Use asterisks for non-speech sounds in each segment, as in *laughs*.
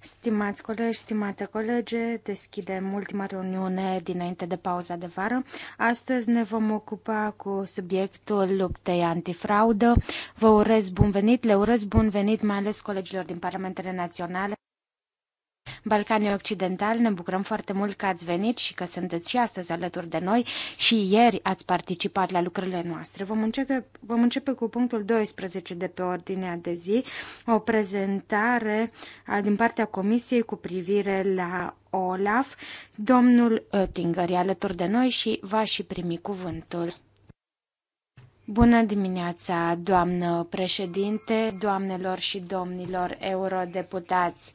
Stimați colegi, stimate colege, deschidem ultima reuniune dinainte de pauza de vară. Astăzi ne vom ocupa cu subiectul luptei antifraudă. Vă urez bun venit, le urez bun venit mai ales colegilor din Parlamentele Naționale Balcanii Occidentali. Ne bucurăm foarte mult că ați venit și că sunteți și astăzi alături de noi și ieri ați participat la lucrurile noastre. Vom începe, vom începe cu punctul 12 de pe ordinea de zi, o prezentare din partea Comisiei cu privire la Olaf. Domnul Oettinger e alături de noi și va și primi cuvântul. Bună dimineața, doamnă președinte, doamnelor și domnilor eurodeputați!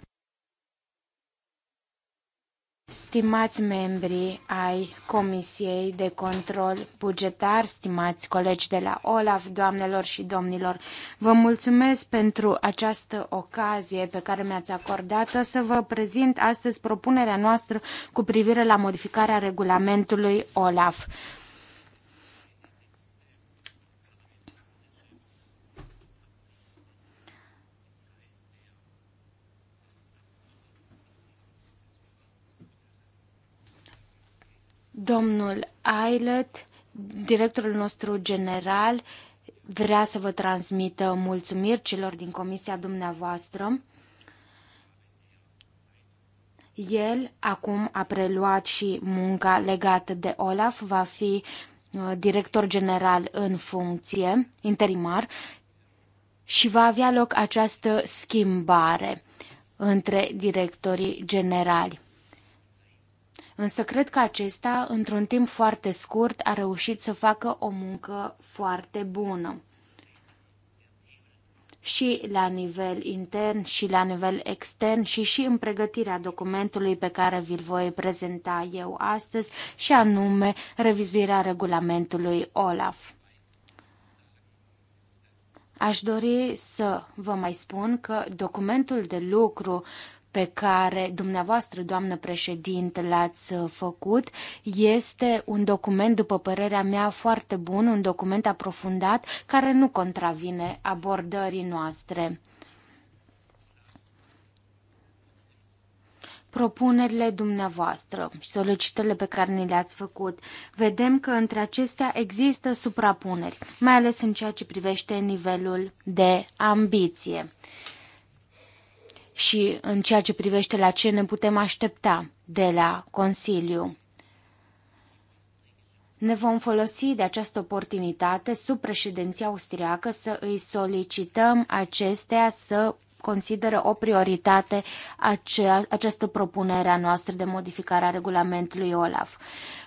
Stimați membri ai Comisiei de Control Bugetar, stimați colegi de la OLAF, doamnelor și domnilor, vă mulțumesc pentru această ocazie pe care mi-ați acordat-o să vă prezint astăzi propunerea noastră cu privire la modificarea regulamentului OLAF. Domnul Ailet, directorul nostru general, vrea să vă transmită mulțumiri celor din comisia dumneavoastră. El acum a preluat și munca legată de Olaf, va fi uh, director general în funcție, interimar, și va avea loc această schimbare între directorii generali. Însă cred că acesta, într-un timp foarte scurt, a reușit să facă o muncă foarte bună. Și la nivel intern, și la nivel extern, și și în pregătirea documentului pe care vi-l voi prezenta eu astăzi, și anume revizuirea regulamentului OLAF. Aș dori să vă mai spun că documentul de lucru pe care dumneavoastră, doamnă președinte, l-ați uh, făcut este un document, după părerea mea, foarte bun, un document aprofundat care nu contravine abordării noastre. propunerile dumneavoastră și solicitările pe care ni le-ați făcut, vedem că între acestea există suprapuneri, mai ales în ceea ce privește nivelul de ambiție și în ceea ce privește la ce ne putem aștepta de la Consiliu. Ne vom folosi de această oportunitate sub președinția austriacă să îi solicităm acestea să consideră o prioritate acea, această propunere a noastră de modificare a regulamentului OLAF.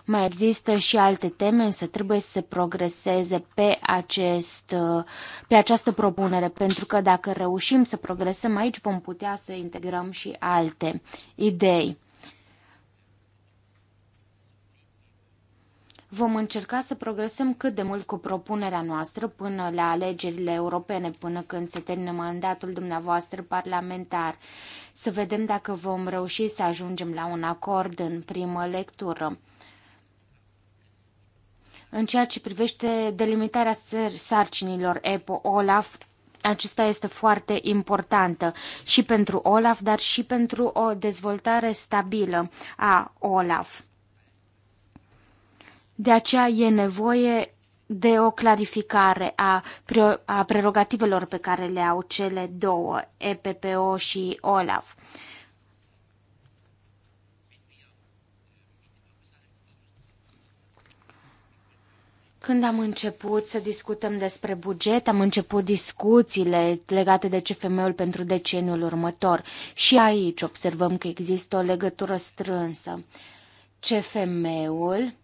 Mai există și alte teme, însă trebuie să progreseze pe, acest, pe această propunere, pentru că dacă reușim să progresăm aici, vom putea să integrăm și alte idei. Vom încerca să progresăm cât de mult cu propunerea noastră până la alegerile europene, până când se termină mandatul dumneavoastră parlamentar, să vedem dacă vom reuși să ajungem la un acord în primă lectură. În ceea ce privește delimitarea sarcinilor EPO-OLAF, acesta este foarte importantă și pentru OLAF, dar și pentru o dezvoltare stabilă a OLAF. De aceea e nevoie de o clarificare a, a prerogativelor pe care le au cele două, EPPO și OLAF. Când am început să discutăm despre buget, am început discuțiile legate de CFM-ul pentru deceniul următor și aici observăm că există o legătură strânsă. CFM-ul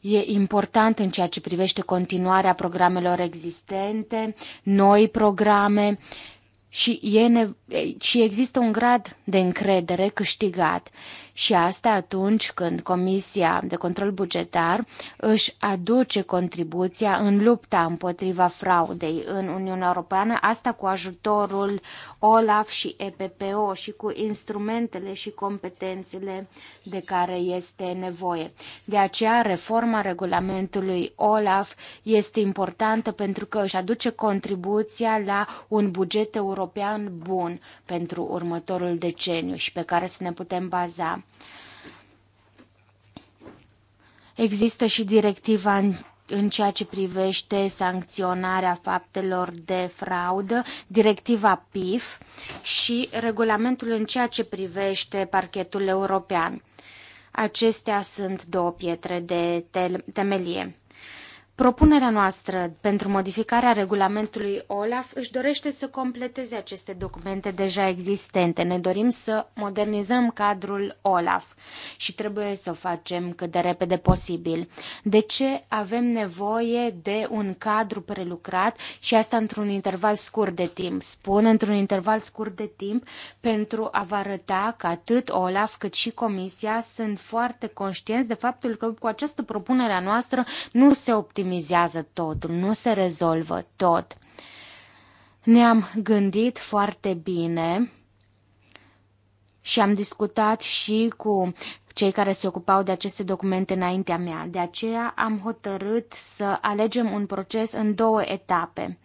E important în ceea ce privește continuarea programelor existente, noi programe și, e și există un grad de încredere câștigat și asta atunci când Comisia de Control Bugetar își aduce contribuția în lupta împotriva fraudei în Uniunea Europeană, asta cu ajutorul OLAF și EPPO și cu instrumentele și competențele de care este nevoie. De aceea, reforma regulamentului OLAF este importantă pentru că își aduce contribuția la un buget european bun pentru următorul deceniu și pe care să ne putem baza. Există și directiva în în ceea ce privește sancționarea faptelor de fraudă, directiva PIF și regulamentul în ceea ce privește parchetul european. Acestea sunt două pietre de temelie. Propunerea noastră pentru modificarea regulamentului OLAF își dorește să completeze aceste documente deja existente. Ne dorim să modernizăm cadrul OLAF și trebuie să o facem cât de repede posibil. De ce avem nevoie de un cadru prelucrat și asta într-un interval scurt de timp? Spun într-un interval scurt de timp pentru a vă arăta că atât OLAF cât și Comisia sunt foarte conștienți de faptul că cu această propunere a noastră nu se optimizează minimizează totul, nu se rezolvă tot. Ne-am gândit foarte bine și am discutat și cu cei care se ocupau de aceste documente înaintea mea. De aceea am hotărât să alegem un proces în două etape.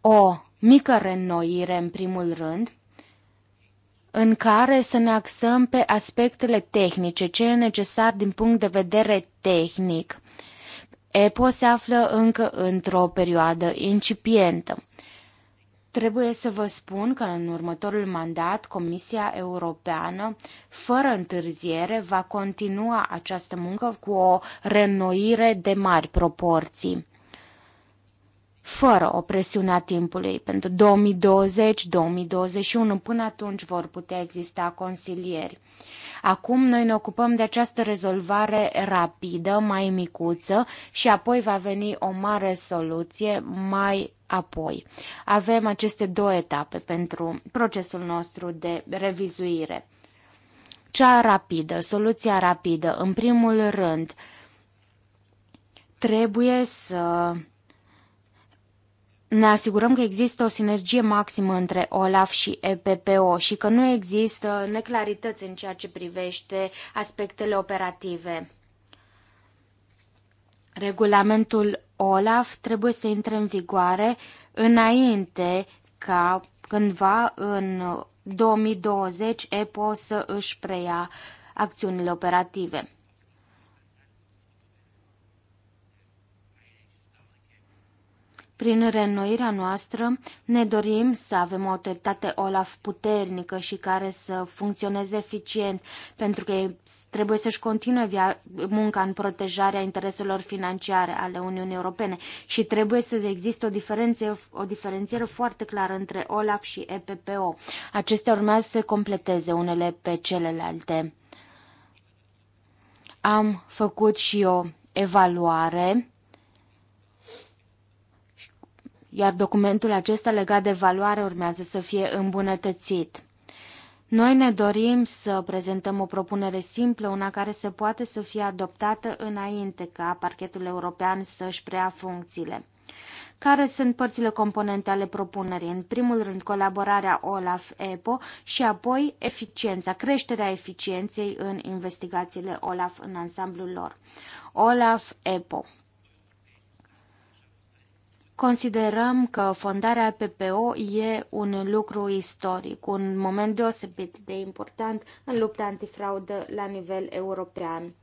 O mică reînnoire în primul rând, în care să ne axăm pe aspectele tehnice, ce e necesar din punct de vedere tehnic. EPO se află încă într-o perioadă incipientă. Trebuie să vă spun că în următorul mandat Comisia Europeană, fără întârziere, va continua această muncă cu o renoire de mari proporții fără o presiune a timpului. Pentru 2020-2021, până atunci vor putea exista consilieri. Acum noi ne ocupăm de această rezolvare rapidă, mai micuță și apoi va veni o mare soluție mai apoi. Avem aceste două etape pentru procesul nostru de revizuire. Cea rapidă, soluția rapidă, în primul rând, trebuie să ne asigurăm că există o sinergie maximă între OLAF și EPPO și că nu există neclarități în ceea ce privește aspectele operative. Regulamentul OLAF trebuie să intre în vigoare înainte ca cândva în 2020 EPO să își preia acțiunile operative. Prin reînnoirea noastră ne dorim să avem o autoritate OLAF puternică și care să funcționeze eficient, pentru că trebuie să-și continue munca în protejarea intereselor financiare ale Uniunii Europene și trebuie să existe o, diferenție, o diferențiere foarte clară între OLAF și EPPO. Acestea urmează să completeze unele pe celelalte. Am făcut și o evaluare iar documentul acesta legat de valoare urmează să fie îmbunătățit. Noi ne dorim să prezentăm o propunere simplă, una care se poate să fie adoptată înainte ca parchetul european să își preia funcțiile. Care sunt părțile componente ale propunerii? În primul rând, colaborarea OLAF-EPO și apoi eficiența, creșterea eficienței în investigațiile OLAF în ansamblul lor. OLAF-EPO Considerăm că fondarea PPO e un lucru istoric, un moment deosebit de important în lupta antifraudă la nivel european.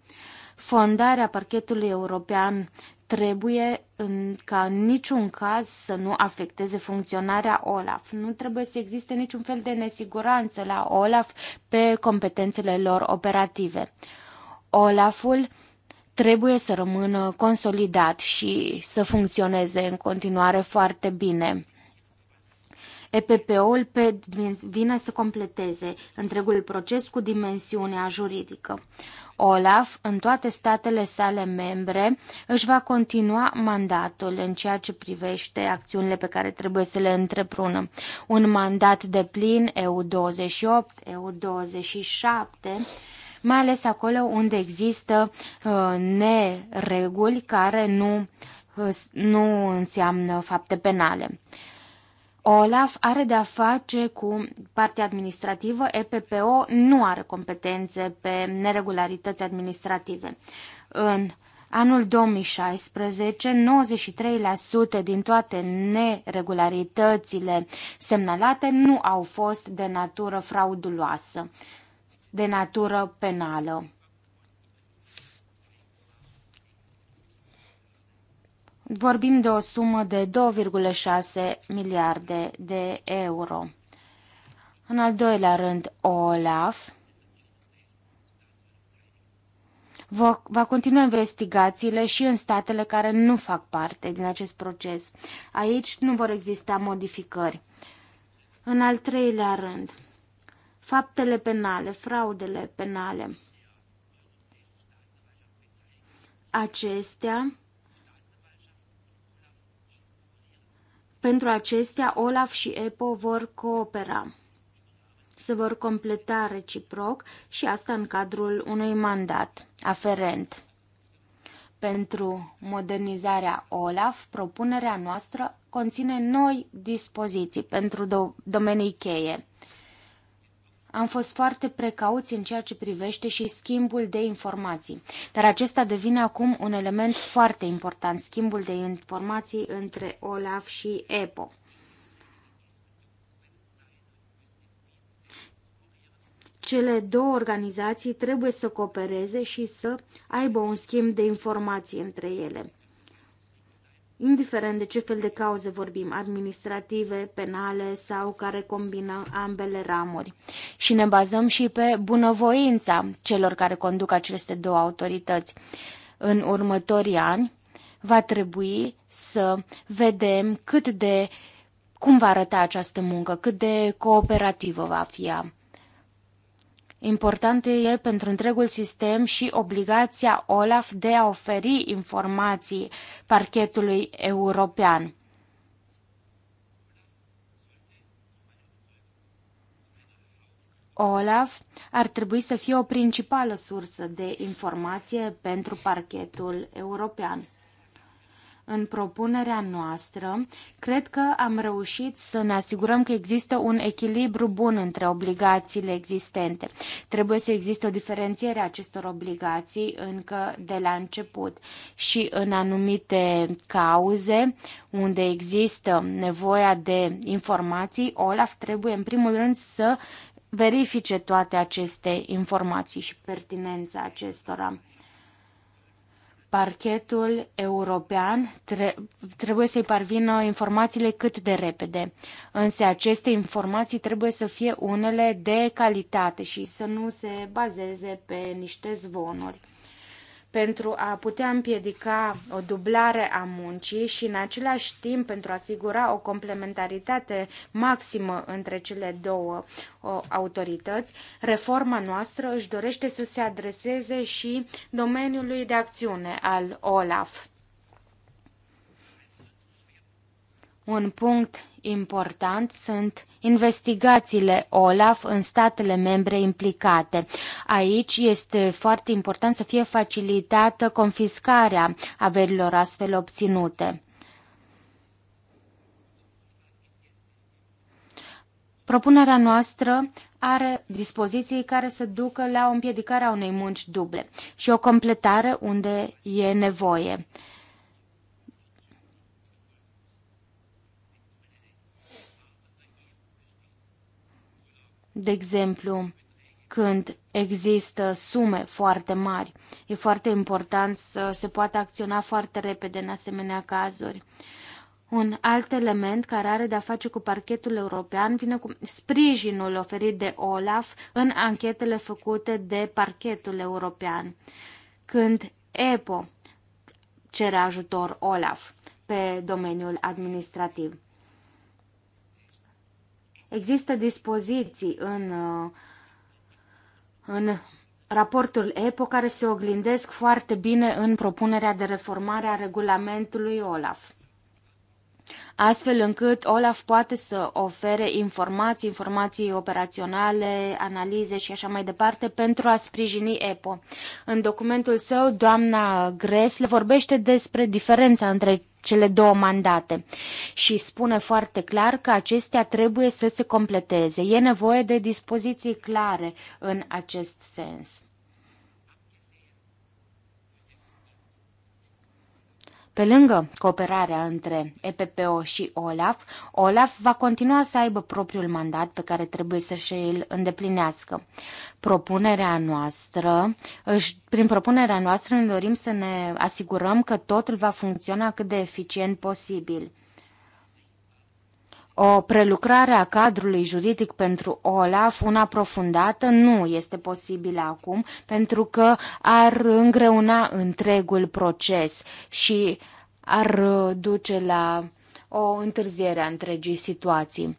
Fondarea parchetului european trebuie în, ca în niciun caz să nu afecteze funcționarea OLAF. Nu trebuie să existe niciun fel de nesiguranță la OLAF pe competențele lor operative. OLAF-ul trebuie să rămână consolidat și să funcționeze în continuare foarte bine. EPPO-ul vine să completeze întregul proces cu dimensiunea juridică. Olaf, în toate statele sale membre, își va continua mandatul în ceea ce privește acțiunile pe care trebuie să le întreprună. Un mandat de plin EU28, EU27, mai ales acolo unde există uh, nereguli care nu, uh, nu înseamnă fapte penale. OLAF are de-a face cu partea administrativă, EPPO nu are competențe pe neregularități administrative. În anul 2016, 93% din toate neregularitățile semnalate nu au fost de natură frauduloasă de natură penală. Vorbim de o sumă de 2,6 miliarde de euro. În al doilea rând, OLAF va continua investigațiile și în statele care nu fac parte din acest proces. Aici nu vor exista modificări. În al treilea rând, faptele penale, fraudele penale. Acestea, pentru acestea, Olaf și EPO vor coopera. Se vor completa reciproc și asta în cadrul unui mandat aferent. Pentru modernizarea OLAF, propunerea noastră conține noi dispoziții pentru do domenii cheie am fost foarte precauți în ceea ce privește și schimbul de informații, dar acesta devine acum un element foarte important, schimbul de informații între OLAF și EPO. Cele două organizații trebuie să coopereze și să aibă un schimb de informații între ele indiferent de ce fel de cauze vorbim, administrative, penale sau care combină ambele ramuri. Și ne bazăm și pe bunăvoința celor care conduc aceste două autorități. În următorii ani va trebui să vedem cât de cum va arăta această muncă, cât de cooperativă va fi ea. Important e pentru întregul sistem și obligația OLAF de a oferi informații parchetului european. OLAF ar trebui să fie o principală sursă de informație pentru parchetul european în propunerea noastră, cred că am reușit să ne asigurăm că există un echilibru bun între obligațiile existente. Trebuie să existe o diferențiere a acestor obligații încă de la început și în anumite cauze unde există nevoia de informații, OLAF trebuie în primul rând să verifice toate aceste informații și pertinența acestora parchetul european tre- trebuie să-i parvină informațiile cât de repede. Însă aceste informații trebuie să fie unele de calitate și să nu se bazeze pe niște zvonuri pentru a putea împiedica o dublare a muncii și în același timp pentru a asigura o complementaritate maximă între cele două autorități, reforma noastră își dorește să se adreseze și domeniului de acțiune al OLAF. Un punct important sunt investigațiile OLAF în statele membre implicate. Aici este foarte important să fie facilitată confiscarea averilor astfel obținute. Propunerea noastră are dispoziții care să ducă la o împiedicare a unei munci duble și o completare unde e nevoie. De exemplu, când există sume foarte mari, e foarte important să se poată acționa foarte repede în asemenea cazuri. Un alt element care are de-a face cu parchetul european vine cu sprijinul oferit de Olaf în anchetele făcute de parchetul european. Când EPO cere ajutor Olaf pe domeniul administrativ. Există dispoziții în, în raportul EPO care se oglindesc foarte bine în propunerea de reformare a regulamentului OLAF astfel încât Olaf poate să ofere informații, informații operaționale, analize și așa mai departe pentru a sprijini EPO. În documentul său, doamna Gresle vorbește despre diferența între cele două mandate și spune foarte clar că acestea trebuie să se completeze. E nevoie de dispoziții clare în acest sens. Pe lângă cooperarea între EPPO și OLAF, OLAF va continua să aibă propriul mandat pe care trebuie să și îl îndeplinească. Propunerea noastră, prin propunerea noastră ne dorim să ne asigurăm că totul va funcționa cât de eficient posibil. O prelucrare a cadrului juridic pentru OLAF, una aprofundată, nu este posibilă acum, pentru că ar îngreuna întregul proces și ar uh, duce la o întârziere a întregii situații.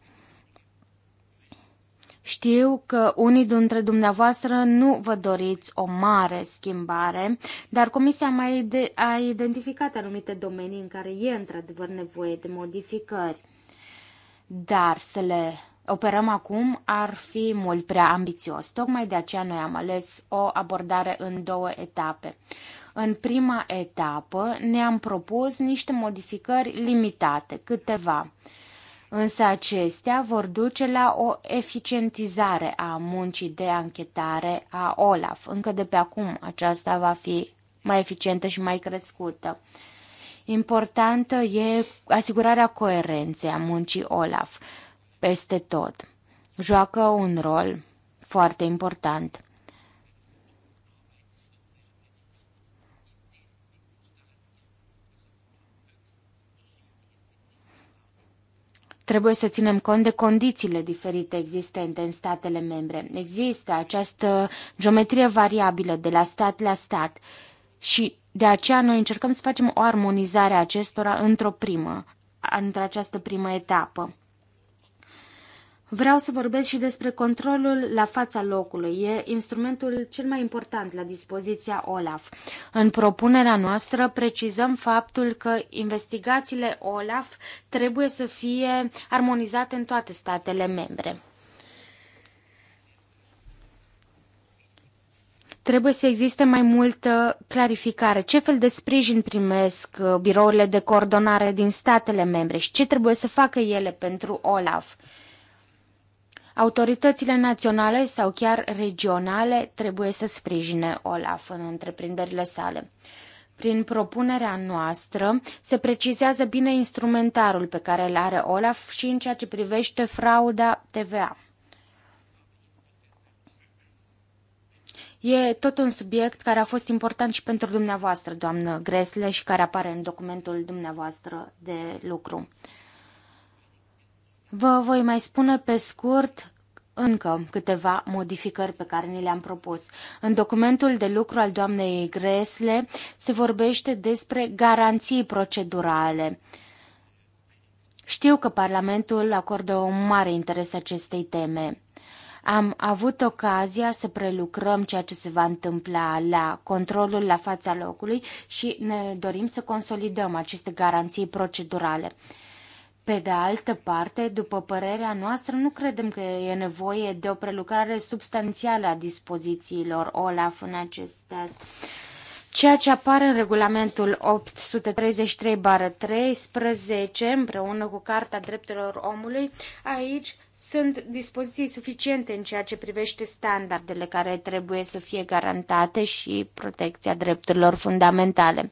Știu că unii dintre dumneavoastră nu vă doriți o mare schimbare, dar Comisia mai a identificat anumite domenii în care e într-adevăr nevoie de modificări dar să le operăm acum ar fi mult prea ambițios. Tocmai de aceea noi am ales o abordare în două etape. În prima etapă ne-am propus niște modificări limitate, câteva însă acestea vor duce la o eficientizare a muncii de anchetare a OLAF. Încă de pe acum aceasta va fi mai eficientă și mai crescută. Importantă e asigurarea coerenței a muncii Olaf peste tot. Joacă un rol foarte important. Trebuie să ținem cont de condițiile diferite existente în statele membre. Există această geometrie variabilă de la stat la stat și de aceea noi încercăm să facem o armonizare a acestora într-o primă, într-această primă etapă. Vreau să vorbesc și despre controlul la fața locului. E instrumentul cel mai important la dispoziția OLAF. În propunerea noastră precizăm faptul că investigațiile OLAF trebuie să fie armonizate în toate statele membre. Trebuie să existe mai multă clarificare. Ce fel de sprijin primesc uh, birourile de coordonare din statele membre și ce trebuie să facă ele pentru OLAF? Autoritățile naționale sau chiar regionale trebuie să sprijine OLAF în întreprinderile sale. Prin propunerea noastră se precizează bine instrumentarul pe care îl are OLAF și în ceea ce privește frauda TVA. E tot un subiect care a fost important și pentru dumneavoastră, doamnă Gresle, și care apare în documentul dumneavoastră de lucru. Vă voi mai spune pe scurt încă câteva modificări pe care ni le-am propus. În documentul de lucru al doamnei Gresle se vorbește despre garanții procedurale. Știu că Parlamentul acordă un mare interes acestei teme. Am avut ocazia să prelucrăm ceea ce se va întâmpla la controlul la fața locului și ne dorim să consolidăm aceste garanții procedurale. Pe de altă parte, după părerea noastră, nu credem că e nevoie de o prelucrare substanțială a dispozițiilor OLAF în acest test. Ceea ce apare în regulamentul 833-13 împreună cu Carta Drepturilor Omului, aici sunt dispoziții suficiente în ceea ce privește standardele care trebuie să fie garantate și protecția drepturilor fundamentale.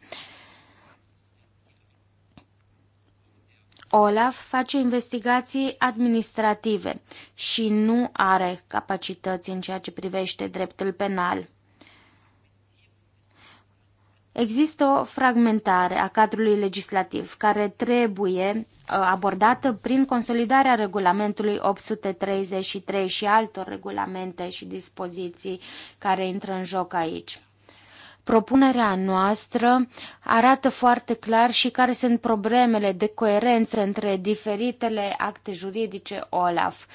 Olaf face investigații administrative și nu are capacități în ceea ce privește dreptul penal. Există o fragmentare a cadrului legislativ care trebuie uh, abordată prin consolidarea regulamentului 833 și altor regulamente și dispoziții care intră în joc aici. Propunerea noastră arată foarte clar și care sunt problemele de coerență între diferitele acte juridice OLAF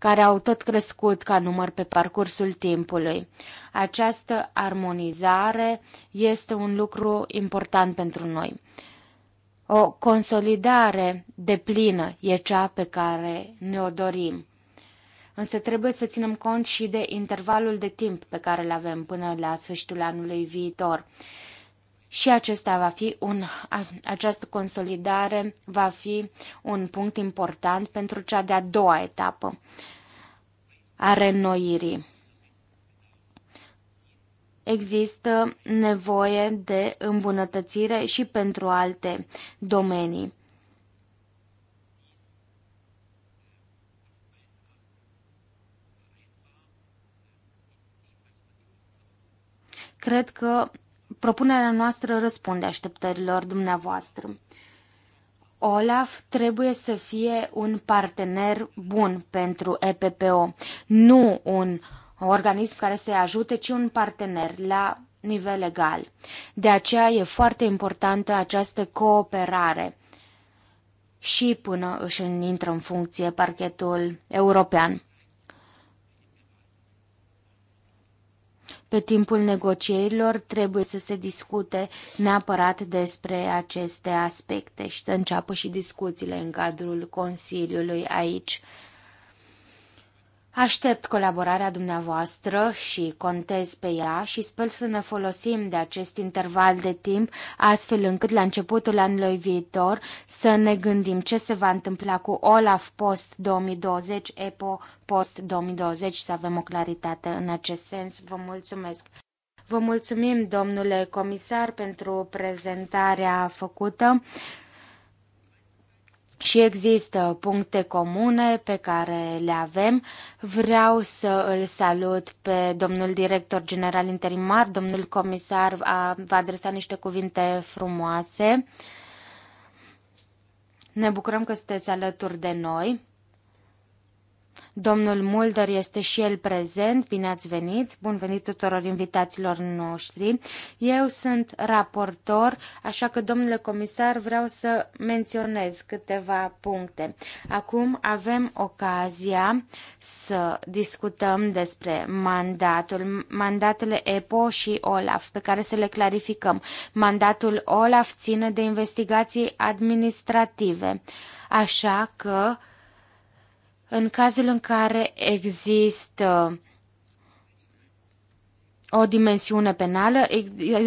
care au tot crescut ca număr pe parcursul timpului. Această armonizare este un lucru important pentru noi. O consolidare deplină e cea pe care ne-o dorim. Însă trebuie să ținem cont și de intervalul de timp pe care îl avem până la sfârșitul anului viitor și acesta va fi un, această consolidare va fi un punct important pentru cea de-a doua etapă a reînnoirii. Există nevoie de îmbunătățire și pentru alte domenii. Cred că propunerea noastră răspunde așteptărilor dumneavoastră. Olaf trebuie să fie un partener bun pentru EPPO, nu un organism care să-i ajute, ci un partener la nivel legal. De aceea e foarte importantă această cooperare și până își intră în funcție parchetul european. Pe timpul negocierilor trebuie să se discute neapărat despre aceste aspecte și să înceapă și discuțiile în cadrul Consiliului aici. Aștept colaborarea dumneavoastră și contez pe ea și sper să ne folosim de acest interval de timp astfel încât la începutul anului viitor să ne gândim ce se va întâmpla cu Olaf Post 2020, EPO Post 2020 să avem o claritate în acest sens. Vă mulțumesc! Vă mulțumim, domnule comisar, pentru prezentarea făcută și există puncte comune pe care le avem. Vreau să îl salut pe domnul director general interimar, domnul comisar a, va adresa niște cuvinte frumoase. Ne bucurăm că sunteți alături de noi. Domnul Mulder este și el prezent, bine ați venit, bun venit tuturor invitaților noștri. Eu sunt raportor, așa că, domnule comisar, vreau să menționez câteva puncte. Acum avem ocazia să discutăm despre mandatul, mandatele EPO și OLAF, pe care să le clarificăm. Mandatul OLAF ține de investigații administrative, așa că în cazul în care există o dimensiune penală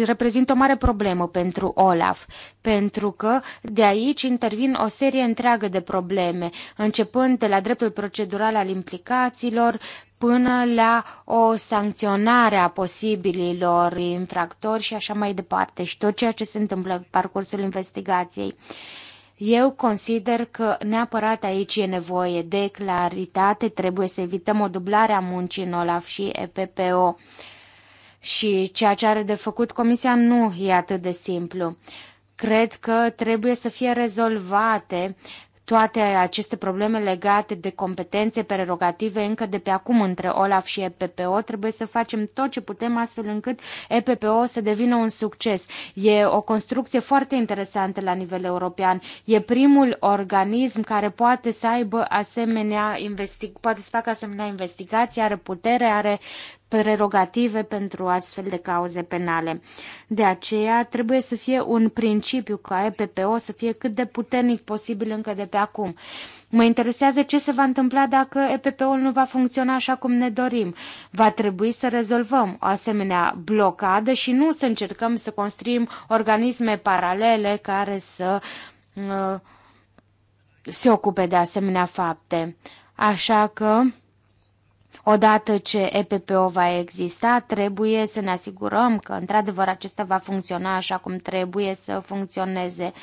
reprezintă o mare problemă pentru Olaf, pentru că de aici intervin o serie întreagă de probleme, începând de la dreptul procedural al implicațiilor până la o sancționare a posibililor infractori și așa mai departe și tot ceea ce se întâmplă pe parcursul investigației. Uh, eu consider că neapărat aici e nevoie de claritate, trebuie să evităm o dublare a muncii în OLAF și EPPO. Și ceea ce are de făcut Comisia nu e atât de simplu. Cred că trebuie să fie rezolvate toate aceste probleme legate de competențe prerogative încă de pe acum între OLAF și EPPO. Trebuie să facem tot ce putem astfel încât EPPO să devină un succes. E o construcție foarte interesantă la nivel european. E primul organism care poate să aibă asemenea investig- poate să facă asemenea investigații, are putere, are prerogative pentru astfel de cauze penale. De aceea trebuie să fie un principiu ca EPPO să fie cât de puternic posibil încă de pe acum. Mă interesează ce se va întâmpla dacă eppo ul nu va funcționa așa cum ne dorim. Va trebui să rezolvăm o asemenea blocadă și nu să încercăm să construim organisme paralele care să uh, se ocupe de asemenea fapte. Așa că Odată ce EPPO va exista, trebuie să ne asigurăm că, într-adevăr, acesta va funcționa așa cum trebuie să funcționeze. Uh,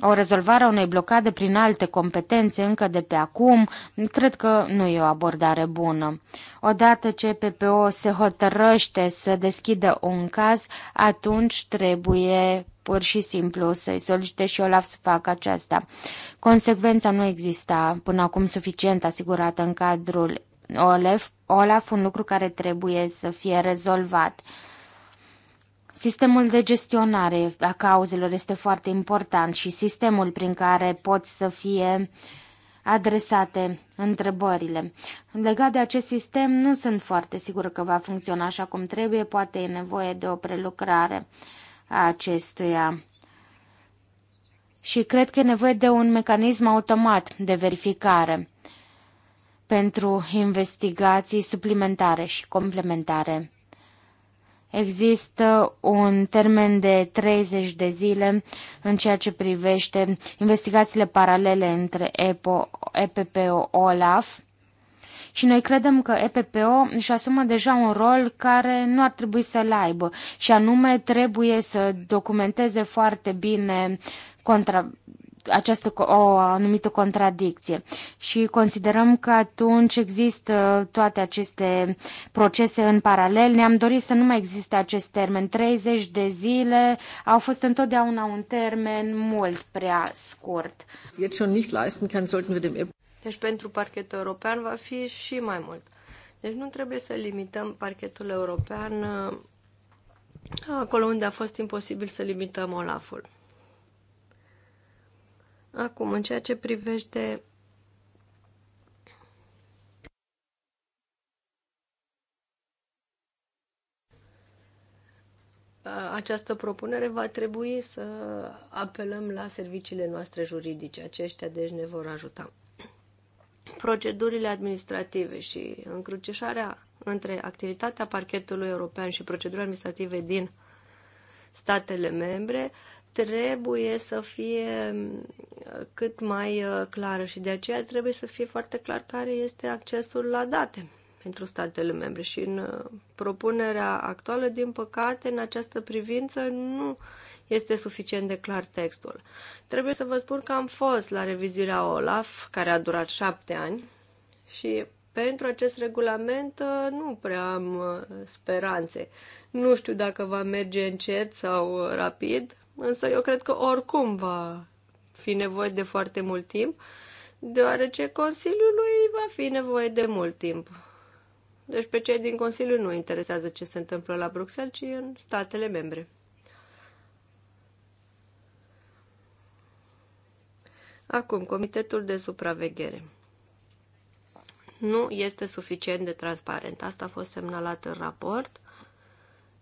o rezolvare a unei blocade prin alte competențe încă de pe acum, cred că nu e o abordare bună. Odată ce PPO se hotărăște să deschidă un caz, atunci trebuie pur și simplu să-i solicite și Olaf să facă aceasta. Consecvența nu exista până acum suficient asigurată în cadrul OLEF, Olaf, un lucru care trebuie să fie rezolvat. Sistemul de gestionare a cauzelor este foarte important și sistemul prin care pot să fie adresate întrebările. Legat de acest sistem, nu sunt foarte sigură că va funcționa așa cum trebuie, poate e nevoie de o prelucrare a acestuia. Și cred că e nevoie de un mecanism automat de verificare pentru investigații suplimentare și complementare. Există un termen de 30 de zile în ceea ce privește investigațiile paralele între EPO, EPPO, OLAF și noi credem că EPPO își asumă deja un rol care nu ar trebui să-l aibă și anume trebuie să documenteze foarte bine contra această, o anumită contradicție și considerăm că atunci există toate aceste procese în paralel. Ne-am dorit să nu mai existe acest termen. 30 de zile au fost întotdeauna un termen mult prea scurt. Deci pentru parchetul european va fi și mai mult. Deci nu trebuie să limităm parchetul european uh, acolo unde a fost imposibil să limităm Olaful. Acum, în ceea ce privește această propunere, va trebui să apelăm la serviciile noastre juridice. Aceștia, deci, ne vor ajuta. Procedurile administrative și încrucișarea între activitatea parchetului european și procedurile administrative din statele membre trebuie să fie mm, cât mai uh, clară și de aceea trebuie să fie foarte clar care este accesul la date pentru statele membre și în uh, propunerea actuală, din păcate, în această privință nu este suficient de clar textul. Trebuie să vă spun că am fost la revizuirea OLAF, care a durat șapte ani și pentru acest regulament uh, nu prea am speranțe. Nu știu dacă va merge încet sau rapid, Însă eu cred că oricum va fi nevoie de foarte mult timp, deoarece lui va fi nevoie de mult timp. Deci pe cei din Consiliu nu interesează ce se întâmplă la Bruxelles, ci în statele membre. Acum, Comitetul de Supraveghere. Nu este suficient de transparent. Asta a fost semnalat în raport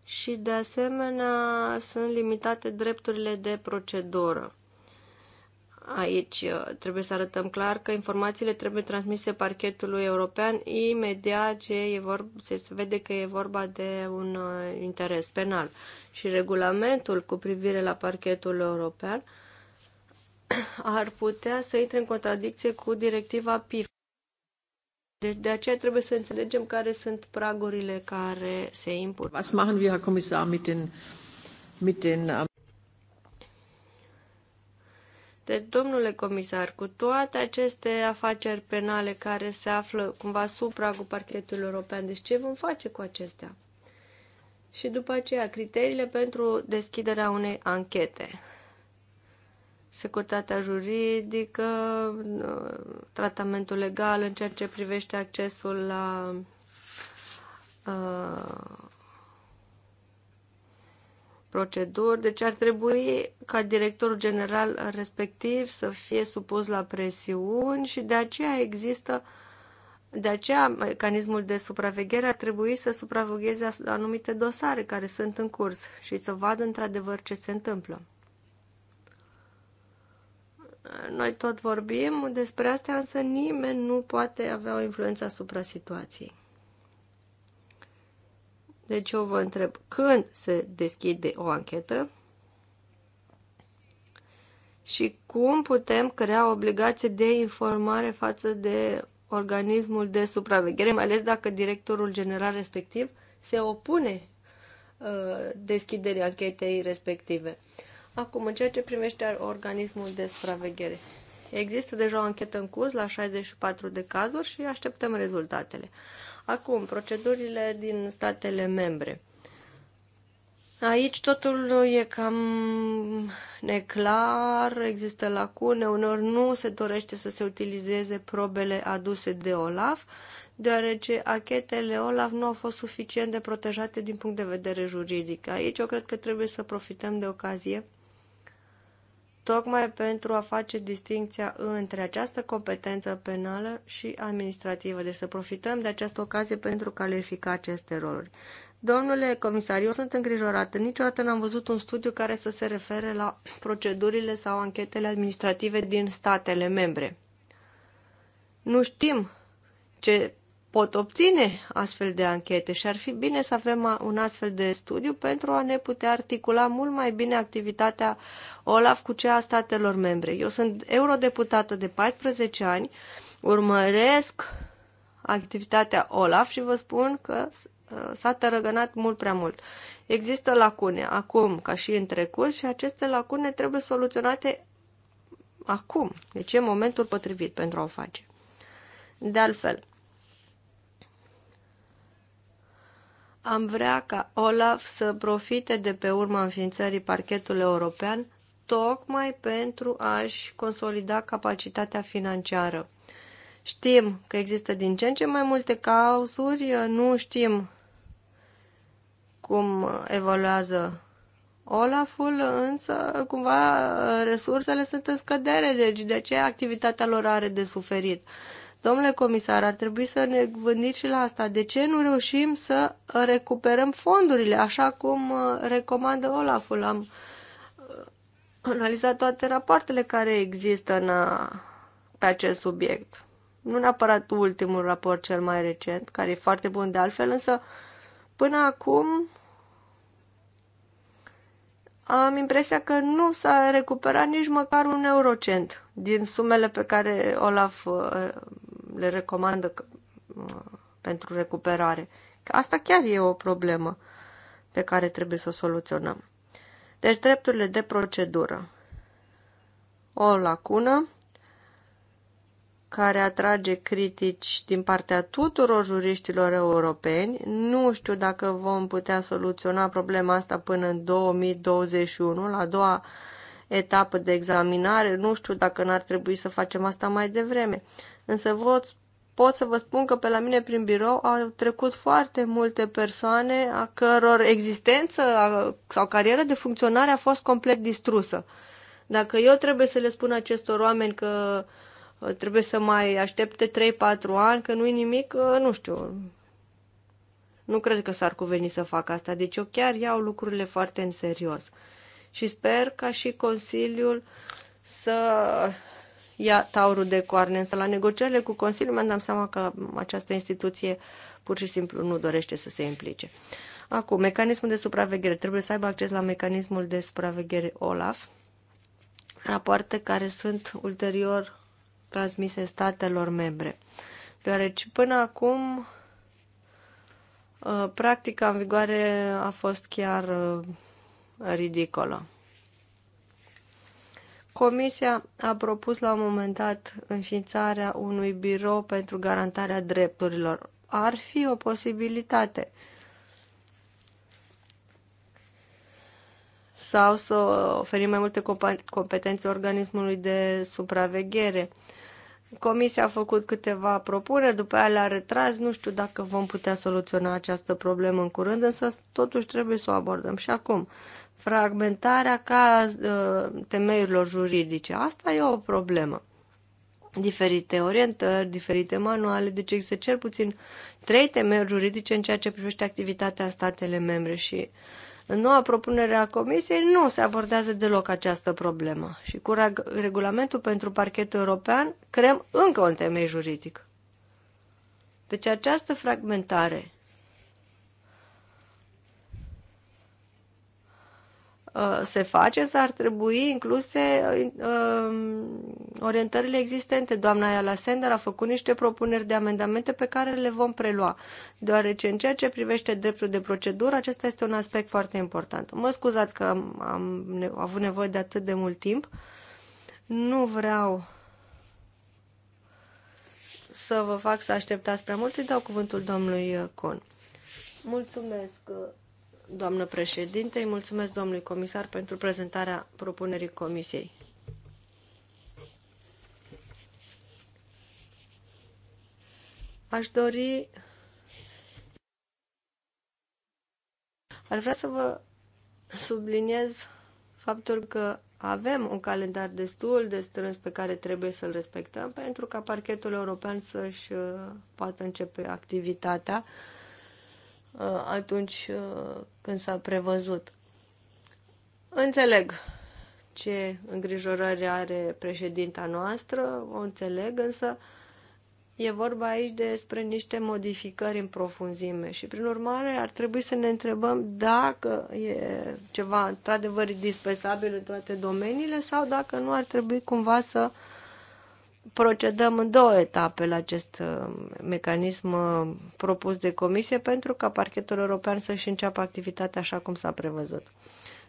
și de asemenea sunt limitate drepturile de procedură. Aici uh, trebuie să arătăm clar că informațiile trebuie transmise parchetului european imediat ce e vorba, se vede că e vorba de un uh, interes penal. Și regulamentul cu privire la parchetul european *coughs* ar putea să intre în contradicție cu directiva PIF. Deci de aceea trebuie să înțelegem care sunt pragurile care se impun. Was machen wir, Herr Kommissar, mit den, mit den deci, domnule comisar, cu toate aceste afaceri penale care se află cumva sub pragul parchetului european, deci ce vom face cu acestea? Și după aceea, criteriile pentru deschiderea unei anchete securitatea juridică, tratamentul legal în ceea ce privește accesul la uh, proceduri. Deci ar trebui ca directorul general respectiv să fie supus la presiuni și de aceea există de aceea, mecanismul de supraveghere ar trebui să supravegheze anumite dosare care sunt în curs și să vadă într-adevăr ce se întâmplă. Noi tot vorbim despre asta, însă nimeni nu poate avea o influență asupra situației. Deci eu vă întreb când se deschide o anchetă și cum putem crea obligație de informare față de organismul de supraveghere, mai ales dacă directorul general respectiv se opune uh, deschiderii anchetei respective. Uh, Acum, în ceea ce privește organismul de supraveghere, există deja o anchetă în curs la 64 de cazuri și așteptăm rezultatele. Acum, procedurile din statele membre. Aici totul e cam neclar, există lacune, uneori nu se dorește să se utilizeze probele aduse de OLAF, deoarece achetele OLAF nu au fost suficient de protejate din punct de vedere juridic. Aici eu cred că trebuie să profităm de ocazie tocmai pentru a face distinția între această competență penală și administrativă. Deci să profităm de această ocazie pentru a califica aceste roluri. Domnule comisar, eu sunt îngrijorată. Niciodată n-am văzut un studiu care să se refere la procedurile sau anchetele administrative din statele membre. Nu știm ce pot obține astfel de anchete și ar fi bine să avem un astfel de studiu pentru a ne putea articula mult mai bine activitatea OLAF cu cea a statelor membre. Eu sunt eurodeputată de 14 ani, urmăresc activitatea OLAF și vă spun că s-a tărăgănat mult prea mult. Există lacune acum, ca și în trecut, și aceste lacune trebuie soluționate acum. Deci e momentul potrivit pentru a o face. De altfel, Am vrea ca Olaf să profite de pe urma înființării parchetului european tocmai pentru a-și consolida capacitatea financiară. Știm că există din ce în ce mai multe cauzuri, nu știm cum evoluează Olaful, însă cumva resursele sunt în scădere, deci de ce activitatea lor are de suferit. Domnule comisar, ar trebui să ne gândiți și la asta. De ce nu reușim să recuperăm fondurile, așa cum uh, recomandă Olaful? Am uh, analizat toate rapoartele care există în, uh, pe acest subiect. Nu neapărat ultimul raport cel mai recent, care e foarte bun de altfel, însă până acum am impresia că nu s-a recuperat nici măcar un eurocent din sumele pe care Olaf le recomandă uh, pentru recuperare. Că asta chiar e o problemă pe care trebuie să o soluționăm. Deci drepturile de procedură. O lacună care atrage critici din partea tuturor juriștilor europeni. Nu știu dacă vom putea soluționa problema asta până în 2021, la a doua etapă de examinare. Nu știu dacă n-ar trebui să facem asta mai devreme. Însă vot, pot să vă spun că pe la mine prin birou au trecut foarte multe persoane a căror existență sau carieră de funcționare a fost complet distrusă. Dacă eu trebuie să le spun acestor oameni că uh, trebuie să mai aștepte 3-4 ani, că nu-i nimic, uh, nu știu. Nu cred că s-ar cuveni să fac asta, deci eu chiar iau lucrurile foarte în serios. Și sper ca și Consiliul să ia taurul de coarne. Însă la negocierile cu Consiliul mi-am dat seama că această instituție pur și simplu nu dorește să se implice. Acum, mecanismul de supraveghere. Trebuie să aibă acces la mecanismul de supraveghere OLAF, rapoarte care sunt ulterior transmise statelor membre. Deoarece până acum uh, practica în vigoare a fost chiar uh, ridicolă. Comisia a propus la un moment dat înființarea unui birou pentru garantarea drepturilor. Ar fi o posibilitate. Sau să oferim mai multe competențe organismului de supraveghere. Comisia a făcut câteva propuneri, după aia le-a retras. Nu știu dacă vom putea soluționa această problemă în curând, însă totuși trebuie să o abordăm. Și acum, fragmentarea ca uh, temeiurilor juridice. Asta e o problemă. Diferite orientări, diferite manuale, deci există cel puțin trei temeiuri juridice în ceea ce privește activitatea în statele membre și în noua propunere a Comisiei nu se abordează deloc această problemă și cu regulamentul pentru parchetul european creăm încă un temei juridic. Deci această fragmentare Uh, se face, însă ar trebui incluse uh, um, orientările existente. Doamna Ayala Sender a făcut niște propuneri de amendamente pe care le vom prelua, deoarece în ceea ce privește dreptul de procedură, acesta este un aspect foarte important. Mă scuzați că am avut nevoie de atât de mult timp. Nu vreau să vă fac să așteptați prea mult, îi dau cuvântul domnului Con. Mulțumesc! doamnă președinte. Îi mulțumesc domnului comisar pentru prezentarea propunerii comisiei. Aș dori... Ar vrea să vă subliniez faptul că avem un calendar destul de strâns pe care trebuie să-l respectăm pentru ca parchetul european să-și uh, poată începe activitatea uh, Uh, atunci uh, când s-a prevăzut. Înțeleg ce îngrijorări are președinta noastră, o înțeleg, însă e vorba aici despre niște modificări în profunzime și, prin urmare, ar trebui să ne întrebăm dacă e ceva într-adevăr dispensabil în toate domeniile sau dacă nu ar trebui cumva să uh, procedăm în două etape la acest uh, mecanism uh, propus de comisie pentru ca parchetul european să-și înceapă activitatea așa cum s-a prevăzut.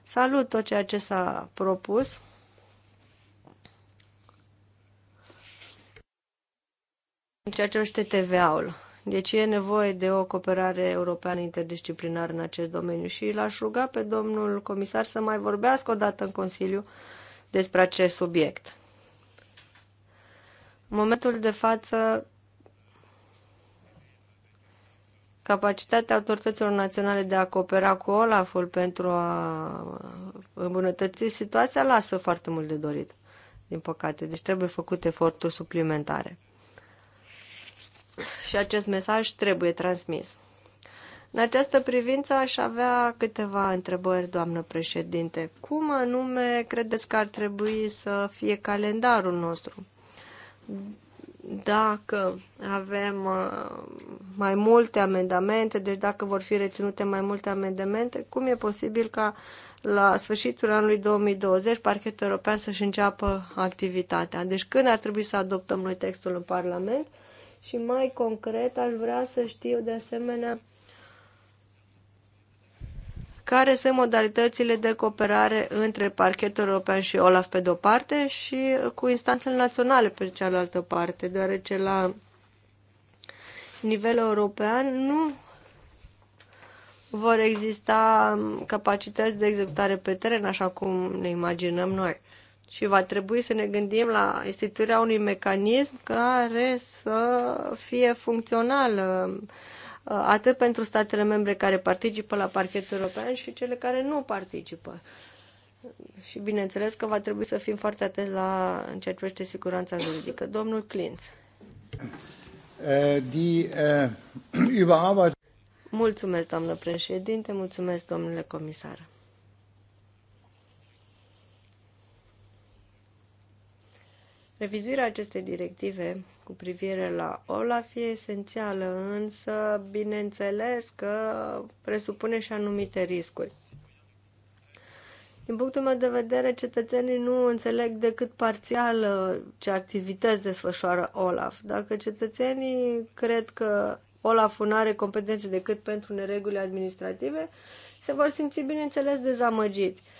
Salut tot ceea ce s-a propus. În ceea ce este TVA-ul. Deci e nevoie de o cooperare europeană interdisciplinară în acest domeniu și l-aș ruga pe domnul comisar să mai vorbească o dată în Consiliu despre acest subiect. În momentul de față, capacitatea autorităților naționale de a coopera cu Olaful pentru a îmbunătăți situația lasă foarte mult de dorit, din păcate. Deci trebuie făcut eforturi suplimentare. Și acest mesaj trebuie transmis. În această privință aș avea câteva întrebări, doamnă președinte. Cum anume credeți că ar trebui să fie calendarul nostru? dacă avem uh, mai multe amendamente, deci dacă vor fi reținute mai multe amendamente, cum e posibil ca la sfârșitul anului 2020 parchetul european să-și înceapă activitatea? Deci când ar trebui să adoptăm noi textul în Parlament? Și mai concret, aș vrea să știu de asemenea care sunt modalitățile de cooperare între parchetul european și OLAF pe de-o parte și cu instanțele naționale pe cealaltă parte, deoarece la nivel european nu vor exista capacități de executare pe teren, așa cum ne imaginăm noi. Și va trebui să ne gândim la instituirea unui mecanism care să fie funcțional Uh, atât pentru statele membre care participă la parchetul european și cele care nu participă. Și bineînțeles că va trebui să fim foarte atenți la în ceea ce privește siguranța juridică. Domnul Clinț. Uh, uh, *clears throat* mulțumesc, doamnă președinte, mulțumesc, domnule comisar. Revizuirea acestei directive cu privire la Olaf e esențială, însă bineînțeles că presupune și anumite riscuri. Din punctul meu de vedere, cetățenii nu înțeleg decât parțial uh, ce activități desfășoară Olaf. Dacă cetățenii cred că Olaf nu are competențe decât pentru neregulile administrative, se vor simți, bineînțeles, dezamăgiți. Uh,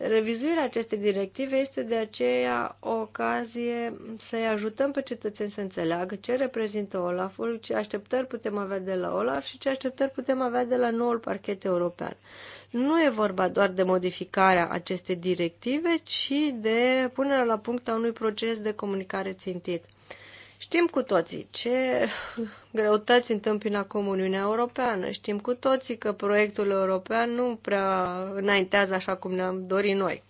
Revizuirea acestei directive este de aceea o ocazie să-i ajutăm pe cetățeni să înțeleagă ce reprezintă Olaful, ce așteptări putem avea de la Olaf și ce așteptări putem avea de la noul parchet european. Nu e vorba doar de modificarea acestei directive, ci de punerea la punct a unui proces de comunicare țintit. Știm cu toții ce *laughs* greutăți întâmpină acum Uniunea Europeană. Știm cu toții că proiectul european nu prea înaintează așa cum ne-am dorit noi.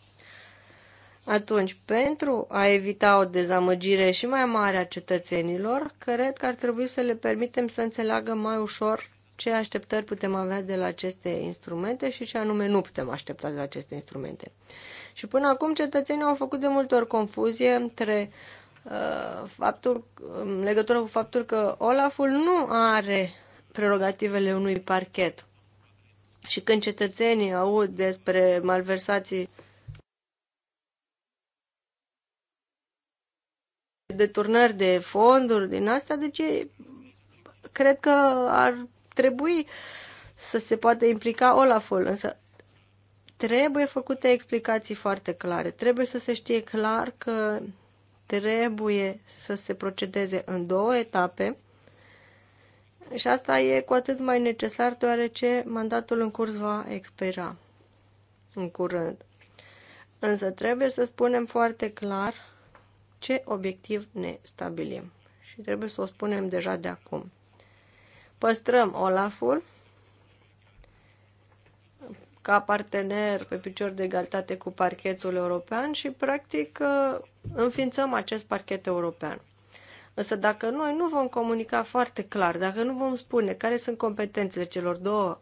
Atunci, pentru a evita o dezamăgire și mai mare a cetățenilor, cred că ar trebui să le permitem să înțeleagă mai ușor ce așteptări putem avea de la aceste instrumente și ce anume nu putem aștepta de la aceste instrumente. Și până acum cetățenii au făcut de multe ori confuzie între Uh, faptul, în legătură cu faptul că Olaful nu are prerogativele unui parchet. Și când cetățenii aud despre malversații turnări de fonduri din astea, deci cred că ar trebui să se poată implica Olaful, însă trebuie făcute explicații foarte clare. Trebuie să se știe clar că trebuie să se procedeze în două etape și asta e cu atât mai necesar deoarece mandatul în curs va expira în curând. Însă trebuie să spunem foarte clar ce obiectiv ne stabilim și trebuie să o spunem deja de acum. Păstrăm Olaful ca partener pe picior de egalitate cu parchetul european și practic înființăm acest parchet european. Însă dacă noi nu vom comunica foarte clar, dacă nu vom spune care sunt competențele celor două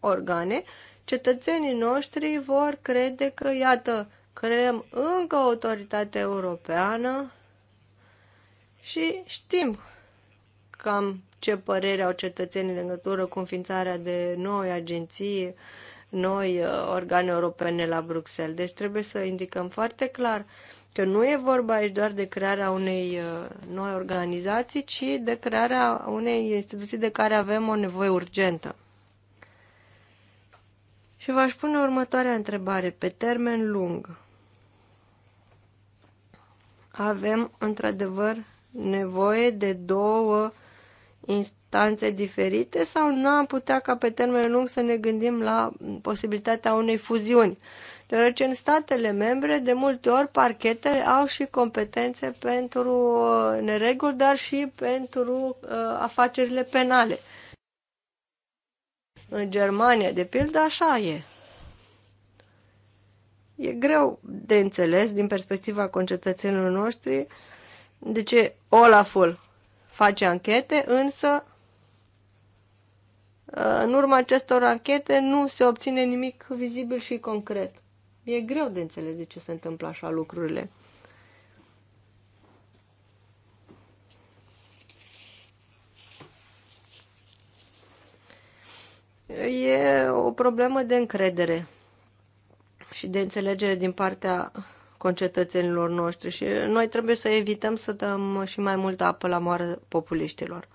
organe, cetățenii noștri vor crede că, iată, creăm încă o autoritate europeană și știm cam ce părere au cetățenii în legătură cu înființarea de noi agenții, noi uh, organe europene la Bruxelles. Deci trebuie să indicăm foarte clar că nu e vorba aici doar de crearea unei uh, noi organizații, ci de crearea unei instituții de care avem o nevoie urgentă. Și v-aș pune următoarea întrebare. Pe termen lung, avem într-adevăr nevoie de două instanțe diferite sau nu am putea ca pe termen lung să ne gândim la posibilitatea unei fuziuni? deoarece în statele membre, de multe ori, parchetele au și competențe pentru uh, nereguli, dar și pentru uh, afacerile penale. În Germania, de pildă, așa e. E greu de înțeles din perspectiva concetățenilor noștri de ce Olaful face anchete, însă uh, în urma acestor anchete nu se obține nimic vizibil și concret. E greu de înțeles de ce se întâmplă așa lucrurile. E o problemă de încredere și de înțelegere din partea concetățenilor noștri și noi trebuie să evităm să dăm și mai multă apă la moară populiștilor.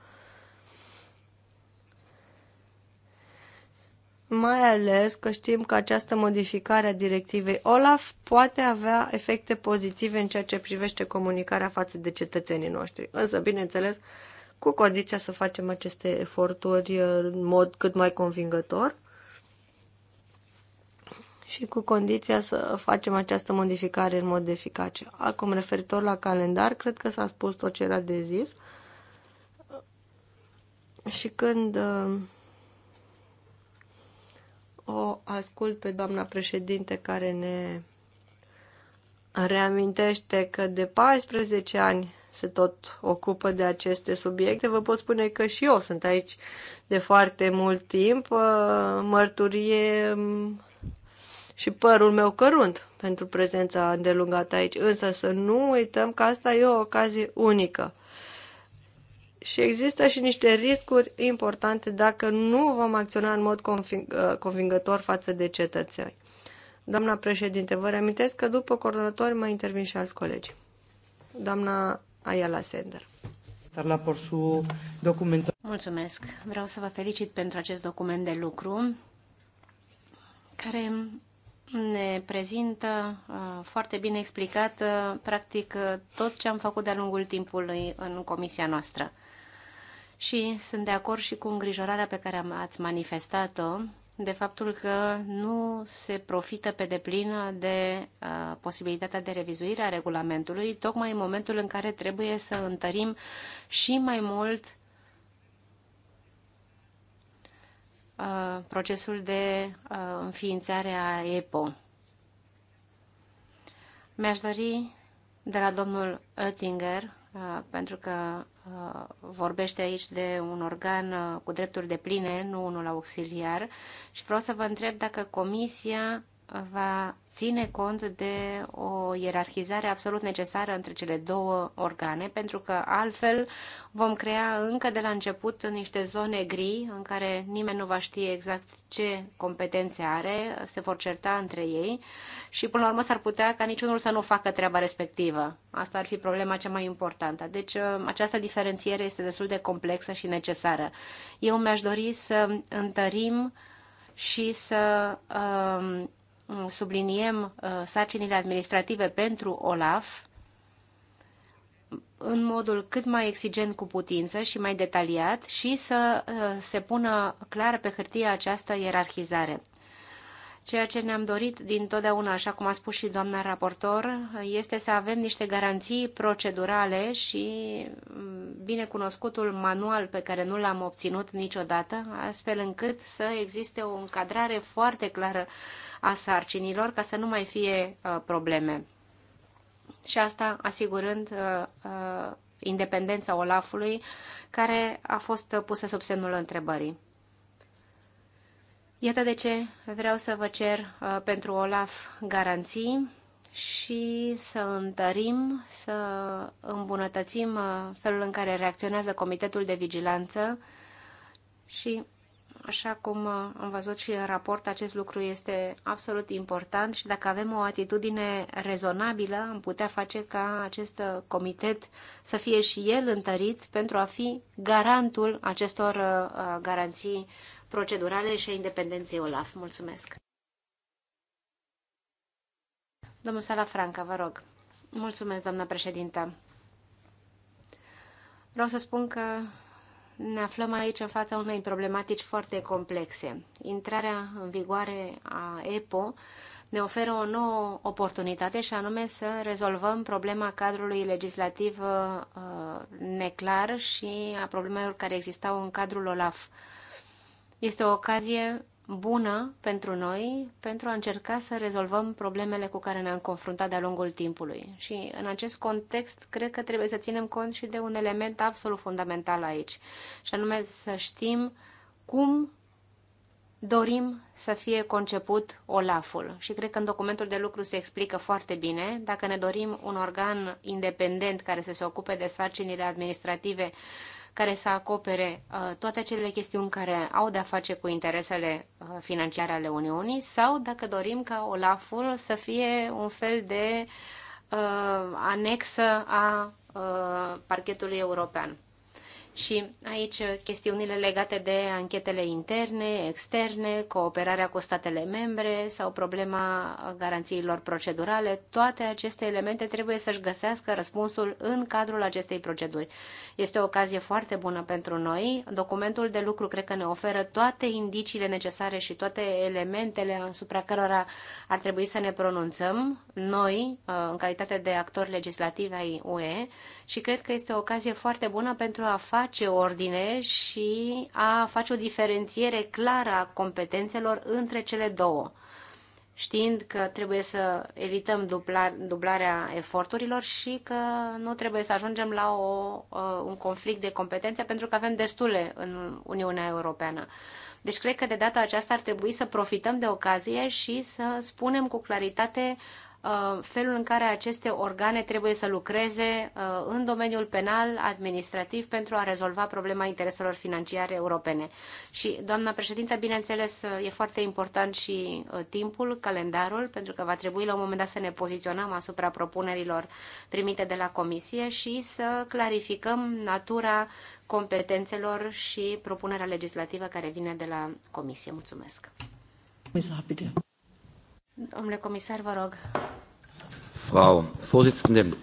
mai ales că știm că această modificare a directivei OLAF poate avea efecte pozitive în ceea ce privește comunicarea față de cetățenii noștri. Însă, bineînțeles, cu condiția să facem aceste eforturi uh, în mod cât mai convingător și cu condiția să facem această modificare în mod eficace. Acum, referitor la calendar, cred că s-a spus tot ce era de zis. Și când uh, o ascult pe doamna președinte care ne reamintește că de 14 ani se tot ocupă de aceste subiecte, vă pot spune că și eu sunt aici de foarte mult timp, ă, mărturie și părul meu cărunt pentru prezența îndelungată aici. Însă să nu uităm că asta e o ocazie unică și există și niște riscuri importante dacă nu vom acționa în mod uh, convingător față de cetățeni. Doamna președinte, vă reamintesc că după coordonatori mai intervin și alți colegi. Doamna Ayala Sender. Mulțumesc. Vreau să vă felicit pentru acest document de lucru care ne prezintă uh, foarte bine explicat uh, practic tot ce am făcut de-a lungul timpului în comisia noastră și sunt de acord și cu îngrijorarea pe care ați manifestat-o de faptul că nu se profită pe deplin de uh, posibilitatea de revizuire a regulamentului, tocmai în momentul în care trebuie să întărim și mai mult uh, procesul de uh, înființare a EPO. Mi-aș dori de la domnul Oettinger, uh, pentru că Uh, vorbește aici de un organ uh, cu drepturi de pline, nu unul auxiliar, și vreau să vă întreb dacă Comisia va ține cont de o ierarhizare absolut necesară între cele două organe, pentru că altfel vom crea încă de la început niște zone gri în care nimeni nu va ști exact ce competențe are, se vor certa între ei și până la urmă s-ar putea ca niciunul să nu facă treaba respectivă. Asta ar fi problema cea mai importantă. Deci uh, această diferențiere este destul de complexă și necesară. Eu mi-aș dori să întărim și să uh, Mm, subliniem uh, sarcinile administrative pentru OLAF în modul cât mai exigent cu putință și mai detaliat și să uh, se pună clar pe hârtie această ierarhizare. Ceea ce ne-am dorit din totdeauna, așa cum a spus și doamna raportor, este să avem niște garanții procedurale și mm, binecunoscutul manual pe care nu l-am obținut niciodată, astfel încât să existe o încadrare foarte clară a sarcinilor ca să nu mai fie uh, probleme. Și asta asigurând uh, uh, independența Olafului, care a fost pusă sub semnul întrebării. Iată de ce vreau să vă cer pentru Olaf garanții și să întărim, să îmbunătățim felul în care reacționează Comitetul de Vigilanță și Așa cum uh, am văzut și în raport, acest lucru este absolut important și dacă avem o atitudine rezonabilă, am putea face ca acest uh, comitet să fie și el întărit pentru a fi garantul acestor uh, garanții procedurale și a independenței OLAF. Mulțumesc! Domnul Sala Franca, vă rog. Mulțumesc, doamna președintă. Vreau să spun că ne aflăm aici în fața unei problematici foarte complexe. Intrarea în vigoare a EPO ne oferă o nouă oportunitate și anume să rezolvăm problema cadrului legislativ uh, neclar și a problemelor care existau în cadrul OLAF. Este o ocazie bună pentru noi pentru a încerca să rezolvăm problemele cu care ne-am confruntat de-a lungul timpului. Și în acest context, cred că trebuie să ținem cont și de un element absolut fundamental aici, și anume să știm cum dorim să fie conceput OLAF-ul. Și cred că în documentul de lucru se explică foarte bine. Dacă ne dorim un organ independent care să se ocupe de sarcinile administrative care să acopere uh, toate acele chestiuni care au de-a face cu interesele uh, financiare ale Uniunii sau dacă dorim ca OLAF-ul să fie un fel de uh, anexă a parchetului european. Și aici uh, chestiunile legate de anchetele interne, externe, cooperarea cu statele membre sau problema garanțiilor procedurale, toate aceste elemente trebuie să-și găsească răspunsul în cadrul acestei proceduri. Este o ocazie foarte bună pentru noi. Documentul de lucru cred că ne oferă toate indiciile necesare și toate elementele asupra cărora ar trebui să ne pronunțăm noi, uh, în calitate de actori legislativi ai UE, și cred că este o ocazie foarte bună pentru a face ordine și a face o diferențiere clară a competențelor între cele două știind că trebuie să evităm dubla, dublarea eforturilor și că nu trebuie să ajungem la o, un conflict de competențe pentru că avem destule în Uniunea Europeană. Deci cred că de data aceasta ar trebui să profităm de ocazie și să spunem cu claritate Uh, felul în care aceste organe trebuie să lucreze uh, în domeniul penal, administrativ, pentru a rezolva problema intereselor financiare europene. Și, doamna președintă, bineînțeles, uh, e foarte important și timpul, calendarul, pentru că va trebui la un moment dat să ne poziționăm asupra propunerilor primite de la Comisie și să clarificăm natura competențelor și propunerea legislativă care vine de la Comisie. Mulțumesc! Mulțumesc. Domnule comisar, vă rog. Frau Vorsitzende,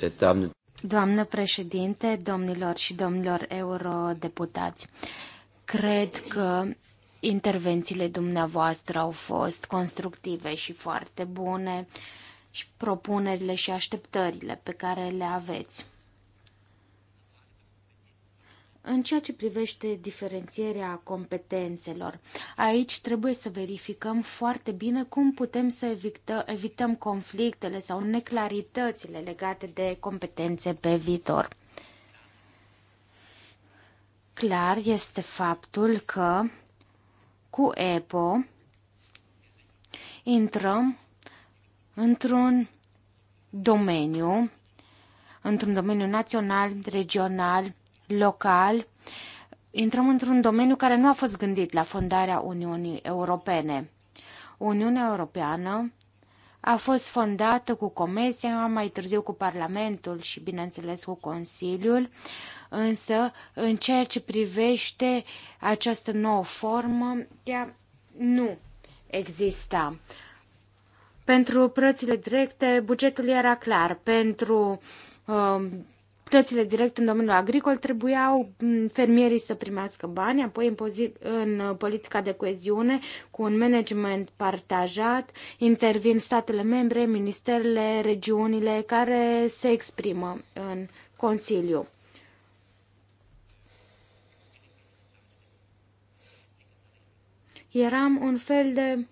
äh, Doamne... Doamnă președinte, domnilor și domnilor eurodeputați, cred că intervențiile dumneavoastră au fost constructive și foarte bune și propunerile și așteptările pe care le aveți. În ceea ce privește diferențierea competențelor, aici trebuie să verificăm foarte bine cum putem să evită, evităm conflictele sau neclaritățile legate de competențe pe viitor. Clar este faptul că cu EPO intrăm într-un domeniu, într-un domeniu național, regional, local, intrăm într-un domeniu care nu a fost gândit la fondarea Uniunii Europene. Uniunea Europeană a fost fondată cu Comisia, mai târziu cu Parlamentul și, bineînțeles, cu Consiliul, însă, în ceea ce privește această nouă formă, ea nu exista. Pentru prățile directe, bugetul era clar. Pentru uh, plățile direct în domeniul agricol trebuiau fermierii să primească bani, apoi în, în uh, politica de coeziune cu un management partajat intervin statele membre, ministerele, regiunile care se exprimă în Consiliu. Eram un fel de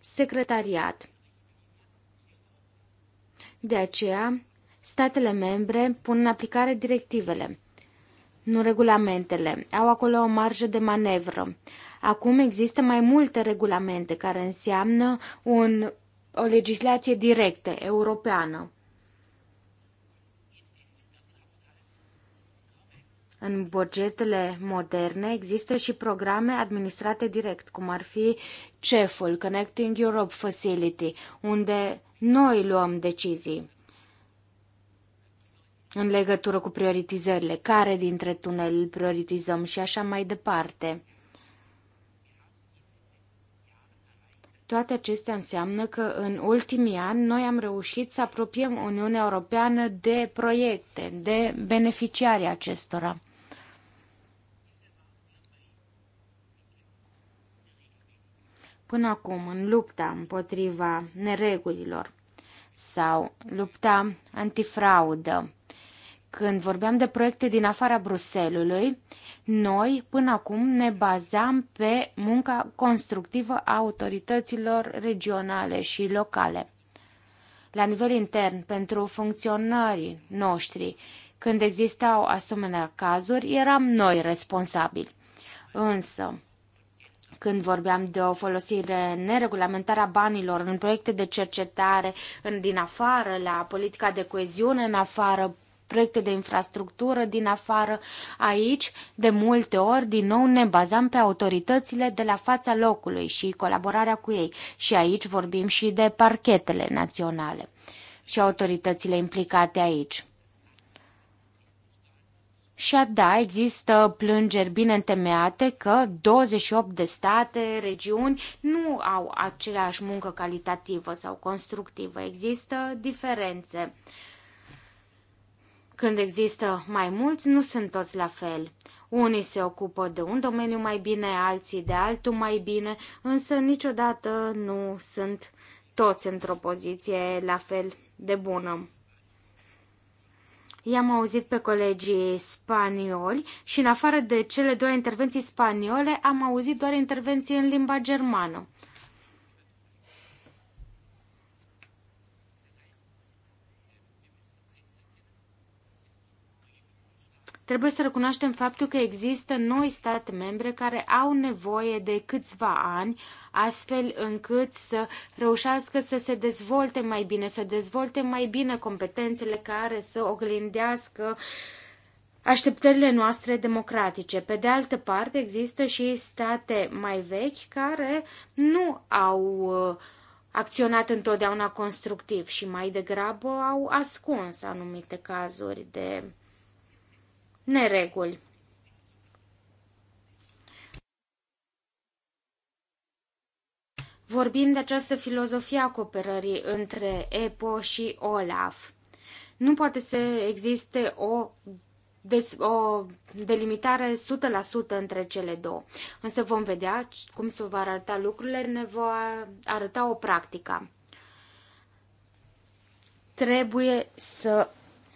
secretariat. De aceea, Statele membre pun în aplicare directivele, nu regulamentele. Au acolo o marjă de manevră. Acum există mai multe regulamente care înseamnă un, o legislație directă, europeană. În bugetele moderne există și programe administrate direct, cum ar fi CEF-ul, Connecting Europe Facility, unde noi luăm decizii în legătură cu prioritizările, care dintre tunel prioritizăm și așa mai departe. Toate acestea înseamnă că în ultimii ani noi am reușit să apropiem Uniunea Europeană de proiecte, de beneficiarii acestora. Până acum, în lupta împotriva neregulilor sau lupta antifraudă, când vorbeam de proiecte din afara Bruselului, noi până acum ne bazam pe munca constructivă a autorităților regionale și locale. La nivel intern, pentru funcționarii noștri, când existau asemenea cazuri, eram noi responsabili. Însă, când vorbeam de o folosire neregulamentară a banilor în proiecte de cercetare în, din afară, la politica de coeziune în afară, proiecte de infrastructură din afară. Aici, de multe ori, din nou ne bazăm pe autoritățile de la fața locului și colaborarea cu ei. Și aici vorbim și de parchetele naționale și autoritățile implicate aici. Și da, există plângeri bine întemeiate că 28 de state, regiuni nu au aceeași muncă calitativă sau constructivă. Există diferențe. Uh, când există mai mulți, nu sunt toți la fel. Unii se ocupă de un domeniu mai bine, alții de altul mai bine, însă niciodată nu sunt toți într-o poziție la fel de bună. I-am auzit pe colegii spanioli și în afară de cele două intervenții spaniole am auzit doar intervenții în limba germană. Trebuie să recunoaștem faptul că există noi state membre care au nevoie de câțiva ani, astfel încât să reușească să se dezvolte mai bine, să dezvolte mai bine competențele care să oglindească așteptările noastre democratice. Pe de altă parte, există și state mai vechi care nu au uh, acționat întotdeauna constructiv și mai degrabă au ascuns anumite cazuri de nereguli. Vorbim de această filozofie a cooperării între EPO și OLAF. Nu poate să existe o des, o delimitare 100% între cele două. Însă vom vedea cum se va arăta lucrurile, ne va arăta o practică. Trebuie să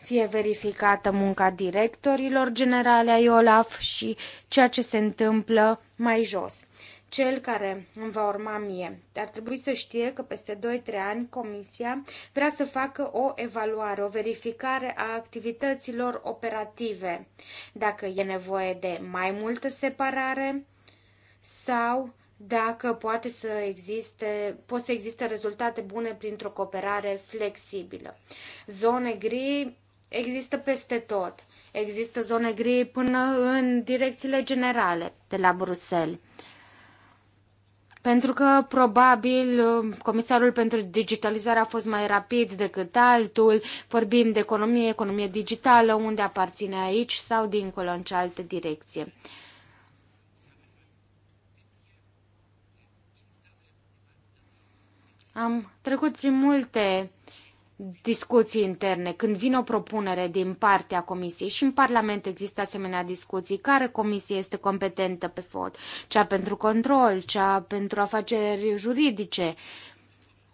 fie verificată munca directorilor generale ai OLAF și ceea ce se întâmplă mai jos. Cel care îmi va urma mie ar trebui să știe că peste 2-3 ani Comisia vrea să facă o evaluare, o verificare a activităților operative, dacă e nevoie de mai multă separare sau dacă poate să existe, pot să existe rezultate bune printr-o cooperare flexibilă. Zone gri există peste tot. Există zone gri până în direcțiile generale de la Bruxelles. Pentru că probabil comisarul pentru digitalizare a fost mai rapid decât altul, vorbim de economie, economie digitală, unde aparține aici sau dincolo în cealaltă direcție. Am trecut prin multe discuții interne, când vine o propunere din partea Comisiei și în Parlament există asemenea discuții, care Comisie este competentă pe fot, cea pentru control, cea pentru afaceri juridice,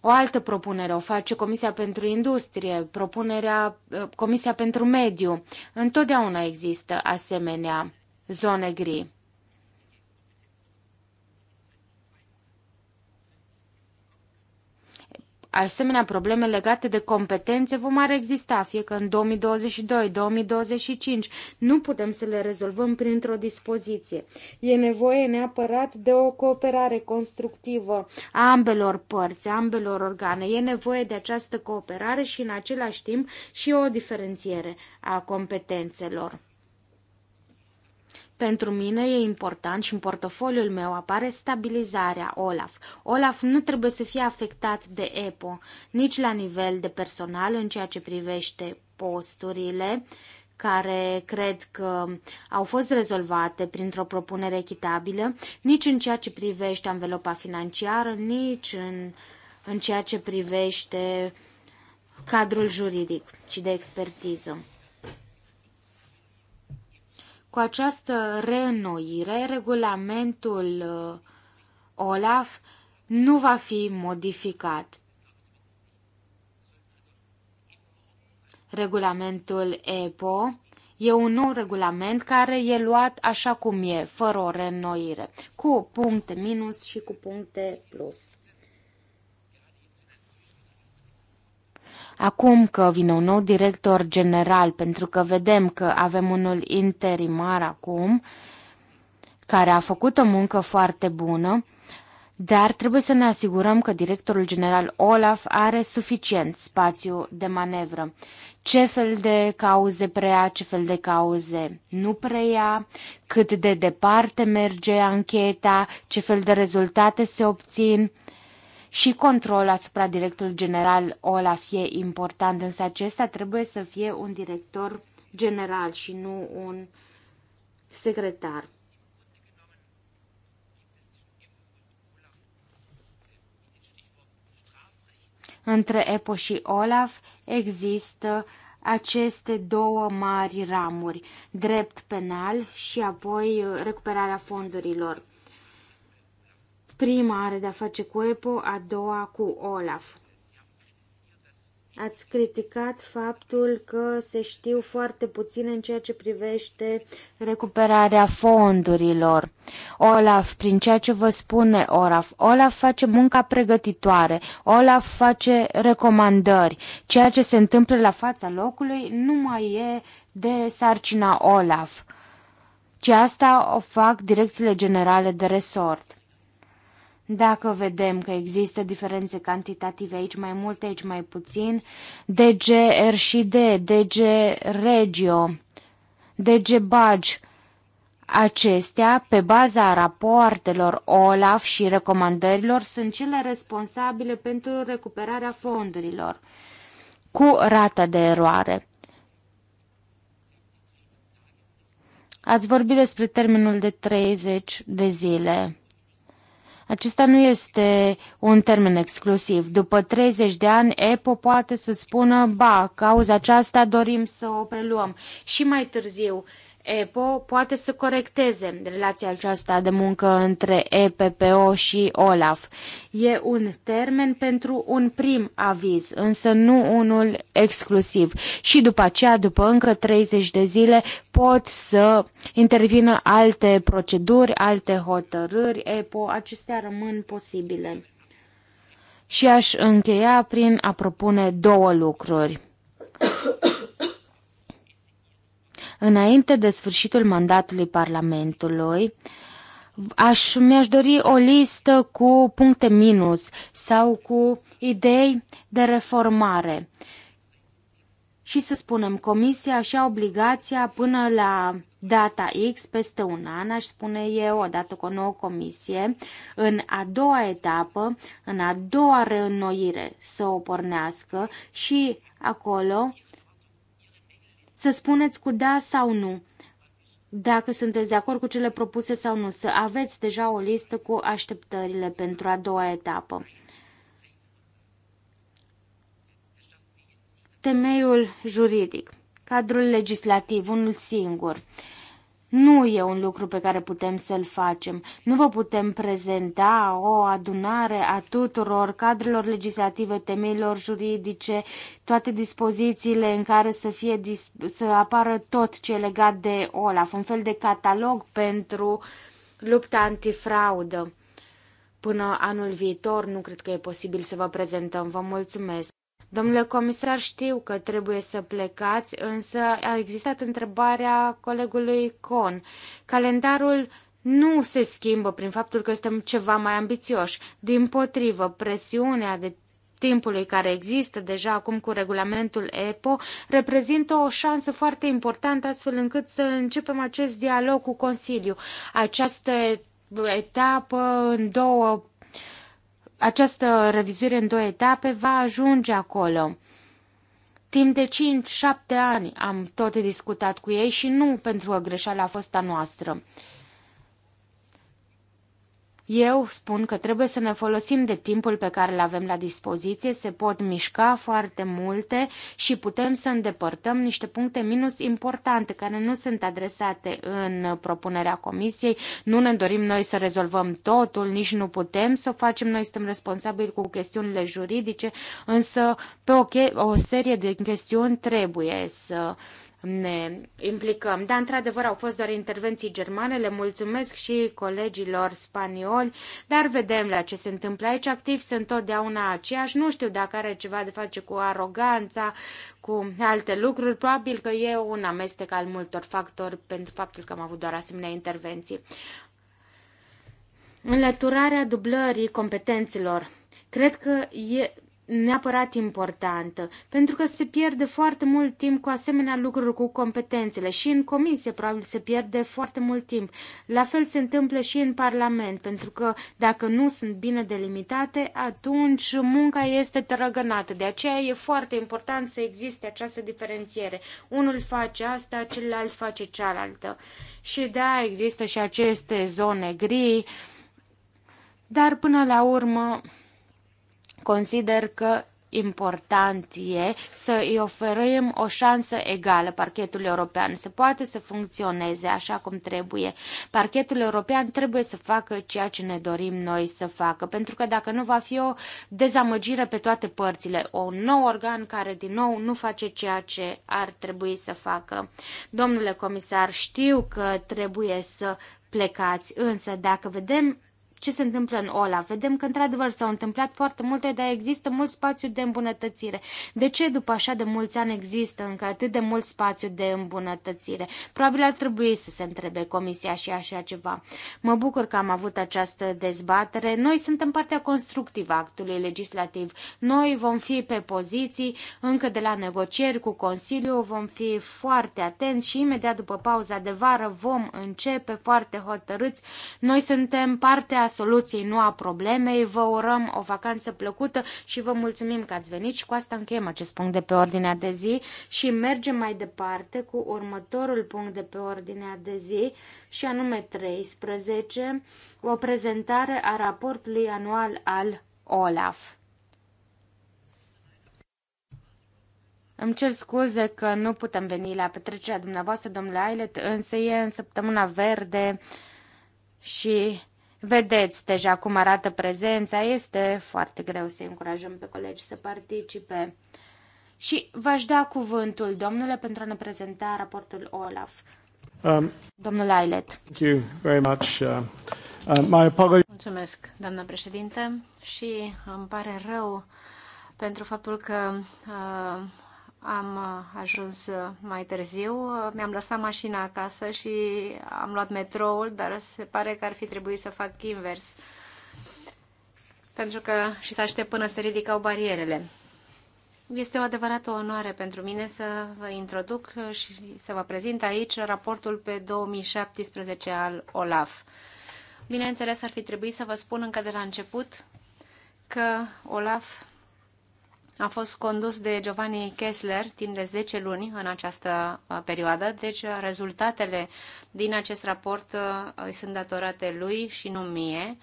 o altă propunere o face Comisia pentru Industrie, propunerea ă, Comisia pentru Mediu. Întotdeauna există asemenea zone gri. Asemenea, probleme legate de competențe vor mai exista, fie că în 2022-2025 nu putem să le rezolvăm printr-o dispoziție. E nevoie neapărat de o cooperare constructivă a ambelor părți, a ambelor organe. E nevoie de această cooperare și în același timp și o diferențiere a competențelor. Pentru mine e important și în portofoliul meu apare stabilizarea OLAF. OLAF nu trebuie să fie afectat de EPO, nici la nivel de personal în ceea ce privește posturile, care cred că au fost rezolvate printr-o propunere echitabilă, nici în ceea ce privește anvelopa financiară, nici în, în ceea ce privește cadrul juridic și de expertiză. Cu această reînnoire, regulamentul uh, OLAF nu va fi modificat. Regulamentul EPO e un nou regulament care e luat așa cum e, fără o reînnoire, cu puncte minus și cu puncte plus. Acum că vine un nou director general, pentru că vedem că avem unul interimar acum, care a făcut o muncă foarte bună, dar trebuie să ne asigurăm că directorul general Olaf are suficient spațiu de manevră. Ce fel de cauze preia, ce fel de cauze nu preia, cât de departe merge ancheta, ce fel de rezultate se obțin și control asupra directorului general Olaf e important, însă acesta trebuie să fie un director general și nu un secretar. Între EPO și OLAF există aceste două mari ramuri, drept penal și apoi recuperarea fondurilor. Prima are de-a face cu EPO, a doua cu OLAF. Ați criticat faptul că se știu foarte puține în ceea ce privește recuperarea fondurilor. Olaf, prin ceea ce vă spune Olaf, Olaf face munca pregătitoare, Olaf face recomandări. Ceea ce se întâmplă la fața locului nu mai e de sarcina Olaf, ci asta o fac direcțiile generale de resort. Dacă vedem că există diferențe cantitative aici mai multe, aici mai puțin, DGR și D, DG Regio, DG Baj, Acestea, pe baza rapoartelor OLAF și recomandărilor, sunt cele responsabile pentru recuperarea fondurilor cu rata de eroare. Ați vorbit despre termenul de 30 de zile. Acesta nu este un termen exclusiv. După 30 de ani, EPO poate să spună, ba, cauza aceasta dorim să o preluăm. Și mai târziu, EPO poate să corecteze relația aceasta de muncă între EPPO și OLAF. E un termen pentru un prim aviz, însă nu unul exclusiv. Și după aceea, după încă 30 de zile, pot să intervină alte proceduri, alte hotărâri, EPO, acestea rămân posibile. Și aș încheia prin a propune două lucruri. Înainte de sfârșitul mandatului Parlamentului, aș, mi-aș dori o listă cu puncte minus sau cu idei de reformare. Și să spunem, comisia și-a obligația până la data X, peste un an, aș spune eu, odată cu o nouă comisie, în a doua etapă, în a doua reînnoire să o pornească și acolo să spuneți cu da sau nu, dacă sunteți de acord cu cele propuse sau nu, să aveți deja o listă cu așteptările pentru a doua etapă. Temeiul juridic, cadrul legislativ, unul singur. Uh, nu e un lucru pe care putem să-l facem. Nu vă putem prezenta o adunare a tuturor cadrelor legislative, temeilor juridice, toate dispozițiile în care să, fie, să apară tot ce e legat de OLAF, un fel de catalog pentru lupta antifraudă. Până anul viitor nu cred că e posibil să vă prezentăm. Vă mulțumesc! Domnule comisar, știu că trebuie să plecați, însă a existat întrebarea colegului Con. Calendarul nu se schimbă prin faptul că suntem ceva mai ambițioși. Din potrivă, presiunea de timpului care există deja acum cu regulamentul EPO reprezintă o șansă foarte importantă astfel încât să începem acest dialog cu Consiliu. Această etapă în două această revizuire în două etape va ajunge acolo. Timp de 5-7 ani am tot discutat cu ei și nu pentru că greșeala a fost a noastră. Eu spun că trebuie să ne folosim de timpul pe care îl avem la dispoziție, se pot mișca foarte multe și putem să îndepărtăm niște puncte minus importante care nu sunt adresate în propunerea comisiei. Nu ne dorim noi să rezolvăm totul, nici nu putem să o facem. Noi suntem responsabili cu chestiunile juridice, însă pe o, o serie de chestiuni trebuie să ne implicăm. Dar, într-adevăr, au fost doar intervenții germane, le mulțumesc și colegilor spanioli, dar vedem la ce se întâmplă aici. Activ sunt totdeauna aceiași, nu știu dacă are ceva de face cu aroganța, cu alte lucruri, probabil că e un amestec al multor factori pentru faptul că am avut doar asemenea intervenții. Înlăturarea dublării competențelor. Cred că e, neapărat importantă, pentru că se pierde foarte mult timp cu asemenea lucruri cu competențele și în comisie probabil se pierde foarte mult timp. La fel se întâmplă și în Parlament, pentru că dacă nu sunt bine delimitate, atunci munca este trăgănată. De aceea e foarte important să existe această diferențiere. Unul face asta, celălalt face cealaltă. Și da, există și aceste zone gri, dar până la urmă Consider că important e să îi oferim o șansă egală parchetul european, Se poate să funcționeze așa cum trebuie. Parchetul european trebuie să facă ceea ce ne dorim noi să facă, pentru că dacă nu va fi o dezamăgire pe toate părțile, un nou organ care din nou nu face ceea ce ar trebui să facă. Domnule comisar, știu că trebuie să plecați, însă dacă vedem ce se întâmplă în OLAF. Vedem că, într-adevăr, s-au întâmplat foarte multe, dar există mult spațiu de îmbunătățire. De ce după așa de mulți ani există încă atât de mult spațiu de îmbunătățire? Probabil ar trebui să se întrebe Comisia și așa ceva. Mă bucur că am avut această dezbatere. Noi suntem partea constructivă a actului legislativ. Noi vom fi pe poziții încă de la negocieri cu Consiliu, vom fi foarte atenți și imediat după pauza de vară vom începe foarte hotărâți. Noi suntem partea soluției, nu a problemei. Vă urăm o vacanță plăcută și vă mulțumim că ați venit și cu asta încheiem acest punct de pe ordinea de zi și mergem mai departe cu următorul punct de pe ordinea de zi și anume 13, o prezentare a raportului anual al OLAF. Îmi cer scuze că nu putem veni la petrecerea dumneavoastră, domnule Ailet, însă e în săptămâna verde și Vedeți deja cum arată prezența, este foarte greu să încurajăm pe colegi să participe. Și v-aș da cuvântul, domnule, pentru a ne prezenta raportul OLAF. Um, Domnul Ailet. Thank you very much. Uh, uh, my apologies. Mulțumesc, doamna președinte, și îmi pare rău pentru faptul că uh, am uh, ajuns uh, mai târziu. Uh, mi-am lăsat mașina acasă și am luat metroul, dar se pare că ar fi trebuit să fac invers. Pentru că și să aștept până se ridicau barierele. Este o adevărată onoare pentru mine să vă introduc și să vă prezint aici raportul pe 2017 al OLAF. Bineînțeles, ar fi trebuit să vă spun încă de la început că OLAF a fost condus de Giovanni Kessler timp de 10 luni în această uh, perioadă, deci uh, rezultatele din acest raport uh, îi sunt datorate lui și nu mie,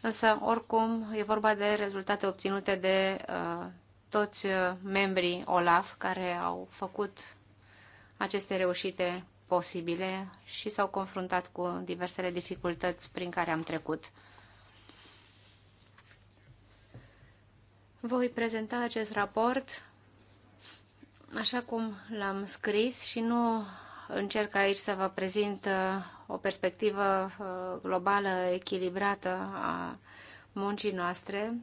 însă oricum e vorba de rezultate obținute de toți membrii OLAF care au făcut aceste reușite posibile și s-au confruntat cu diversele dificultăți prin care am trecut. Voi prezenta acest raport așa cum l-am scris și nu încerc aici să vă prezint uh, o perspectivă uh, globală, echilibrată a muncii noastre,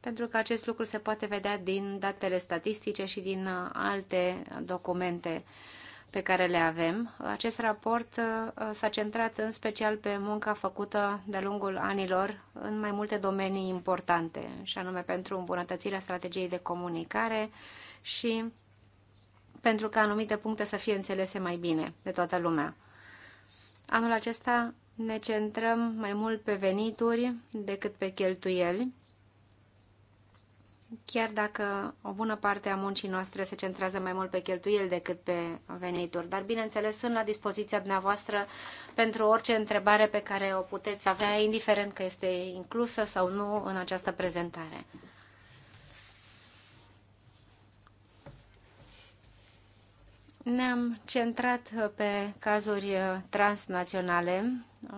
pentru că acest lucru se poate vedea din datele statistice și din uh, alte documente pe care le avem. Acest raport uh, s-a centrat în special pe munca făcută de-a lungul anilor în mai multe domenii importante, și anume pentru îmbunătățirea strategiei de comunicare și pentru ca anumite puncte să fie înțelese mai bine de toată lumea. Anul acesta ne centrăm mai mult pe venituri decât pe cheltuieli chiar dacă o bună parte a muncii noastre se centrează mai mult pe cheltuieli decât pe venituri. Dar, bineînțeles, sunt la dispoziția dumneavoastră pentru orice întrebare pe care o puteți avea, indiferent că este inclusă sau nu în această prezentare. Ne-am centrat pe cazuri transnaționale,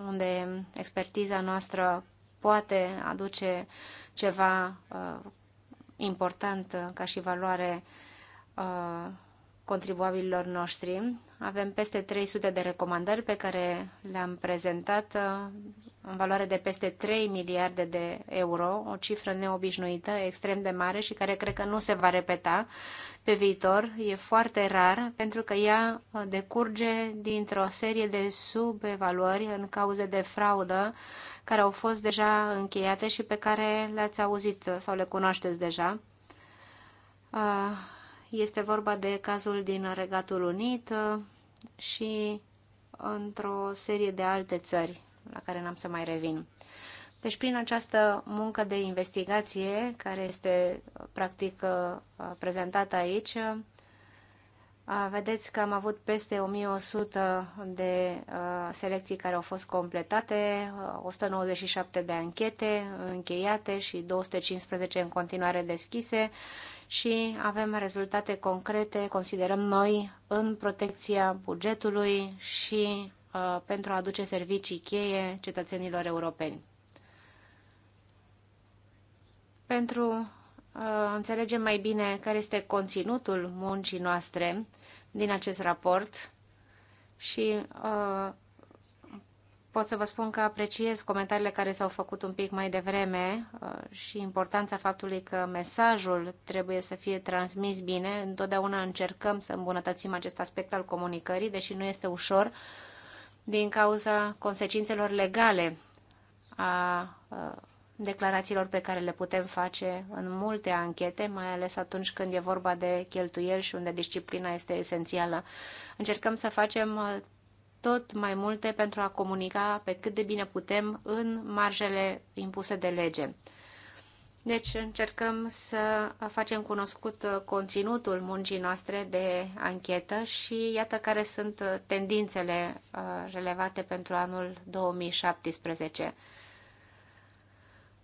unde expertiza noastră poate aduce ceva uh, important ca și valoare uh, contribuabililor noștri. Avem peste 300 de recomandări pe care le-am prezentat uh, în valoare de peste 3 miliarde de euro, o cifră neobișnuită, extrem de mare și care cred că nu se va repeta pe viitor. E foarte rar pentru că ea uh, decurge dintr-o serie de subevaluări în cauze de fraudă care au fost deja încheiate și pe care le-ați auzit sau le cunoașteți deja. Uh, este vorba de cazul din Regatul Unit uh, și într-o serie de alte țări la care n-am să mai revin. Deci prin această muncă de investigație care este practic uh, prezentată aici, Vedeți că am avut peste 1100 de selecții care au fost completate, 197 de anchete încheiate și 215 în continuare deschise și avem rezultate concrete, considerăm noi, în protecția bugetului și pentru a aduce servicii cheie cetățenilor europeni. Pentru Uh, înțelegem mai bine care este conținutul muncii noastre din acest raport și uh, pot să vă spun că apreciez comentariile care s-au făcut un pic mai devreme uh, și importanța faptului că mesajul trebuie să fie transmis bine. Întotdeauna încercăm să îmbunătățim acest aspect al comunicării, deși nu este ușor din cauza consecințelor legale a declarațiilor pe care le putem face în multe anchete, mai ales atunci când e vorba de cheltuieli și unde disciplina este esențială. Încercăm să facem uh, tot mai multe pentru a comunica pe cât de bine putem în marjele impuse de lege. Deci încercăm să facem cunoscut uh, conținutul muncii noastre de anchetă și iată care sunt uh, tendințele relevate pentru anul 2017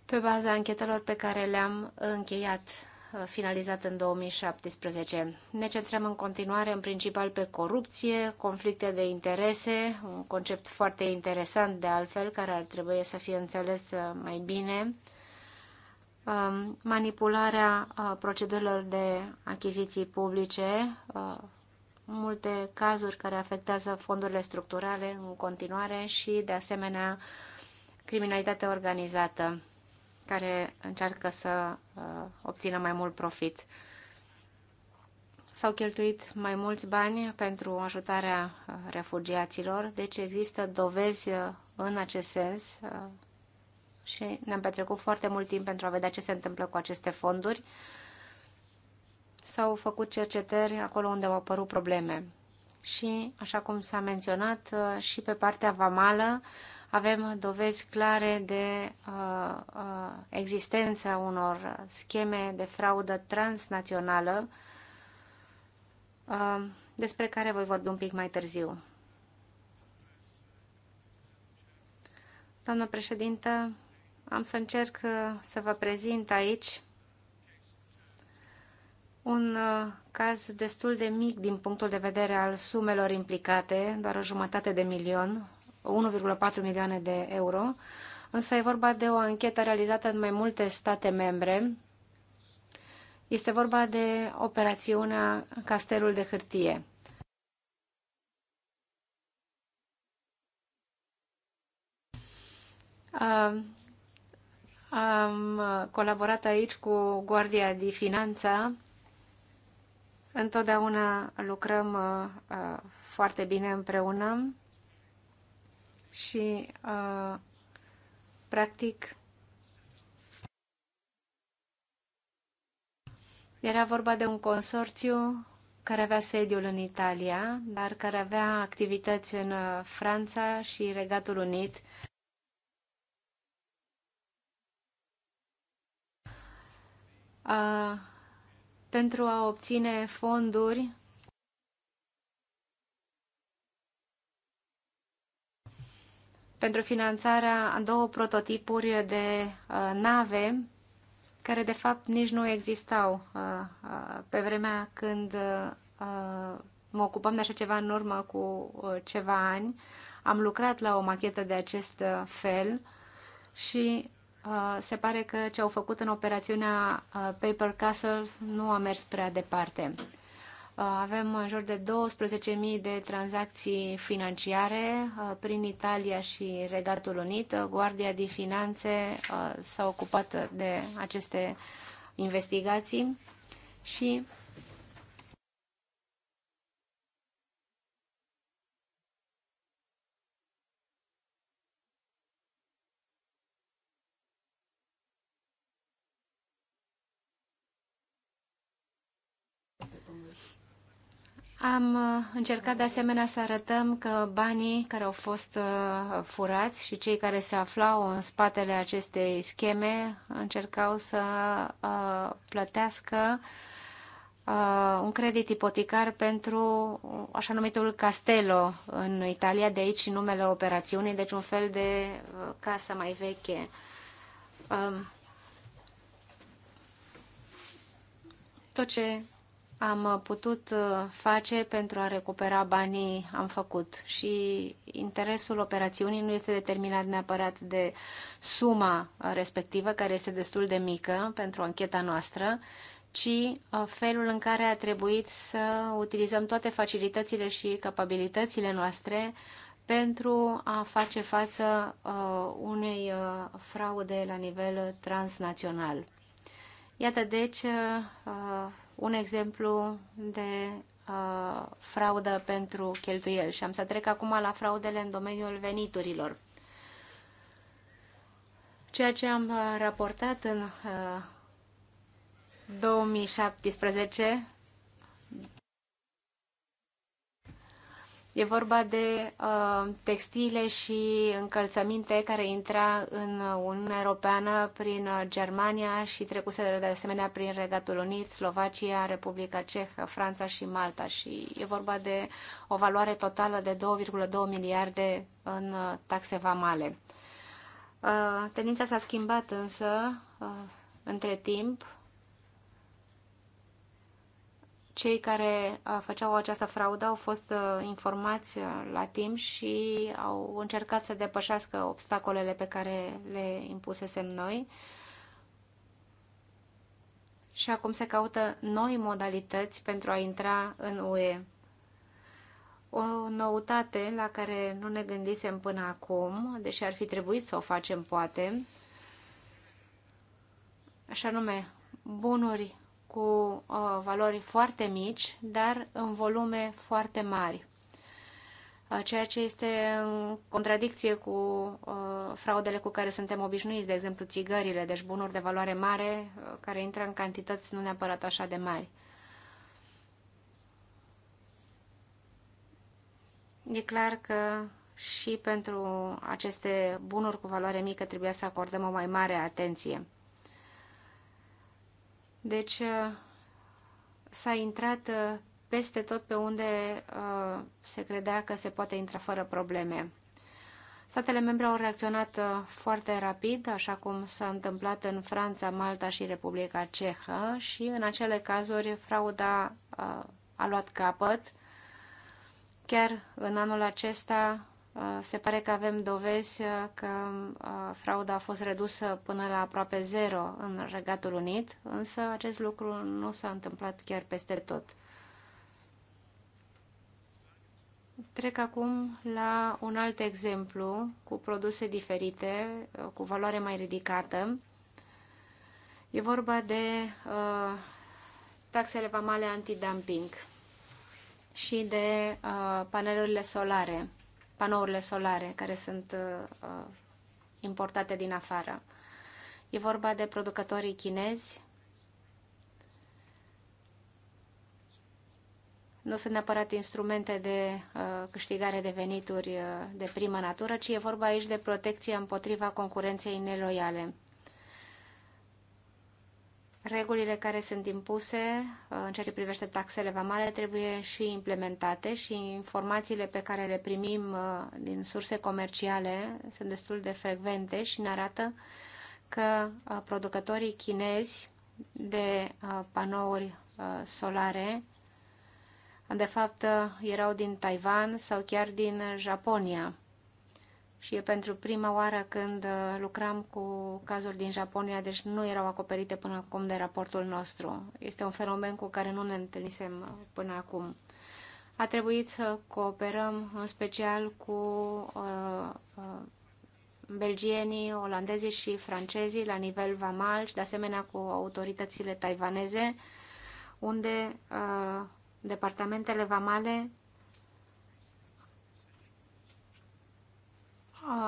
pe baza anchetelor pe care le-am încheiat, uh, finalizat în 2017. Ne centrăm în continuare în principal pe corupție, conflicte de interese, un concept foarte interesant de altfel, care ar trebui să fie înțeles uh, mai bine, um, manipularea uh, procedurilor de achiziții publice, multe cazuri care afectează fondurile structurale în continuare și, de asemenea, criminalitatea organizată care încearcă să uh, obțină mai mult profit. S-au cheltuit mai mulți bani pentru ajutarea uh, refugiaților, deci există dovezi uh, în acest sens și ne-am petrecut foarte mult timp pentru a vedea ce se întâmplă cu aceste fonduri. S-au făcut cercetări acolo unde au apărut probleme. Și, așa cum s-a menționat, și pe partea vamală, avem dovezi clare de uh, uh, existența unor scheme de fraudă transnațională uh, despre care voi vorbi un pic mai târziu. Doamnă președintă, am să încerc uh, să vă prezint aici un uh, caz destul de mic din punctul de vedere al sumelor implicate, doar o jumătate de milion 1,4 milioane de euro, însă e vorba de o anchetă realizată în mai multe state membre. Este vorba de operațiunea Castelul de Hârtie. Am colaborat aici cu Guardia de finanță. Întotdeauna lucrăm uh, foarte bine împreună și uh, practic era vorba de un consorțiu care avea sediul în Italia, dar care avea activități în uh, Franța și Regatul Unit. Uh, pentru a obține fonduri pentru finanțarea a două prototipuri de uh, nave care de fapt nici nu existau uh, uh, pe vremea când mă ocupam de așa ceva în urmă cu ceva ani. Am lucrat la o machetă de acest fel și se pare că ce au făcut în operațiunea Paper Castle nu a mers prea departe. Uh, avem în jur de 12.000 de tranzacții financiare uh, prin Italia și Regatul Unit. Uh, Guardia de Finanțe s-a ocupat de aceste investigații și Am uh, încercat de asemenea să arătăm că banii care au fost uh, furați și cei care se aflau în spatele acestei scheme încercau să uh, plătească un credit ipotecar pentru așa numitul Castello în Italia, de aici numele operațiunii, deci un fel de casă mai veche. Um, tot ce am uh, putut uh, face pentru a recupera banii am făcut și interesul operațiunii nu este determinat neapărat de suma uh, respectivă, care este destul de mică pentru ancheta noastră, ci felul în care a trebuit să utilizăm toate facilitățile și capabilitățile noastre pentru a face față unei fraude la nivel transnațional. Iată deci un exemplu de uh, fraudă pentru cheltuieli și am să trec acum la fraudele în domeniul veniturilor. Ceea ce am uh, raportat în uh, 2017 E vorba de uh, textile și încălțăminte care intra în Uniunea Europeană prin uh, Germania și trecuse de asemenea prin Regatul Unit, Slovacia, Republica Cehă, Franța și Malta. Și e vorba de o valoare totală de 2,2 miliarde în uh, taxe vamale. Uh, tendința s-a schimbat însă uh, între timp cei care uh, făceau această fraudă au fost uh, informați uh, la timp și au încercat să depășească obstacolele pe care le impusesem noi. Și acum se caută noi modalități pentru a intra în UE. O noutate la care nu ne gândisem până acum, deși ar fi trebuit să o facem poate, așa nume, bunuri cu uh, valori foarte mici, dar în volume foarte mari, uh, ceea ce este în contradicție cu uh, fraudele cu care suntem obișnuiți, de exemplu țigările, deci bunuri de valoare mare uh, care intră în cantități nu neapărat așa de mari. E clar că și pentru aceste bunuri cu valoare mică trebuia să acordăm o mai mare atenție. Deci uh, s-a intrat uh, peste tot pe unde uh, se credea că se poate intra fără probleme. Statele membre au reacționat foarte rapid, așa cum s-a întâmplat în Franța, Malta și Republica Cehă și în acele cazuri frauda a luat capăt. Chiar în anul acesta Uh, se pare că avem dovezi uh, că uh, frauda a fost redusă până la aproape zero în Regatul Unit, însă acest lucru nu s-a întâmplat chiar peste tot. Trec acum la un alt exemplu cu produse diferite, cu valoare mai ridicată. E vorba de taxele vamale antidumping și de uh, panelurile solare panourile solare care sunt uh, uh, importate din afară. E vorba de producătorii chinezi. Nu sunt neapărat instrumente de uh, câștigare de venituri uh, de primă natură, ci e vorba aici de protecție împotriva concurenței neloiale regulile care sunt impuse uh, în ceea ce privește taxele vamale trebuie și implementate și informațiile pe care le primim uh, din surse comerciale sunt destul de frecvente și ne arată că uh, producătorii chinezi de panouri solare de fapt erau din Taiwan sau chiar din Japonia și e pentru prima oară când uh, lucram cu cazuri din Japonia, deci nu erau acoperite până acum de raportul nostru. Este un fenomen cu care nu ne întâlnisem uh, până acum. A trebuit să cooperăm în special cu uh, uh, belgienii, olandezii și francezii la nivel vamal și de asemenea cu autoritățile taiwaneze, unde uh, departamentele vamale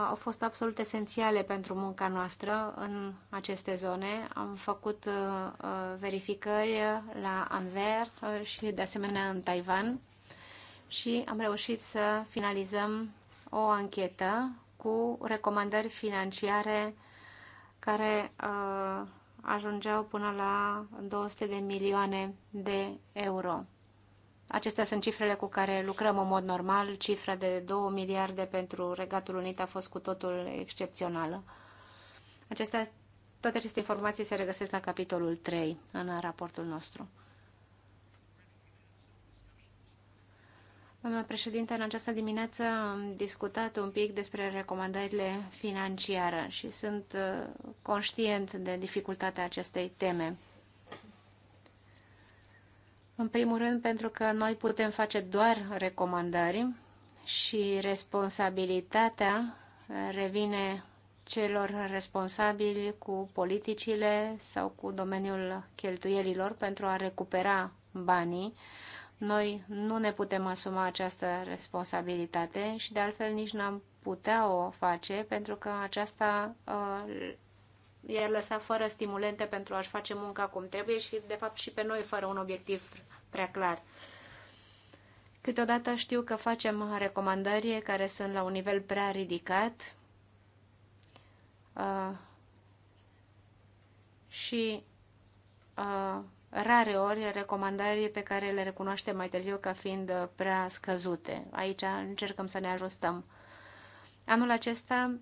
au fost absolut esențiale pentru munca noastră în aceste zone. Am făcut uh, uh, verificări la Anver uh, și de asemenea în Taiwan și am reușit să finalizăm o anchetă cu recomandări financiare care ajungeau până la 200 de milioane de euro. Acestea sunt cifrele cu care lucrăm în mod normal. Cifra de 2 miliarde pentru Regatul Unit a fost cu totul excepțională. Acestea, toate aceste informații se regăsesc la capitolul 3 în raportul nostru. Doamna președinte, în această dimineață am discutat un pic despre recomandările financiare și sunt uh, conștient de dificultatea acestei teme. În primul rând pentru că noi putem face doar recomandări și responsabilitatea revine celor responsabili cu politicile sau cu domeniul cheltuielilor pentru a recupera banii. Noi nu ne putem asuma această responsabilitate și de altfel nici n-am putea o face pentru că aceasta uh, iar ar lăsa fără stimulente pentru a-și face munca cum trebuie și, de fapt, și pe noi fără un obiectiv prea clar. Câteodată știu că facem recomandări care sunt la un nivel prea ridicat uh, și uh, rare ori recomandări pe care le recunoaștem mai târziu ca fiind prea scăzute. Aici încercăm să ne ajustăm. Anul acesta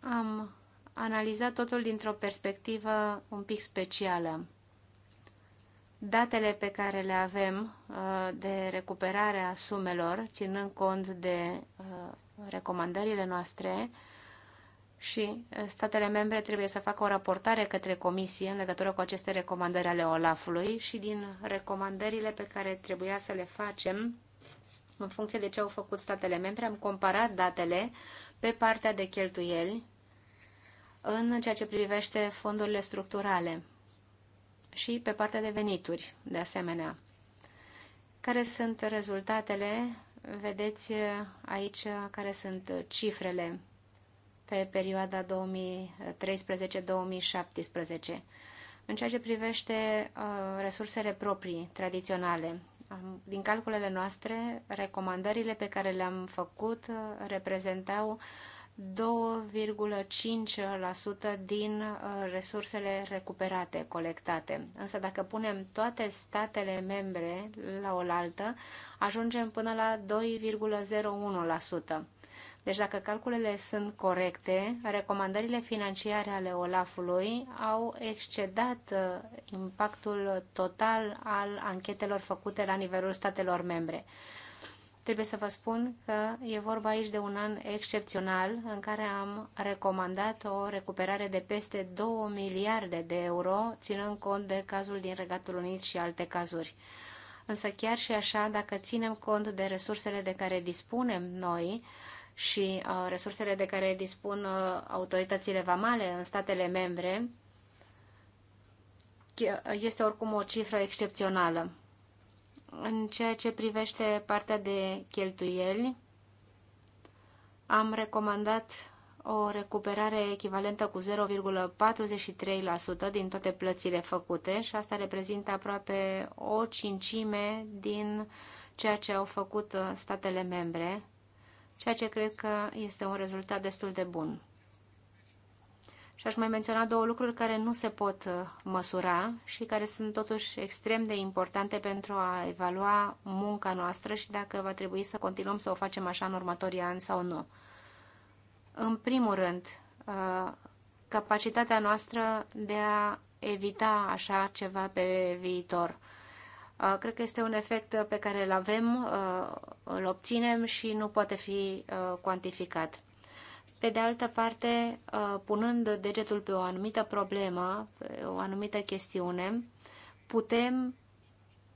am analiza totul dintr-o perspectivă un pic specială. Datele pe care le avem uh, de recuperare a sumelor, ținând cont de uh, recomandările noastre, și uh, statele membre trebuie să facă o raportare către comisie în legătură cu aceste recomandări ale OLAF-ului și din recomandările pe care trebuia să le facem în funcție de ce au făcut statele membre, am comparat datele pe partea de cheltuieli în ceea ce privește fondurile structurale și pe partea de venituri, de asemenea. Care sunt rezultatele? Vedeți uh, aici uh, care sunt uh, cifrele pe perioada 2013-2017. În ceea ce privește uh, resursele proprii, tradiționale, din calculele noastre, recomandările pe care le-am făcut reprezentau 2,5% din uh, resursele recuperate, colectate. Însă dacă punem toate statele membre la oaltă, ajungem până la 2,01%. Deci dacă calculele sunt corecte, recomandările financiare ale Olafului au excedat uh, impactul total al anchetelor făcute la nivelul statelor membre. Trebuie să vă spun că e vorba aici de un an excepțional în care am recomandat o recuperare de peste 2 miliarde de euro, ținând cont de cazul din Regatul Unit și alte cazuri. Însă chiar și așa, dacă ținem cont de resursele de care dispunem noi și uh, resursele de care dispun uh, autoritățile vamale în statele membre, este oricum o cifră excepțională. În ceea ce privește partea de cheltuieli, am recomandat o recuperare echivalentă cu 0,43% din toate plățile făcute și asta reprezintă aproape o cincime din ceea ce au făcut uh, statele membre, ceea ce cred că este un rezultat destul de bun. Și aș mai menționa două lucruri care nu se pot uh, măsura și care sunt totuși extrem de importante pentru a evalua munca noastră și dacă va trebui să continuăm să o facem așa în următorii ani sau nu. În primul rând, uh, capacitatea noastră de a evita așa ceva pe viitor. Uh, cred că este un efect pe care îl avem, îl obținem și nu poate fi cuantificat. Pe de altă parte, uh, punând degetul pe o anumită problemă, pe o anumită chestiune, putem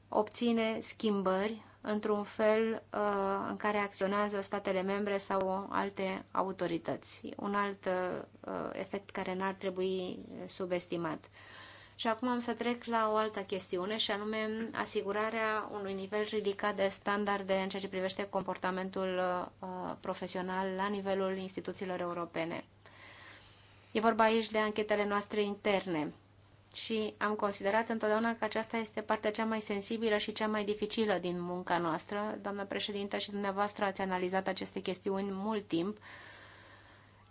obține schimbări într-un fel uh, în care acționează statele membre sau alte autorități. Un alt uh, efect care n-ar trebui subestimat. Și acum am să trec la o altă chestiune și anume asigurarea unui nivel ridicat de standarde în ceea ce privește comportamentul uh, profesional la nivelul instituțiilor europene. E vorba aici de anchetele noastre interne și am considerat întotdeauna că aceasta este partea cea mai sensibilă și cea mai dificilă din munca noastră. Doamna președintă și dumneavoastră ați analizat aceste chestiuni mult timp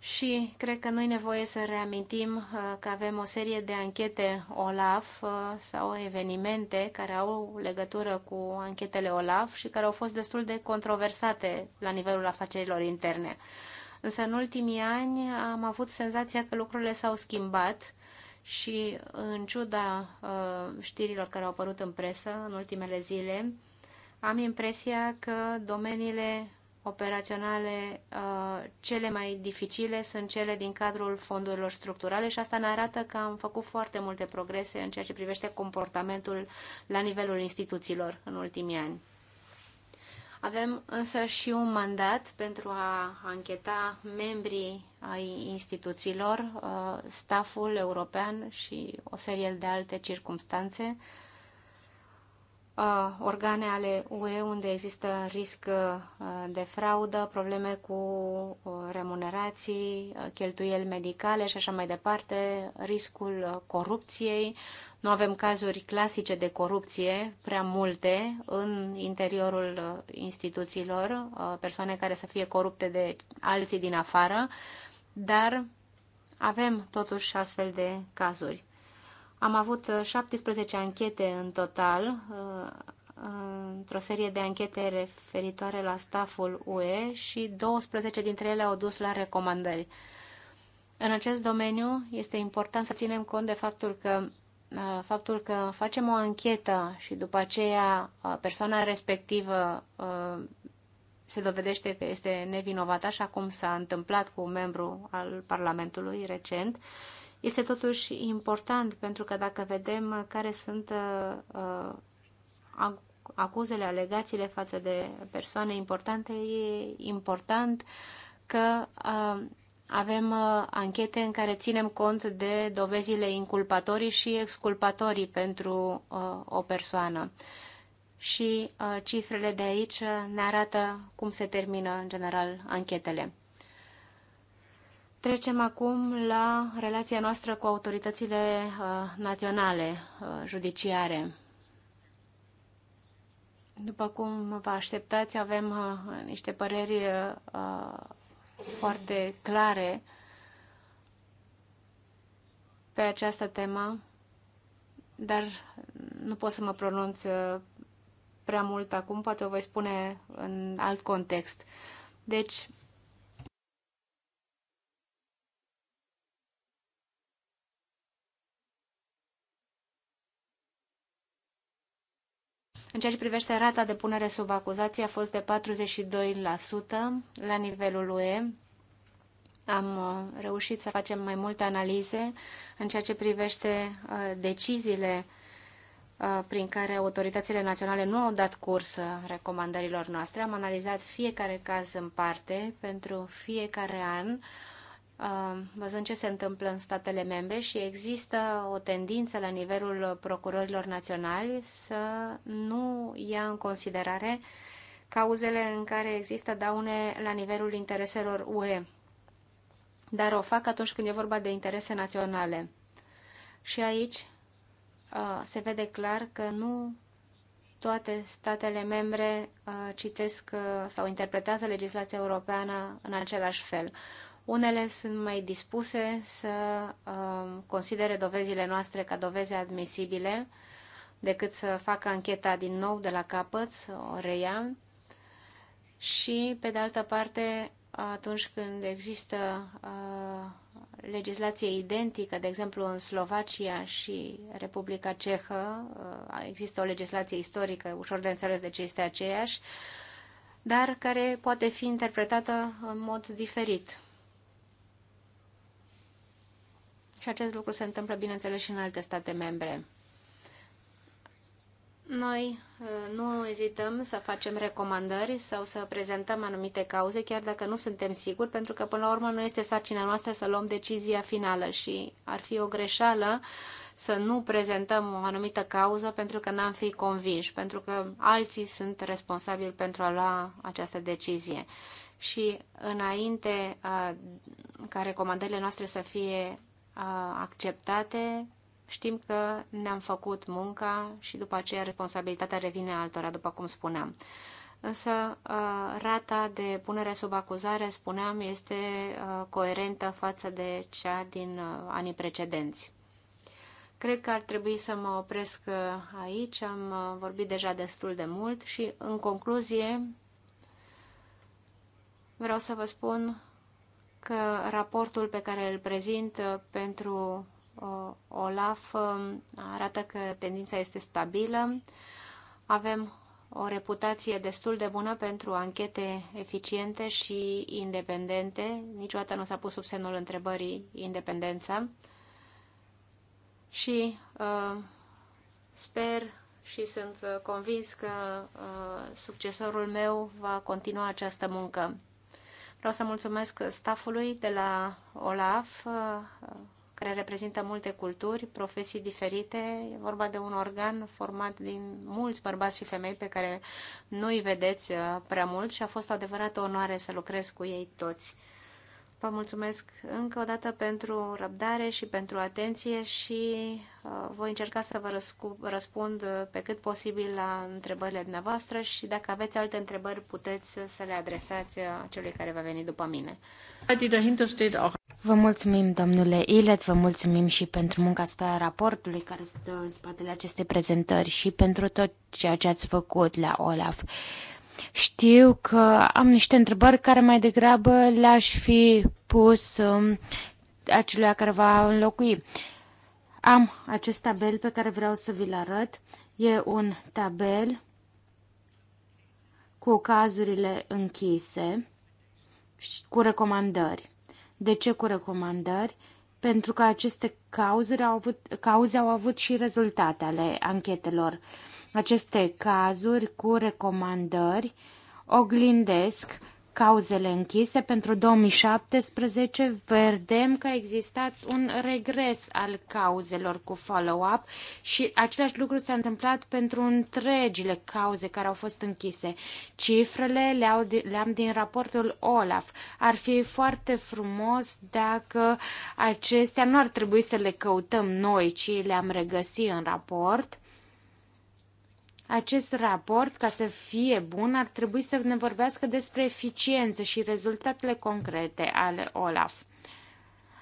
și cred că nu e nevoie să reamintim uh, că avem o serie de anchete OLAF uh, sau evenimente care au legătură cu anchetele OLAF și care au fost destul de controversate la nivelul afacerilor interne. Însă în ultimii ani am avut senzația că lucrurile s-au schimbat și în ciuda uh, știrilor care au apărut în presă în ultimele zile, am impresia că domeniile operaționale uh, cele mai dificile sunt cele din cadrul fondurilor structurale și asta ne arată că am făcut foarte multe progrese în ceea ce privește comportamentul la nivelul instituțiilor în ultimii ani. Avem însă și un mandat pentru a ancheta membrii ai instituțiilor, uh, staful european și o serie de alte circumstanțe organe ale UE unde există risc de fraudă, probleme cu remunerații, cheltuieli medicale și așa mai departe, riscul corupției. Nu avem cazuri clasice de corupție, prea multe, în interiorul instituțiilor, persoane care să fie corupte de alții din afară, dar avem totuși astfel de cazuri. Am avut 17 uh, anchete în total, uh, într-o serie de anchete referitoare la staful UE și 12 dintre ele au dus la recomandări. În acest domeniu este important să ținem cont de faptul că uh, faptul că facem o anchetă și după aceea persoana respectivă se dovedește că este nevinovată, așa cum s-a întâmplat cu un membru al Parlamentului recent, este totuși important pentru că dacă vedem care sunt uh, uh, acuzele, alegațiile față de persoane importante, e important că uh, avem anchete în care ținem cont de dovezile inculpatorii și exculpatorii pentru o persoană. Și cifrele de aici ne arată cum se termină, în general, anchetele. Trecem acum la relația noastră cu autoritățile uh, naționale uh, judiciare. După cum vă așteptați, avem uh, niște păreri foarte clare pe această temă, dar nu pot să mă pronunț prea mult acum, poate o voi spune în alt context. Deci, În ceea ce privește rata de punere sub acuzație a fost de 42% la nivelul UE. Am uh, reușit să facem mai multe analize în ceea ce privește uh, deciziile uh, prin care autoritățile naționale nu au dat curs recomandărilor noastre. Am analizat fiecare caz în parte pentru fiecare an Um, văzând ce se întâmplă în statele membre și există o tendință la nivelul procurorilor naționali să nu ia în considerare cauzele în care există daune la nivelul intereselor UE, dar o fac atunci când e vorba de interese naționale. Și aici uh, se vede clar că nu toate statele membre uh, citesc uh, sau interpretează legislația europeană în același fel. Unele sunt mai dispuse să um, considere dovezile noastre ca doveze admisibile decât să facă ancheta din nou de la capăt, o reia. Și, pe de altă parte, atunci când există uh, legislație identică, de exemplu în Slovacia și Republica Cehă, uh, există o legislație istorică, ușor de înțeles de ce este aceeași, dar care poate fi interpretată în mod diferit. Și acest lucru se întâmplă, bineînțeles, și în alte state membre. Noi uh, nu ezităm să facem recomandări sau să prezentăm anumite cauze, chiar dacă nu suntem siguri, pentru că până la urmă nu este sarcina noastră să luăm decizia finală și ar fi o greșeală să nu prezentăm o anumită cauză pentru că n-am fi convinși, pentru că alții sunt responsabili pentru a lua această decizie. Și înainte uh, ca recomandările noastre să fie acceptate, știm că ne-am făcut munca și după aceea responsabilitatea revine altora, după cum spuneam. Însă rata de punere sub acuzare, spuneam, este coerentă față de cea din anii precedenți. Cred că ar trebui să mă opresc aici, am vorbit deja destul de mult și, în concluzie, vreau să vă spun că raportul pe care îl prezint uh, pentru uh, OLAF um, arată că tendința este stabilă. Avem o reputație destul de bună pentru anchete eficiente și independente. Niciodată nu s-a pus sub semnul întrebării independența. Și uh, sper și sunt convins că uh, succesorul meu va continua această muncă. Vreau să mulțumesc staffului de la OLAF, uh, care reprezintă multe culturi, profesii diferite. E vorba de un organ format din mulți bărbați și femei pe care nu îi vedeți uh, prea mult și a fost o adevărată onoare să lucrez cu ei toți. Vă mulțumesc încă o dată pentru răbdare și pentru atenție și uh, voi încerca să vă răspund pe cât posibil la întrebările dumneavoastră și dacă aveți alte întrebări puteți să le adresați uh, celui care va veni după mine. Vă mulțumim, domnule Ilet, vă mulțumim și pentru munca asta a raportului care stă în spatele acestei prezentări și pentru tot ceea ce ați făcut la OLAF. Știu că am niște întrebări care mai degrabă le-aș fi pus um, acelui care va înlocui. Am acest tabel pe care vreau să vi-l arăt. E un tabel cu cazurile închise și cu recomandări. De ce cu recomandări? Pentru că aceste cauze au avut, cauze au avut și rezultate ale anchetelor. Uh, aceste cazuri cu recomandări oglindesc cauzele închise. Pentru 2017 vedem că a existat un regres al cauzelor cu follow-up și același lucru s-a întâmplat pentru întregile cauze care au fost închise. Cifrele le-am din raportul OLAF. Ar fi foarte frumos dacă acestea nu ar trebui să le căutăm noi, ci le-am regăsit în raport acest raport, ca să fie bun, ar trebui să ne vorbească despre eficiență și rezultatele concrete ale OLAF.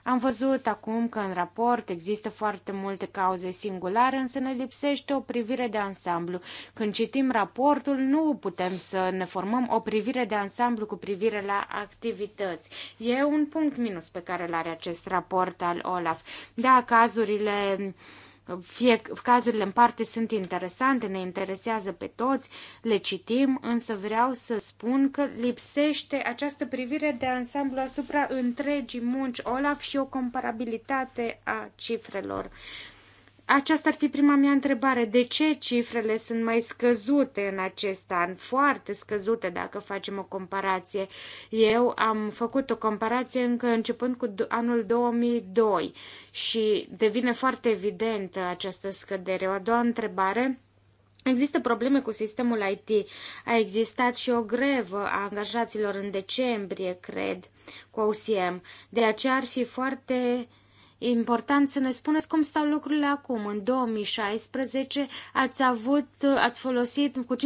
Am văzut acum că în raport există foarte multe cauze singulare, însă ne lipsește o privire de ansamblu. Când citim raportul, nu putem să ne formăm o privire de ansamblu cu privire la activități. E un punct minus pe care îl are acest raport al OLAF. Da, cazurile uh, fie, cazurile în parte sunt interesante, ne interesează pe toți, le citim, însă vreau să spun că lipsește această privire de ansamblu asupra întregii munci Olaf și o comparabilitate a cifrelor. Aceasta ar fi prima mea întrebare. De ce cifrele sunt mai scăzute în acest an? Foarte scăzute dacă facem o comparație. Eu am făcut o comparație încă începând cu anul 2002 și devine foarte evidentă această scădere. O a doua întrebare. Există probleme cu sistemul IT. A existat și o grevă a angajaților în decembrie, cred, cu OCM. De aceea ar fi foarte uh, E important să ne spuneți cum stau lucrurile acum. În 2016 ați, avut, ați folosit cu 50%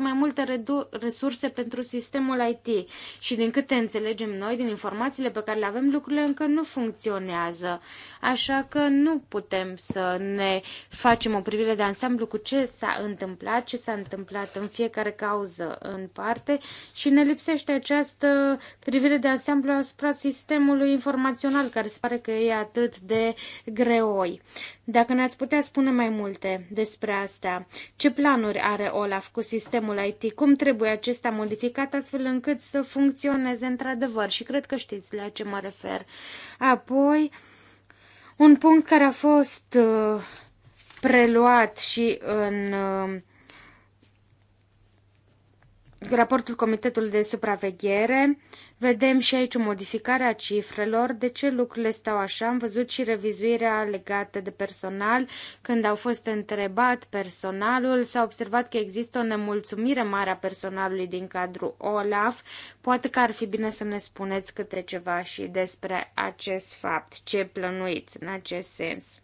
mai multe resurse pentru sistemul IT și din câte înțelegem noi, din informațiile pe care le avem, lucrurile încă nu funcționează. Așa că nu putem să ne facem o privire de ansamblu cu ce s-a întâmplat, ce s-a întâmplat în fiecare cauză în parte și ne lipsește această privire de ansamblu asupra sistemului informațional care se pare că e atât atât de greoi. Dacă ne-ați putea spune mai multe despre asta, ce planuri are Olaf cu sistemul IT, cum trebuie acesta modificat astfel încât să funcționeze într-adevăr și cred că știți la ce mă refer. Apoi, un punct care a fost uh, preluat și în uh, raportul Comitetului de Supraveghere, Vedem și aici o modificare a cifrelor, de ce lucrurile stau așa. Am văzut și revizuirea legată de personal. Când au fost întrebat personalul, s-a observat că există o nemulțumire mare a personalului din cadrul OLAF. Poate că ar fi bine să ne spuneți câte ceva și despre acest fapt, ce plănuiți în acest sens.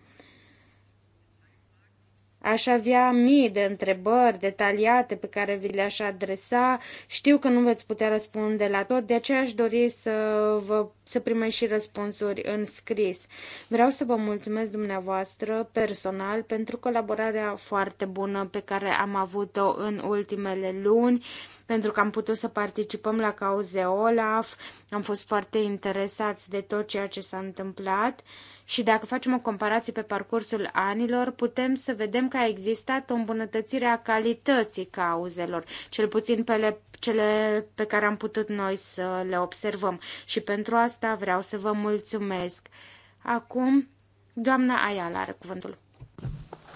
Aș avea mii de întrebări detaliate pe care vi le-aș adresa. Știu că nu veți putea răspunde la tot, de aceea aș dori să, vă, să primești și răspunsuri în scris. Vreau să vă mulțumesc dumneavoastră personal pentru colaborarea foarte bună pe care am avut-o în ultimele luni pentru că am putut să participăm la cauze Olaf, am fost foarte interesați de tot ceea ce s-a întâmplat. Uh, și dacă facem o comparație pe parcursul anilor, putem să vedem că a existat o îmbunătățire a calității cauzelor, cel puțin pe le, cele pe care am putut noi să le observăm. Și pentru asta vreau să vă mulțumesc. Acum, doamna Ayala are cuvântul.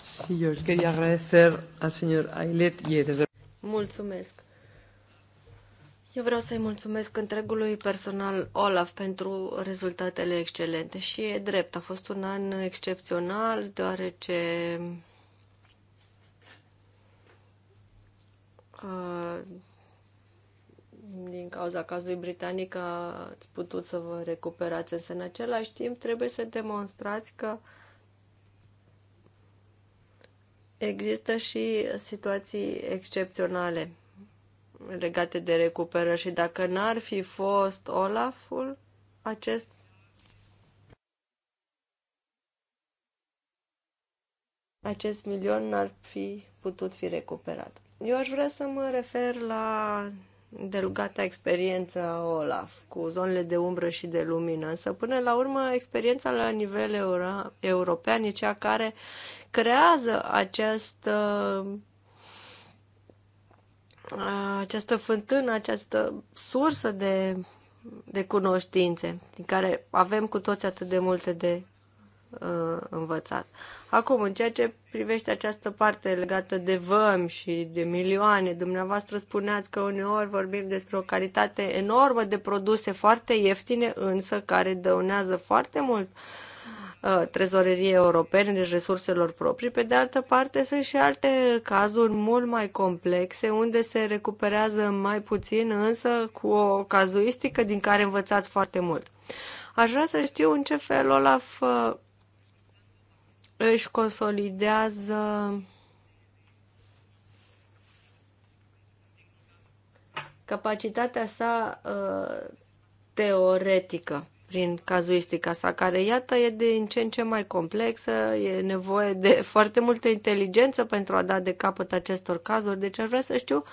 Sí, yo quería agradecer al señor Ailet y desde... Mulțumesc. Eu vreau să-i mulțumesc întregului personal Olaf pentru rezultatele excelente și e drept, a fost un an excepțional deoarece uh, din cauza cazului britanic ați putut să vă recuperați, însă în același timp trebuie să demonstrați că există și situații excepționale legate de recuperări și dacă n-ar fi fost Olaful, acest acest milion n-ar fi putut fi recuperat. Eu aș vrea să mă refer la delugata experiență OLAF cu zonele de umbră și de lumină, însă până la urmă experiența la nivel euro- european e cea care creează acest uh, această fântână, această sursă de, de cunoștințe, din care avem cu toți atât de multe de uh, învățat. Acum, în ceea ce privește această parte legată de văm și de milioane, dumneavoastră spuneați că uneori vorbim despre o calitate enormă de produse foarte ieftine, însă care dăunează foarte mult uh, Uh, trezoreriei europene, deci resurselor proprii. Pe de altă parte, sunt și alte cazuri mult mai complexe, unde se recuperează mai puțin, însă cu o cazuistică din care învățați foarte mult. Aș vrea să știu în ce fel Olaf uh, își consolidează capacitatea sa uh, teoretică prin cazuistica sa, care, iată, e din ce în ce mai complexă, e nevoie de *laughs* foarte multă inteligență pentru a da de capăt acestor cazuri, deci aș vrea să știu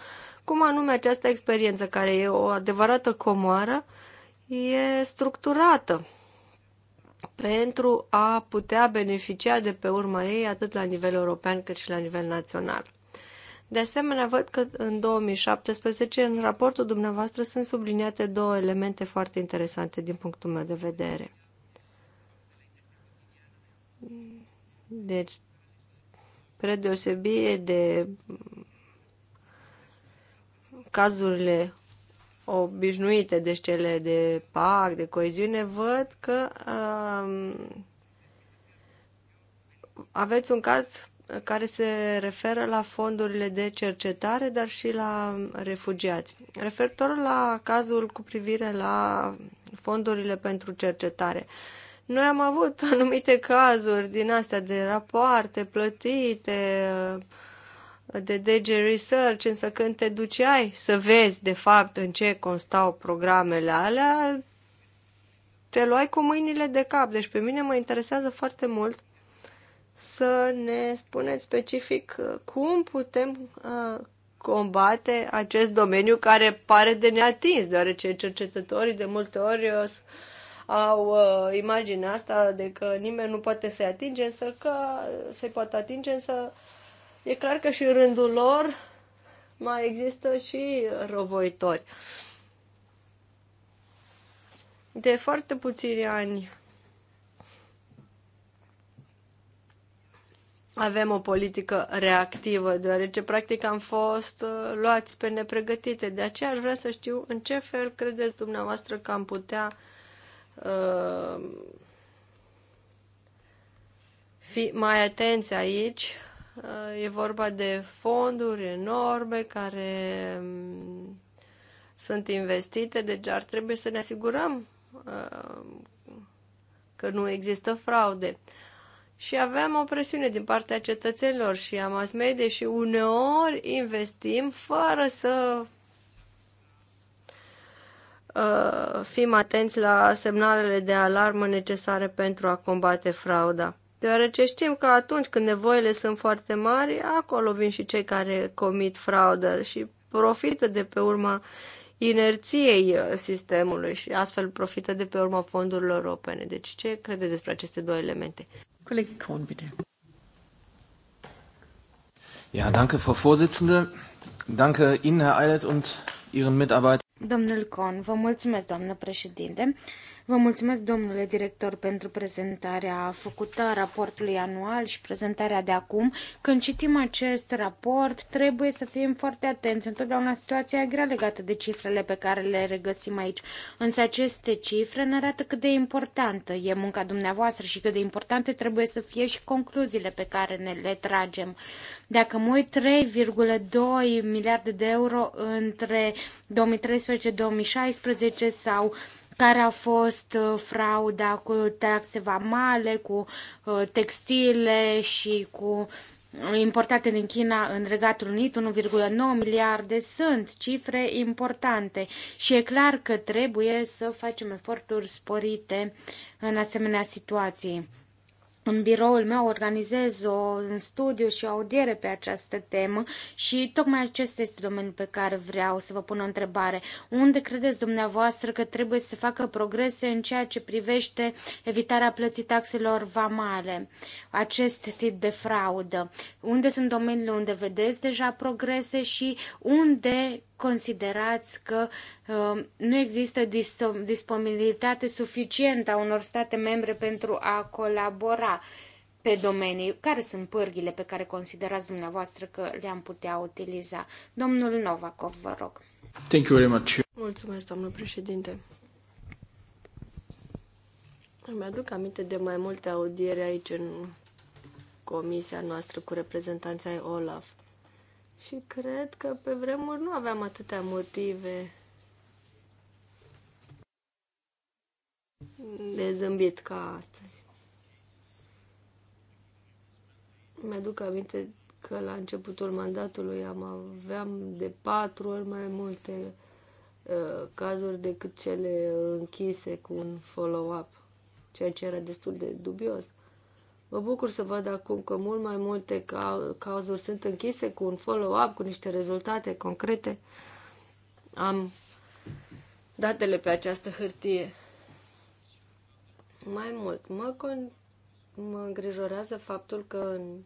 cum anume această experiență, care e o adevărată comoară, e structurată pentru a putea beneficia de pe urma ei atât la nivel european cât și la nivel național. De asemenea, văd că în 2017, în raportul dumneavoastră, sunt subliniate două elemente foarte interesante din punctul meu de vedere. Deci, predeosebie de cazurile obișnuite, deci cele de PAC, de coeziune, văd că um, aveți un caz care se referă la fondurile de cercetare, dar și la refugiați. Referitor la cazul cu privire la fondurile pentru cercetare, noi am avut *laughs* anumite cazuri din astea de rapoarte plătite, uh, de DG Research, însă când te duceai să vezi de fapt în ce constau programele alea, te luai cu mâinile de cap. Deci pe mine mă interesează foarte mult să ne spuneți specific uh, cum putem uh, combate acest domeniu care pare de neatins, deoarece cercetătorii de multe ori uh, au uh, imaginea asta de că nimeni nu poate să-i atinge, însă că se poate atinge, însă e clar că și în rândul lor mai există și răvoitori. De foarte puțini ani avem o politică reactivă, deoarece practic am fost uh, luați pe nepregătite. De aceea aș vrea să știu în ce fel credeți dumneavoastră că am putea uh, fi mai atenți aici. Uh, e vorba de fonduri enorme care um, sunt investite, deci ar trebui să ne asigurăm uh, că nu există fraude. Uh, și aveam o presiune din partea cetățenilor și a mass media și uneori investim fără să uh, fim atenți la semnalele de alarmă necesare pentru a combate frauda. Deoarece știm că atunci când nevoile sunt foarte mari, acolo vin și cei care comit fraudă și profită de pe urma inerției uh, sistemului și astfel profită de pe urma fondurilor europene. Deci ce credeți despre aceste două elemente? Kollege Kohn, bitte. Ja, danke, Frau Vorsitzende. Danke Ihnen, Herr Eilert, und Ihren Mitarbeitern. Domnul Con, vă mulțumesc, doamnă președinte. Vă mulțumesc, domnule director, pentru prezentarea făcută a raportului anual și prezentarea de acum. Când citim acest raport, trebuie să fim foarte atenți. Întotdeauna situația e grea legată de cifrele pe care le regăsim aici. Însă aceste cifre ne arată cât de importantă e munca dumneavoastră și cât de importante trebuie să fie și concluziile pe care ne le tragem. Dacă mă uit 3,2 miliarde de euro între 2013-2016 sau care a fost uh, frauda cu taxe vamale, cu uh, textile și cu uh, importate din China în Regatul Unit, 1,9 miliarde, sunt cifre importante și e clar că trebuie să facem eforturi sporite în asemenea situații în biroul meu organizez o, un studiu și o audiere pe această temă și tocmai acesta este domeniul pe care vreau să vă pun o întrebare. Unde credeți dumneavoastră că trebuie să facă progrese în ceea ce privește evitarea plății taxelor vamale, acest tip de fraudă? Unde sunt domeniile unde vedeți deja progrese și unde considerați că uh, nu există disponibilitate suficientă a unor state membre pentru a colabora pe domenii? Care sunt pârghile pe care considerați dumneavoastră că le-am putea utiliza? Domnul Novakov, vă rog. Thank you very much. Mulțumesc, domnul președinte. Îmi aduc aminte de mai multe audiere aici în comisia noastră cu reprezentanța ai OLAF. Și cred că pe vremuri nu aveam atâtea motive de zâmbit ca astăzi. Mi-aduc aminte că la începutul mandatului am aveam de patru ori mai multe uh, cazuri decât cele închise cu un follow-up, ceea ce era destul de dubios. Mă bucur să văd acum că mult mai multe cauzuri sunt închise cu un follow-up, cu niște rezultate concrete. Am datele pe această hârtie. Mai mult, mă, con- mă îngrijorează faptul că în,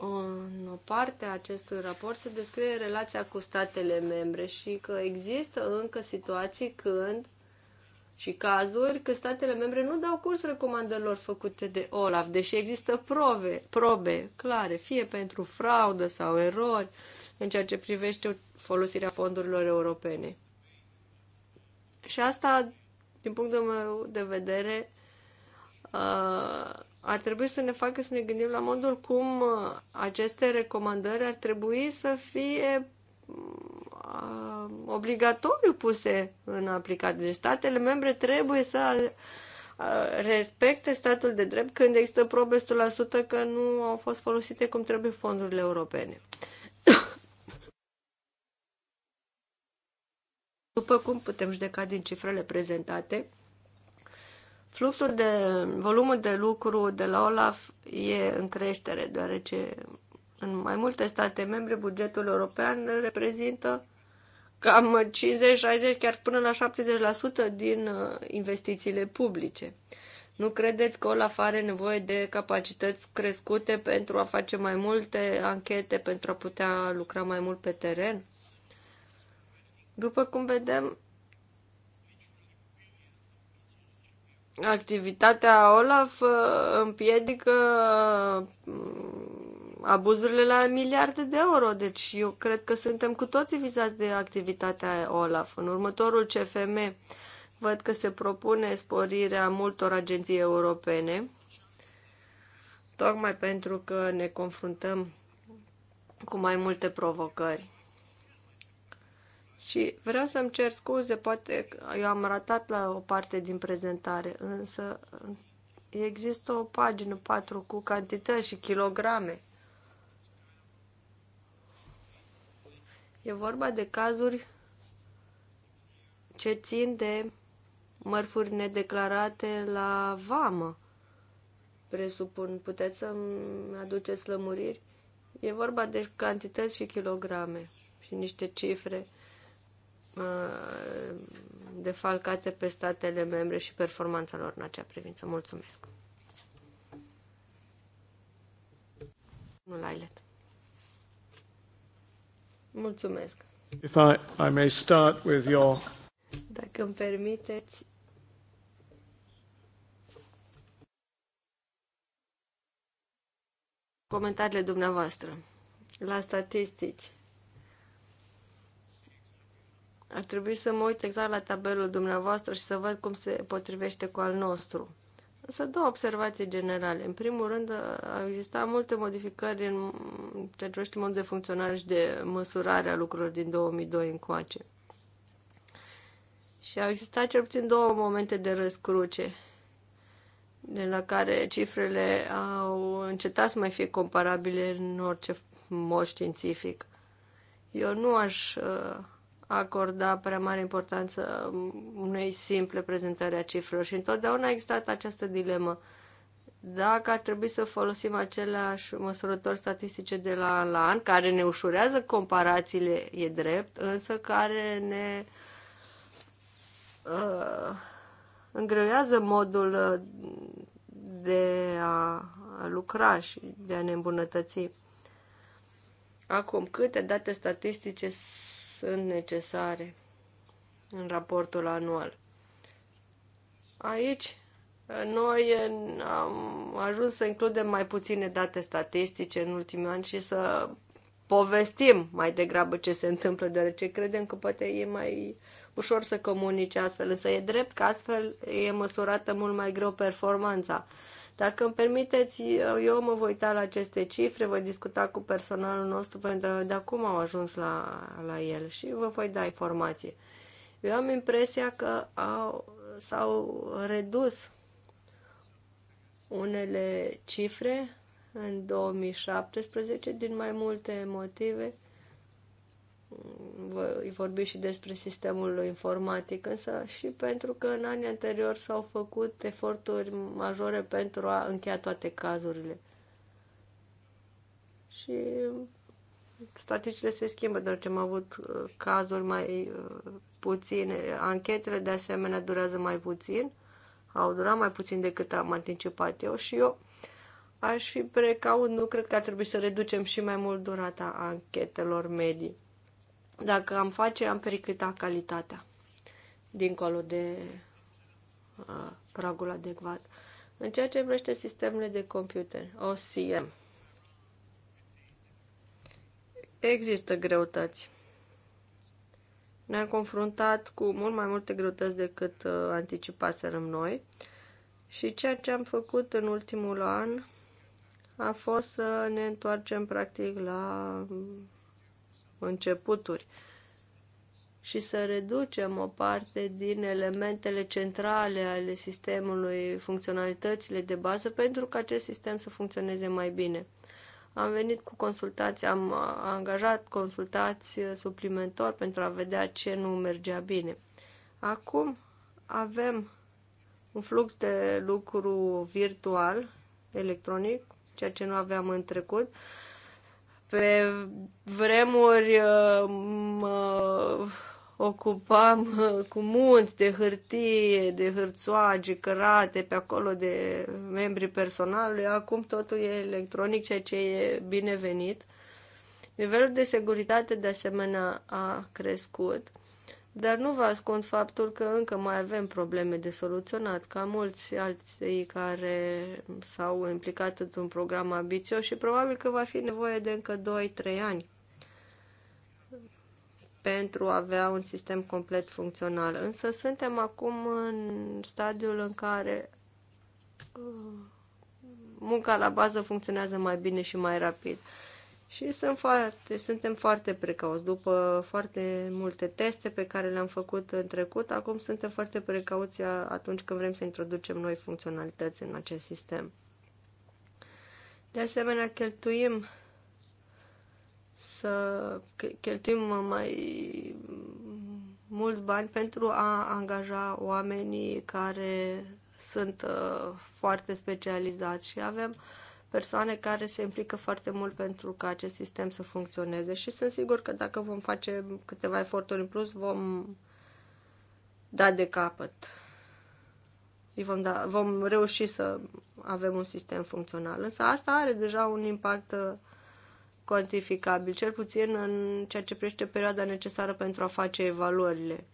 în o parte a acestui raport se descrie relația cu statele membre și că există încă situații când și cazuri că statele membre nu dau curs recomandărilor făcute de Olaf, deși există probe, probe clare, fie pentru fraudă sau erori în ceea ce privește folosirea fondurilor europene. Și asta, din punctul meu de vedere, uh, ar trebui să ne facă să ne gândim la modul cum uh, aceste recomandări ar trebui să fie obligatoriu puse în aplicare. Deci statele membre trebuie să respecte statul de drept când există probe 100% că nu au fost folosite cum trebuie fondurile europene. *coughs* După cum putem judeca din cifrele prezentate, fluxul de volumul de lucru de la Olaf e în creștere, deoarece în mai multe state membre, bugetul european reprezintă cam 50, 60, chiar până la 70% din uh, investițiile publice. Nu credeți că Olaf are nevoie de capacități crescute pentru a face mai multe anchete, pentru a putea lucra mai mult pe teren? După cum vedem, activitatea Olaf uh, împiedică uh, abuzurile la miliarde de euro. Deci eu cred că suntem cu toții vizați de activitatea OLAF. În următorul CFM văd că se propune sporirea multor agenții europene, tocmai pentru că ne confruntăm cu mai multe provocări. Și vreau să-mi cer scuze, poate eu am ratat la o parte din prezentare, însă există o pagină 4 cu cantități și kilograme. E vorba de cazuri ce țin de mărfuri nedeclarate la vamă, presupun. Puteți să-mi aduceți lămuriri? E vorba de cantități și kilograme și niște cifre uh, defalcate pe statele membre și performanța lor în acea privință. Mulțumesc! Mulțumesc. Mulțumesc. If I, I may start with your... Dacă îmi permiteți, comentariile dumneavoastră la statistici. Ar trebui să mă uit exact la tabelul dumneavoastră și să văd cum se potrivește cu al nostru. Sunt două observații generale. În primul rând, uh, au existat multe modificări în ceea ce privește modul de funcționare și de măsurare a lucrurilor din 2002 încoace. Și au existat cel puțin două momente de răscruce, de la care cifrele au încetat să mai fie comparabile în orice mod științific. Eu nu aș uh, acorda prea mare importanță um, unei simple prezentări a cifrelor și întotdeauna a existat această dilemă. Dacă ar trebui să folosim aceleași măsurători statistice de la an la an, care ne ușurează comparațiile, e drept, însă care ne uh, îngreuiază modul uh, de a lucra și de a ne îmbunătăți. Acum, câte date statistice sunt necesare în raportul anual. Aici noi eh, am ajuns să includem mai puține date statistice în ultimii ani și să povestim mai degrabă ce se întâmplă, deoarece credem că poate e mai ușor să comunice astfel, însă e drept că astfel e măsurată mult mai greu performanța. Dacă îmi permiteți, eu mă voi uita la aceste cifre, voi discuta cu personalul nostru pentru a vedea cum au ajuns la, la el și vă voi da informații. Eu am impresia că au, s-au redus unele cifre în 2017 din mai multe motive voi vorbi și despre sistemul informatic, însă și pentru că în anii anterior s-au făcut eforturi majore pentru a încheia toate cazurile. Și statisticile se schimbă, dar ce am avut uh, cazuri mai uh, puține, anchetele de asemenea durează mai puțin, au durat mai puțin decât am anticipat eu și eu aș fi precaut, nu cred că ar trebui să reducem și mai mult durata anchetelor medii. Dacă am face, am periclitat calitatea, dincolo de a, pragul adecvat. În ceea ce vrește sistemele de computer, OCM, există greutăți. Ne-am confruntat cu mult mai multe greutăți decât uh, anticipaserăm noi și ceea ce am făcut în ultimul an a fost să ne întoarcem practic la începuturi și să reducem o parte din elementele centrale ale sistemului, funcționalitățile de bază, pentru ca acest sistem să funcționeze mai bine. Am venit cu consultații, am angajat consultați suplimentori pentru a vedea ce nu mergea bine. Acum avem un flux de lucru virtual, electronic, ceea ce nu aveam în trecut, pe vremuri uh, mă ocupam uh, cu munți de hârtie, de hârțoage, cărate pe acolo de membrii personalului. Acum totul e electronic, ceea ce e binevenit. Nivelul de securitate, de asemenea, a crescut. Dar nu vă ascund faptul că încă mai avem probleme de soluționat, ca mulți alții care s-au implicat într-un program ambițios și probabil că va fi nevoie de încă 2-3 ani pentru a avea un sistem complet funcțional. Însă suntem acum în stadiul în care uh, munca la bază funcționează mai bine și mai rapid. Și sunt foarte, suntem foarte precauți. După foarte multe teste pe care le-am făcut în trecut, acum suntem foarte precauți atunci când vrem să introducem noi funcționalități în acest sistem. De asemenea, cheltuim să cheltuim mai mulți bani pentru a angaja oamenii care sunt uh, foarte specializați și avem uh, persoane care se implică foarte mult pentru ca acest sistem să funcționeze și sunt sigur că dacă vom face câteva eforturi în plus, vom da de capăt. Vom, da, vom reuși să avem un sistem funcțional. Însă asta are deja un impact uh, cuantificabil, cel puțin în ceea ce privește perioada necesară pentru a face evaluările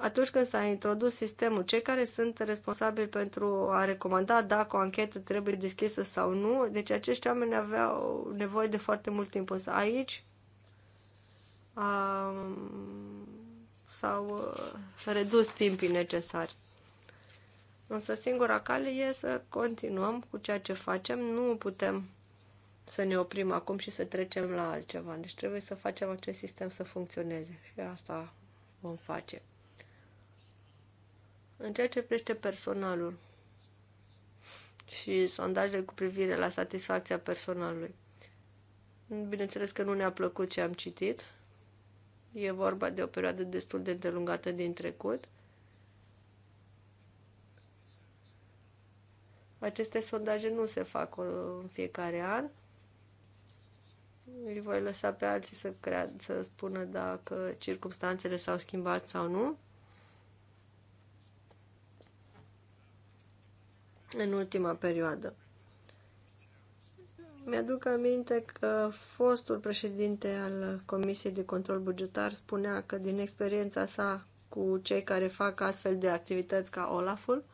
atunci când s-a introdus sistemul, cei care sunt responsabili pentru a recomanda dacă o anchetă trebuie deschisă sau nu, deci acești oameni aveau nevoie de foarte mult timp. Însă aici um, s-au uh, redus timpii necesari. Însă singura cale e să continuăm cu ceea ce facem, nu putem să ne oprim acum și să trecem la altceva. Deci trebuie să facem acest sistem să funcționeze și asta vom face. În ceea ce privește personalul și sondajele cu privire la satisfacția personalului. Bineînțeles că nu ne-a plăcut ce am citit. E vorba de o perioadă destul de îndelungată din trecut. Aceste sondaje nu se fac uh, în fiecare an. Îi voi lăsa pe alții să, crea, să spună dacă circumstanțele s-au schimbat sau nu. în ultima perioadă. Mi-aduc aminte că fostul președinte al Comisiei de Control Bugetar spunea că din experiența sa cu cei care fac astfel de activități ca Olaful,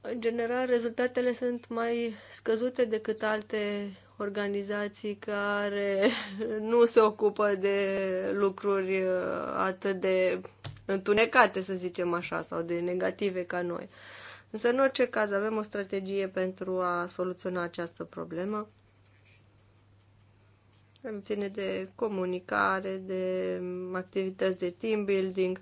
în general, rezultatele sunt mai scăzute decât alte organizații care *laughs* nu se ocupă de lucruri uh, atât de întunecate, să zicem așa, sau de negative ca noi. Însă, în orice caz, avem o strategie pentru a soluționa această problemă. În ține de comunicare, de activități de team building,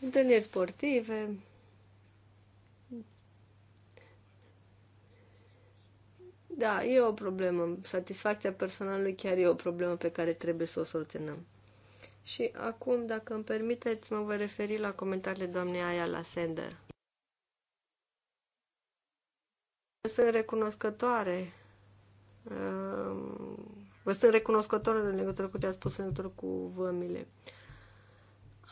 întâlniri sportive, Da, e o problemă. Satisfacția personală chiar e o problemă pe care trebuie să o soluționăm. Și acum, dacă îmi permiteți, mă voi referi la comentariile doamnei Aia la sender. Sunt recunoscătoare. Um, vă sunt recunoscătoare în legătură cu ce a spus în legătură cu vămile. Uh,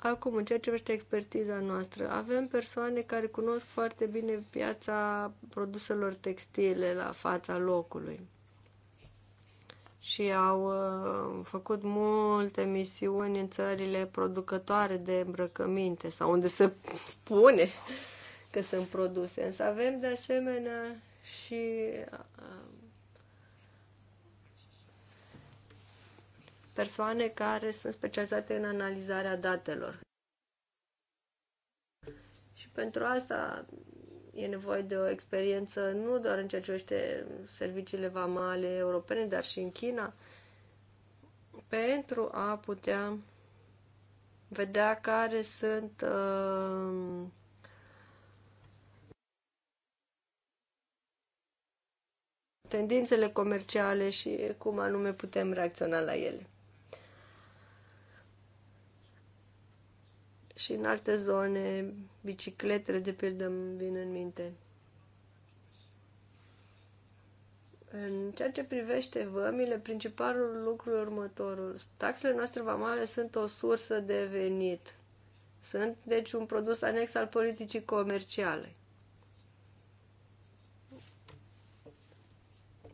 Acum, în ceea ce privește expertiza noastră, avem persoane care cunosc foarte bine piața produselor textile la fața locului și au uh, făcut multe misiuni în țările producătoare de îmbrăcăminte sau unde se spune că sunt produse. Însă avem de asemenea și uh, persoane care sunt specializate în analizarea datelor. Și pentru asta e nevoie de o experiență nu doar în ceea ce privește serviciile vamale europene, dar și în China, pentru a putea vedea care sunt uh, tendințele comerciale și cum anume putem reacționa la ele. și în alte zone, bicicletele de pildă îmi vin în minte. În ceea ce privește vămile, principalul lucru e următorul. Taxele noastre vamale sunt o sursă de venit. Sunt, deci, un produs anex al politicii comerciale.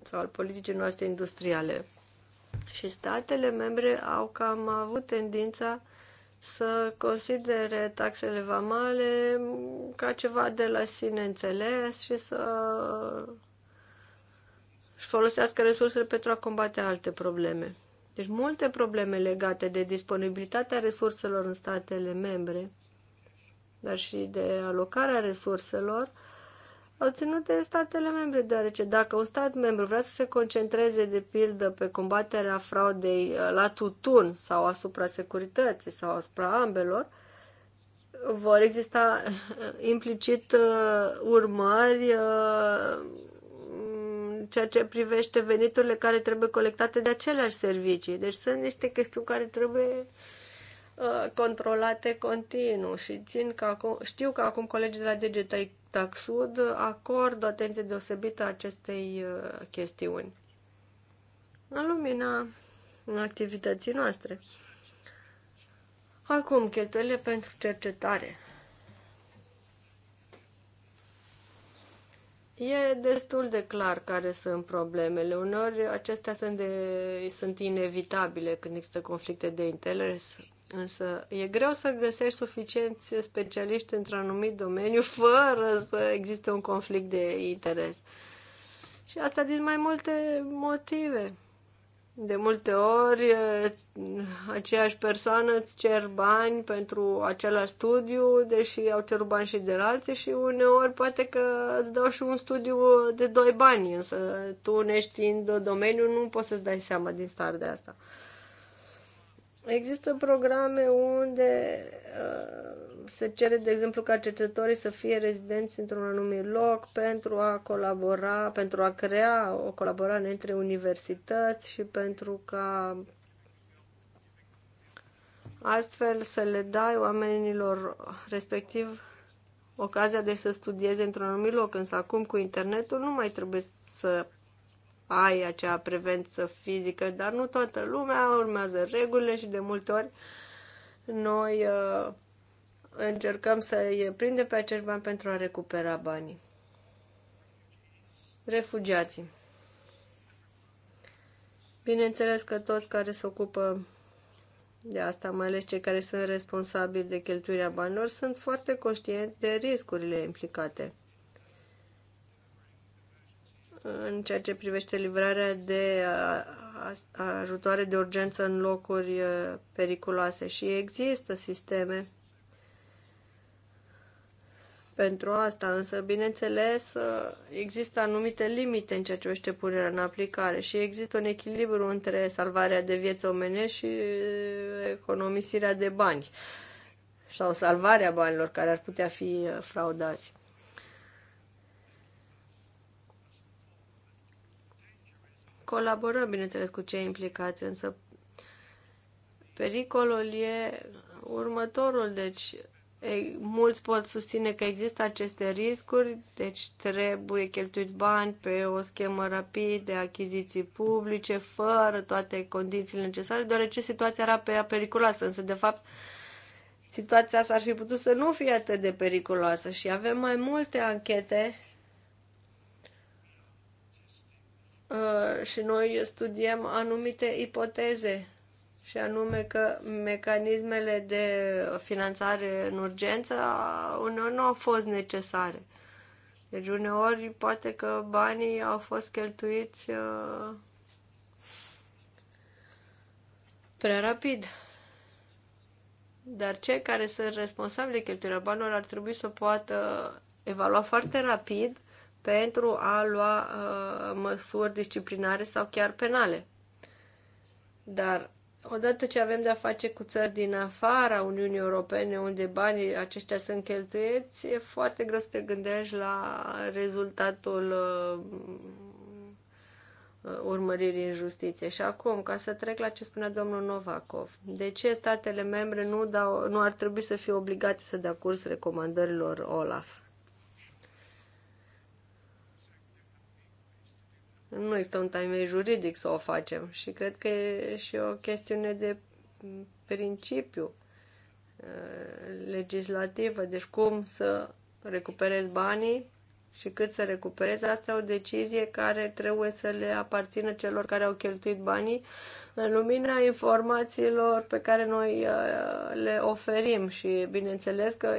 Sau al politicii noastre industriale. Și statele membre au cam avut tendința să considere taxele vamale ca ceva de la sine înțeles și să își folosească resursele pentru a combate alte probleme. Deci multe probleme legate de disponibilitatea resurselor în statele membre, dar și de alocarea resurselor, obținut de statele membre, deoarece dacă un stat membru vrea să se concentreze, de pildă, pe combaterea fraudei uh, la tutun sau asupra securității sau asupra ambelor, vor exista uh, implicit uh, urmări ceea ce privește veniturile care trebuie colectate de aceleași servicii. Deci sunt niște chestiuni care trebuie controlate continuu și țin că acum, știu că acum colegii de la DGTI Taxud acordă atenție deosebită acestei uh, chestiuni în lumina activității noastre. Acum, cheltuielile pentru cercetare. E destul de clar care sunt problemele. Uneori acestea sunt, de, sunt inevitabile când există conflicte de interes Însă e greu să găsești suficienți specialiști într-un anumit domeniu *laughs* fără să existe un conflict de interes. Și asta din mai multe motive. De multe ori, aceeași persoană îți cer bani pentru același studiu, deși au cerut bani și de la alții și uneori poate că îți dau și un studiu de doi bani, însă tu neștiind domeniul nu poți să-ți dai seama din start de asta. Există programe unde uh, se cere, de exemplu, ca cercetătorii să fie rezidenți într-un anumit loc pentru a colabora, pentru a crea o colaborare între universități și pentru ca astfel să le dai oamenilor respectiv ocazia de să studieze într-un anumit loc, însă acum cu internetul nu mai trebuie să ai acea prevență fizică, dar nu toată lumea urmează regulile și de multe ori noi uh, încercăm să îi prindem pe acești bani pentru a recupera banii. Refugiații. Bineînțeles că toți care se ocupă de asta, mai ales cei care sunt responsabili de cheltuirea banilor, sunt foarte conștienți de riscurile implicate în ceea ce privește livrarea de ajutoare de urgență în locuri uh, periculoase și există sisteme pentru asta, însă, bineînțeles, uh, există anumite limite în ceea ce privește punerea în aplicare și există un echilibru între salvarea de vieți omenești și uh, economisirea de bani sau salvarea banilor care ar putea fi fraudați. Colaborăm, bineînțeles, cu cei implicați, însă pericolul e următorul. Deci, ei, mulți pot susține că există aceste riscuri, deci trebuie cheltuiți bani pe o schemă rapidă de achiziții publice, fără toate condițiile necesare, deoarece situația era pe periculoasă, însă de fapt situația asta ar fi putut să nu fie atât de periculoasă și avem mai multe anchete Uh, și noi studiem anumite ipoteze și anume că mecanismele de finanțare în urgență uneori nu au fost necesare. Deci uneori poate că banii au fost cheltuiți uh, prea rapid. Dar cei care sunt responsabili de cheltuirea banilor ar trebui să poată evalua foarte rapid pentru a lua uh, măsuri disciplinare sau chiar penale. Dar odată ce avem de-a face cu țări din afara Uniunii Europene, unde banii aceștia sunt cheltuieți, e foarte greu să te gândești la rezultatul uh, uh urmăririi în justiție. Și acum, ca să trec la ce spunea domnul Novakov, de ce statele membre nu, dau, nu ar trebui să fie obligate să dea curs recomandărilor OLAF? Nu este un timing juridic să o facem și cred că e și o chestiune de principiu uh, legislativă, deci cum să recuperezi banii și cât să recuperezi, asta e o decizie care trebuie să le aparțină celor care au cheltuit banii în lumina informațiilor pe care noi uh, le oferim și bineînțeles că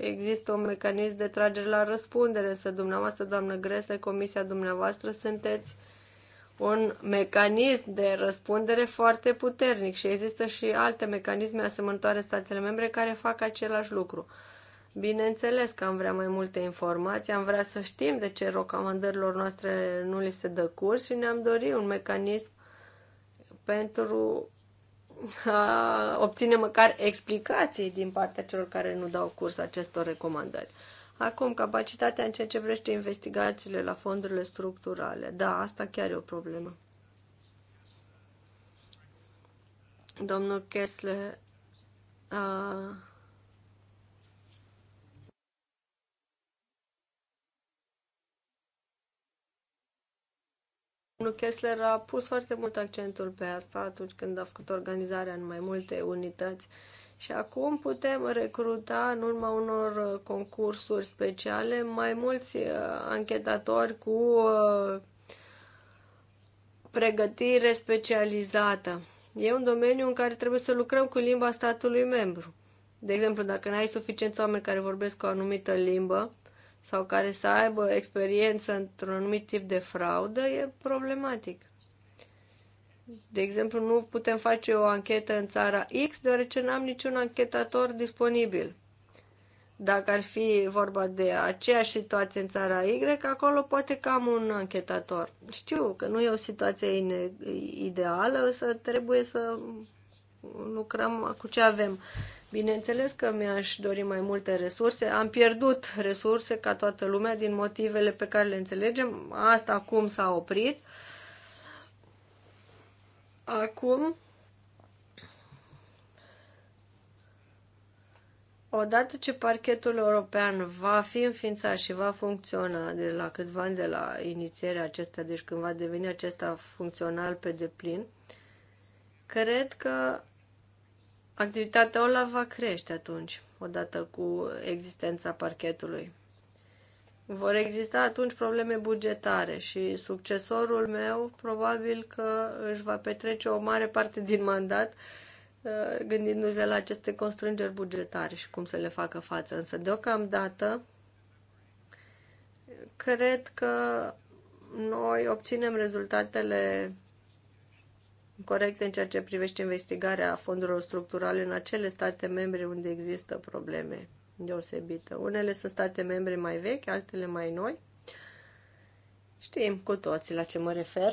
există un mecanism de tragere la răspundere, să dumneavoastră, doamnă Gresle, comisia dumneavoastră, sunteți un mecanism de răspundere foarte puternic și există și alte mecanisme asemănătoare statele membre care fac același lucru. Bineînțeles că am vrea mai multe informații, am vrea să știm de ce rocamandărilor noastre nu li se dă curs și ne-am dorit un mecanism pentru a obține măcar explicații din partea celor care nu dau curs acestor recomandări. Acum, capacitatea în ceea ce vrește investigațiile la fondurile structurale. Da, asta chiar e o problemă. Domnul Kessler a Domnul Kessler a pus foarte mult accentul pe asta atunci când a făcut organizarea în mai multe unități și acum putem recruta în urma unor concursuri speciale mai mulți uh, anchetatori cu uh, pregătire specializată. E un domeniu în care trebuie să lucrăm cu limba statului membru. De exemplu, dacă n-ai suficient oameni care vorbesc o anumită limbă, sau care să aibă experiență într-un anumit tip de fraudă e problematic. De exemplu, nu putem face o anchetă în țara X deoarece n-am niciun anchetator disponibil. Dacă ar fi vorba de aceeași situație în țara Y, acolo poate că am un anchetator. Știu că nu e o situație ideală, însă trebuie să lucrăm cu ce avem. Bineînțeles că mi-aș dori mai multe resurse. Am pierdut resurse ca toată lumea din motivele pe care le înțelegem. Asta acum s-a oprit. Acum, odată ce parchetul european va fi înființat și va funcționa de la câțiva ani de la inițierea acesta, deci când va deveni acesta funcțional pe deplin, cred că Activitatea OLAF va crește atunci, odată cu existența parchetului. Vor exista atunci probleme bugetare și succesorul meu probabil că își va petrece o mare parte din mandat uh, gândindu-se la aceste constrângeri bugetare și cum să le facă față. Însă, deocamdată, cred că noi obținem rezultatele corecte în ceea ce privește investigarea fondurilor structurale în acele state membre unde există probleme deosebită. Unele sunt state membre mai vechi, altele mai noi. Știm cu toții la ce mă refer.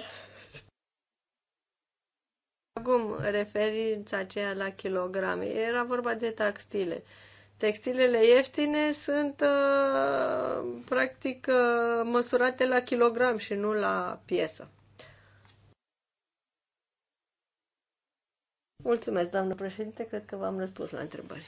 Acum, referința aceea la kilograme. Era vorba de textile. Textilele ieftine sunt uh, practic uh, măsurate la kilogram și nu la piesă. Mulțumesc, doamnă președinte, cred că v-am răspuns la întrebări.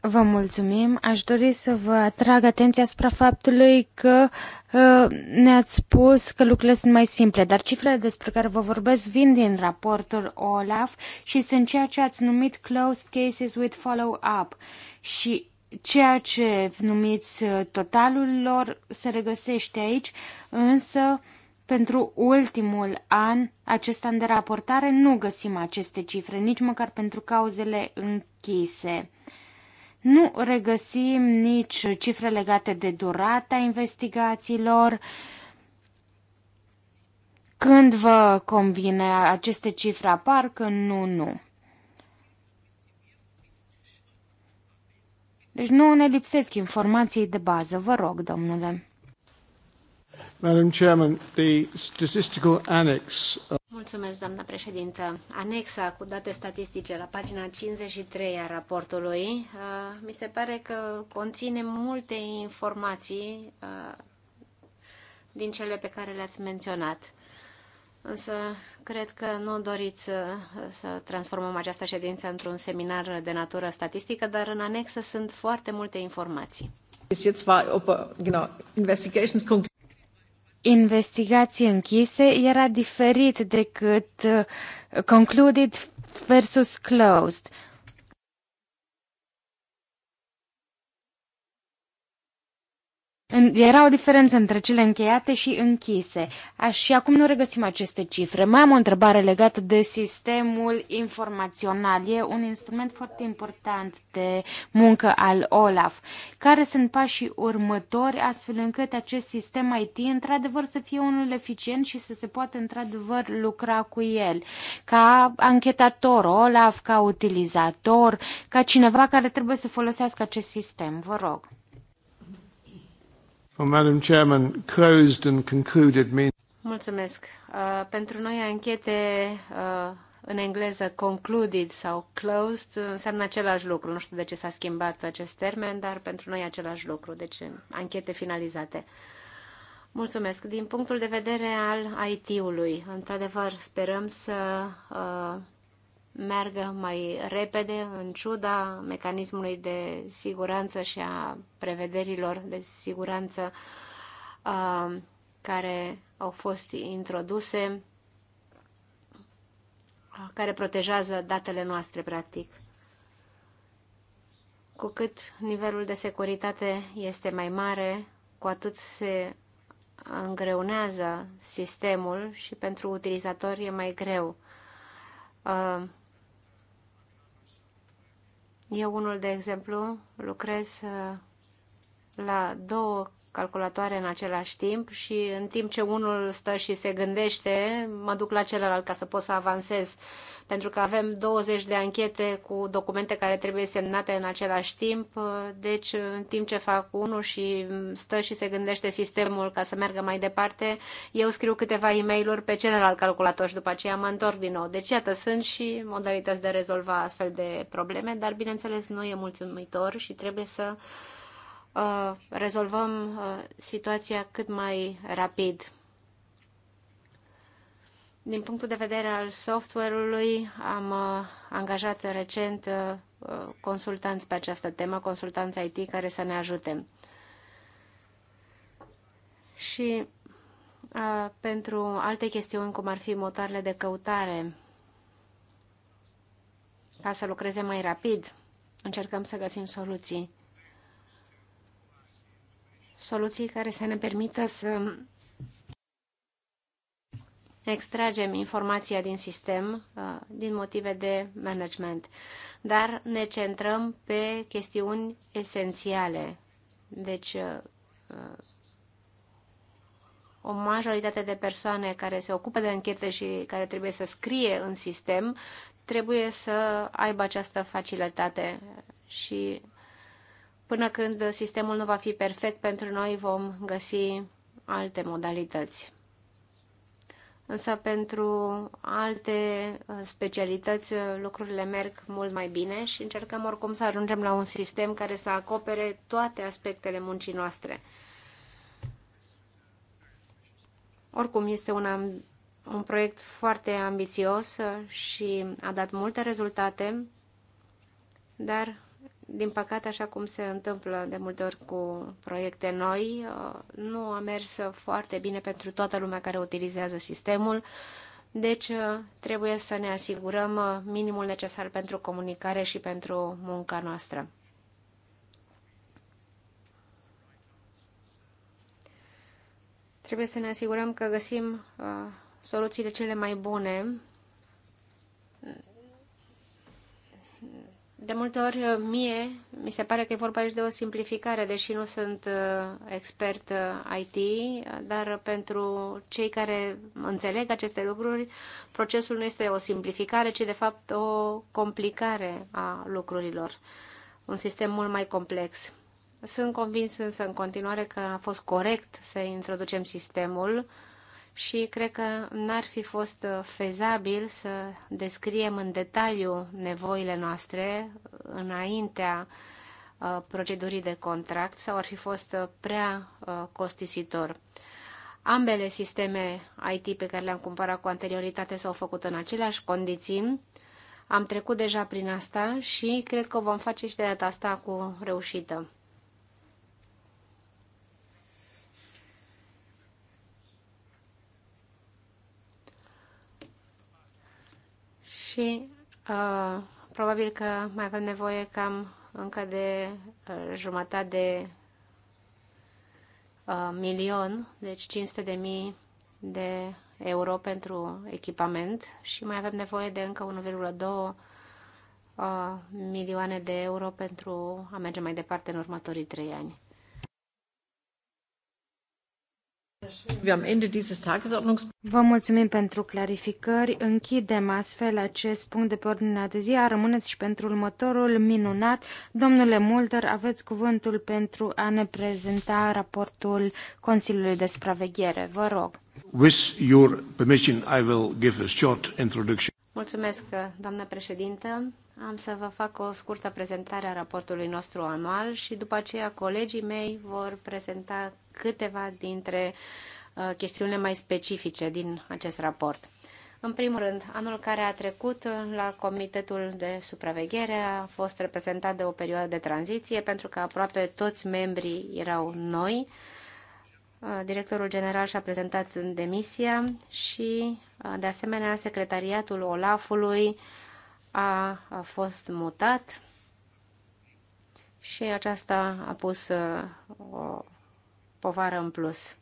Vă mulțumim. Aș dori să vă atrag atenția asupra faptului că uh, ne-ați spus că lucrurile sunt mai simple, dar cifrele despre care vă vorbesc vin din raportul OLAF și sunt ceea ce ați numit closed cases with follow-up și ceea ce numiți ă, totalul lor se regăsește aici, însă uh, pentru ultimul an, acesta de raportare, nu găsim aceste cifre, nici măcar pentru cauzele închise. Nu regăsim nici cifre legate de durata investigațiilor. Când vă convine aceste cifre apar, când nu, nu. Deci nu ne lipsesc informații de bază, vă rog, domnule. Madam Chairman, the statistical annex. Mulțumesc, președintă. Anexa cu date statistice la pagina 53 a raportului uh, mi se pare că conține multe informații uh, din cele pe care le-ați menționat. Însă, cred că nu doriți să, uh, să transformăm această ședință într-un seminar de natură statistică, dar în anexă sunt foarte multe informații investigații închise era diferit decât uh, concluded versus closed. Era o diferență între cele încheiate și închise. Și acum nu regăsim aceste cifre. Mai am o întrebare legată de sistemul informațional. E un instrument foarte important de muncă al OLAF. Care sunt pașii următori astfel încât acest sistem IT într-adevăr să fie unul eficient și să se poată într-adevăr lucra cu el? Ca anchetator OLAF, ca utilizator, ca cineva care trebuie să folosească acest sistem. Vă rog. Madam Chairman, closed and concluded means... Mulțumesc. Uh, pentru noi anchete uh, în engleză concluded sau closed uh, înseamnă același lucru. Nu știu de ce s-a schimbat acest termen, dar pentru noi același lucru. Deci uh, anchete finalizate. Mulțumesc. Din punctul de vedere al IT-ului, într-adevăr, sperăm să uh, meargă mai repede în ciuda mecanismului de siguranță și a prevederilor de siguranță uh, care au fost introduse, uh, care protejează datele noastre, practic. Cu cât nivelul de securitate este mai mare, cu atât se îngreunează sistemul și pentru utilizator e mai greu uh, eu unul, de exemplu, lucrez uh, la două calculatoare în același timp și în timp ce unul stă și se gândește, mă duc la celălalt ca să pot să avansez pentru că avem 20 de anchete cu documente care trebuie semnate în același timp, deci în timp ce fac unul și stă și se gândește sistemul ca să meargă mai departe, eu scriu câteva e mail pe celălalt calculator și după aceea mă întorc din nou. Deci iată, sunt și modalități de a rezolva astfel de probleme, dar bineînțeles nu e mulțumitor și trebuie să uh, rezolvăm uh, situația cât mai rapid. Din punctul de vedere al software-ului, am uh, angajat recent uh, consultanți pe această temă, consultanți IT care să ne ajute. Și uh, pentru alte chestiuni, cum ar fi motoarele de căutare, ca să lucreze mai rapid, încercăm să găsim soluții. Soluții care să ne permită să extragem informația din sistem uh, din motive de management, dar ne centrăm pe chestiuni esențiale. Deci, uh, uh, o majoritate de persoane care se ocupă de anchete și care trebuie să scrie în sistem trebuie să aibă această facilitate și până când sistemul nu va fi perfect pentru noi vom găsi alte modalități însă pentru alte uh, specialități uh, lucrurile merg mult mai bine și încercăm oricum să ajungem la un sistem care să acopere toate aspectele muncii noastre. Oricum, este un, un proiect foarte ambițios uh, și a dat multe rezultate, dar din păcate, așa cum se întâmplă de multe ori cu proiecte noi, uh, nu a mers foarte bine pentru toată lumea care utilizează sistemul, deci uh, trebuie să ne asigurăm uh, minimul necesar pentru comunicare și pentru munca noastră. Trebuie să ne asigurăm că găsim soluțiile cele mai bune De multe ori uh, mie mi se pare că e vorba aici de o simplificare, deși nu sunt uh, expert uh, IT, dar pentru cei care înțeleg aceste lucruri, procesul nu este o simplificare, ci de fapt o complicare a lucrurilor, un sistem mult mai complex. Sunt convins însă în continuare că a fost corect să introducem sistemul și cred că n-ar fi fost uh, fezabil să descriem în detaliu nevoile noastre uh, înaintea uh, procedurii de contract sau ar fi fost prea costisitor. Ambele sisteme IT pe care le-am cumpărat cu anterioritate s-au făcut în aceleași condiții. Am trecut deja prin asta și cred că o vom face și de data asta cu reușită. și uh, probabil că mai avem nevoie cam încă de uh, jumătate de uh, milion, deci 500 de mii de euro pentru echipament și mai avem nevoie de încă 1,2 uh, milioane de euro pentru a merge mai departe în următorii trei ani. Vă mulțumim pentru clarificări. Închidem astfel acest punct de pe ordinea de zi. rămâneți și pentru următorul minunat. Domnule Mulder, aveți cuvântul pentru a ne prezenta raportul Consiliului de Supraveghere. Vă rog. With your permission, I will give a short introduction. Mulțumesc, doamnă președintă. Am să vă fac o scurtă prezentare a raportului nostru anual și după aceea colegii mei vor prezenta câteva dintre uh, chestiunile mai specifice din acest raport. În primul rând, anul care a trecut uh, la Comitetul de Supraveghere a fost reprezentat de o perioadă de tranziție pentru că aproape toți membrii erau noi. Uh, directorul general și-a prezentat demisia și, de asemenea, secretariatul Olafului a, a fost mutat și aceasta a pus o povară în plus.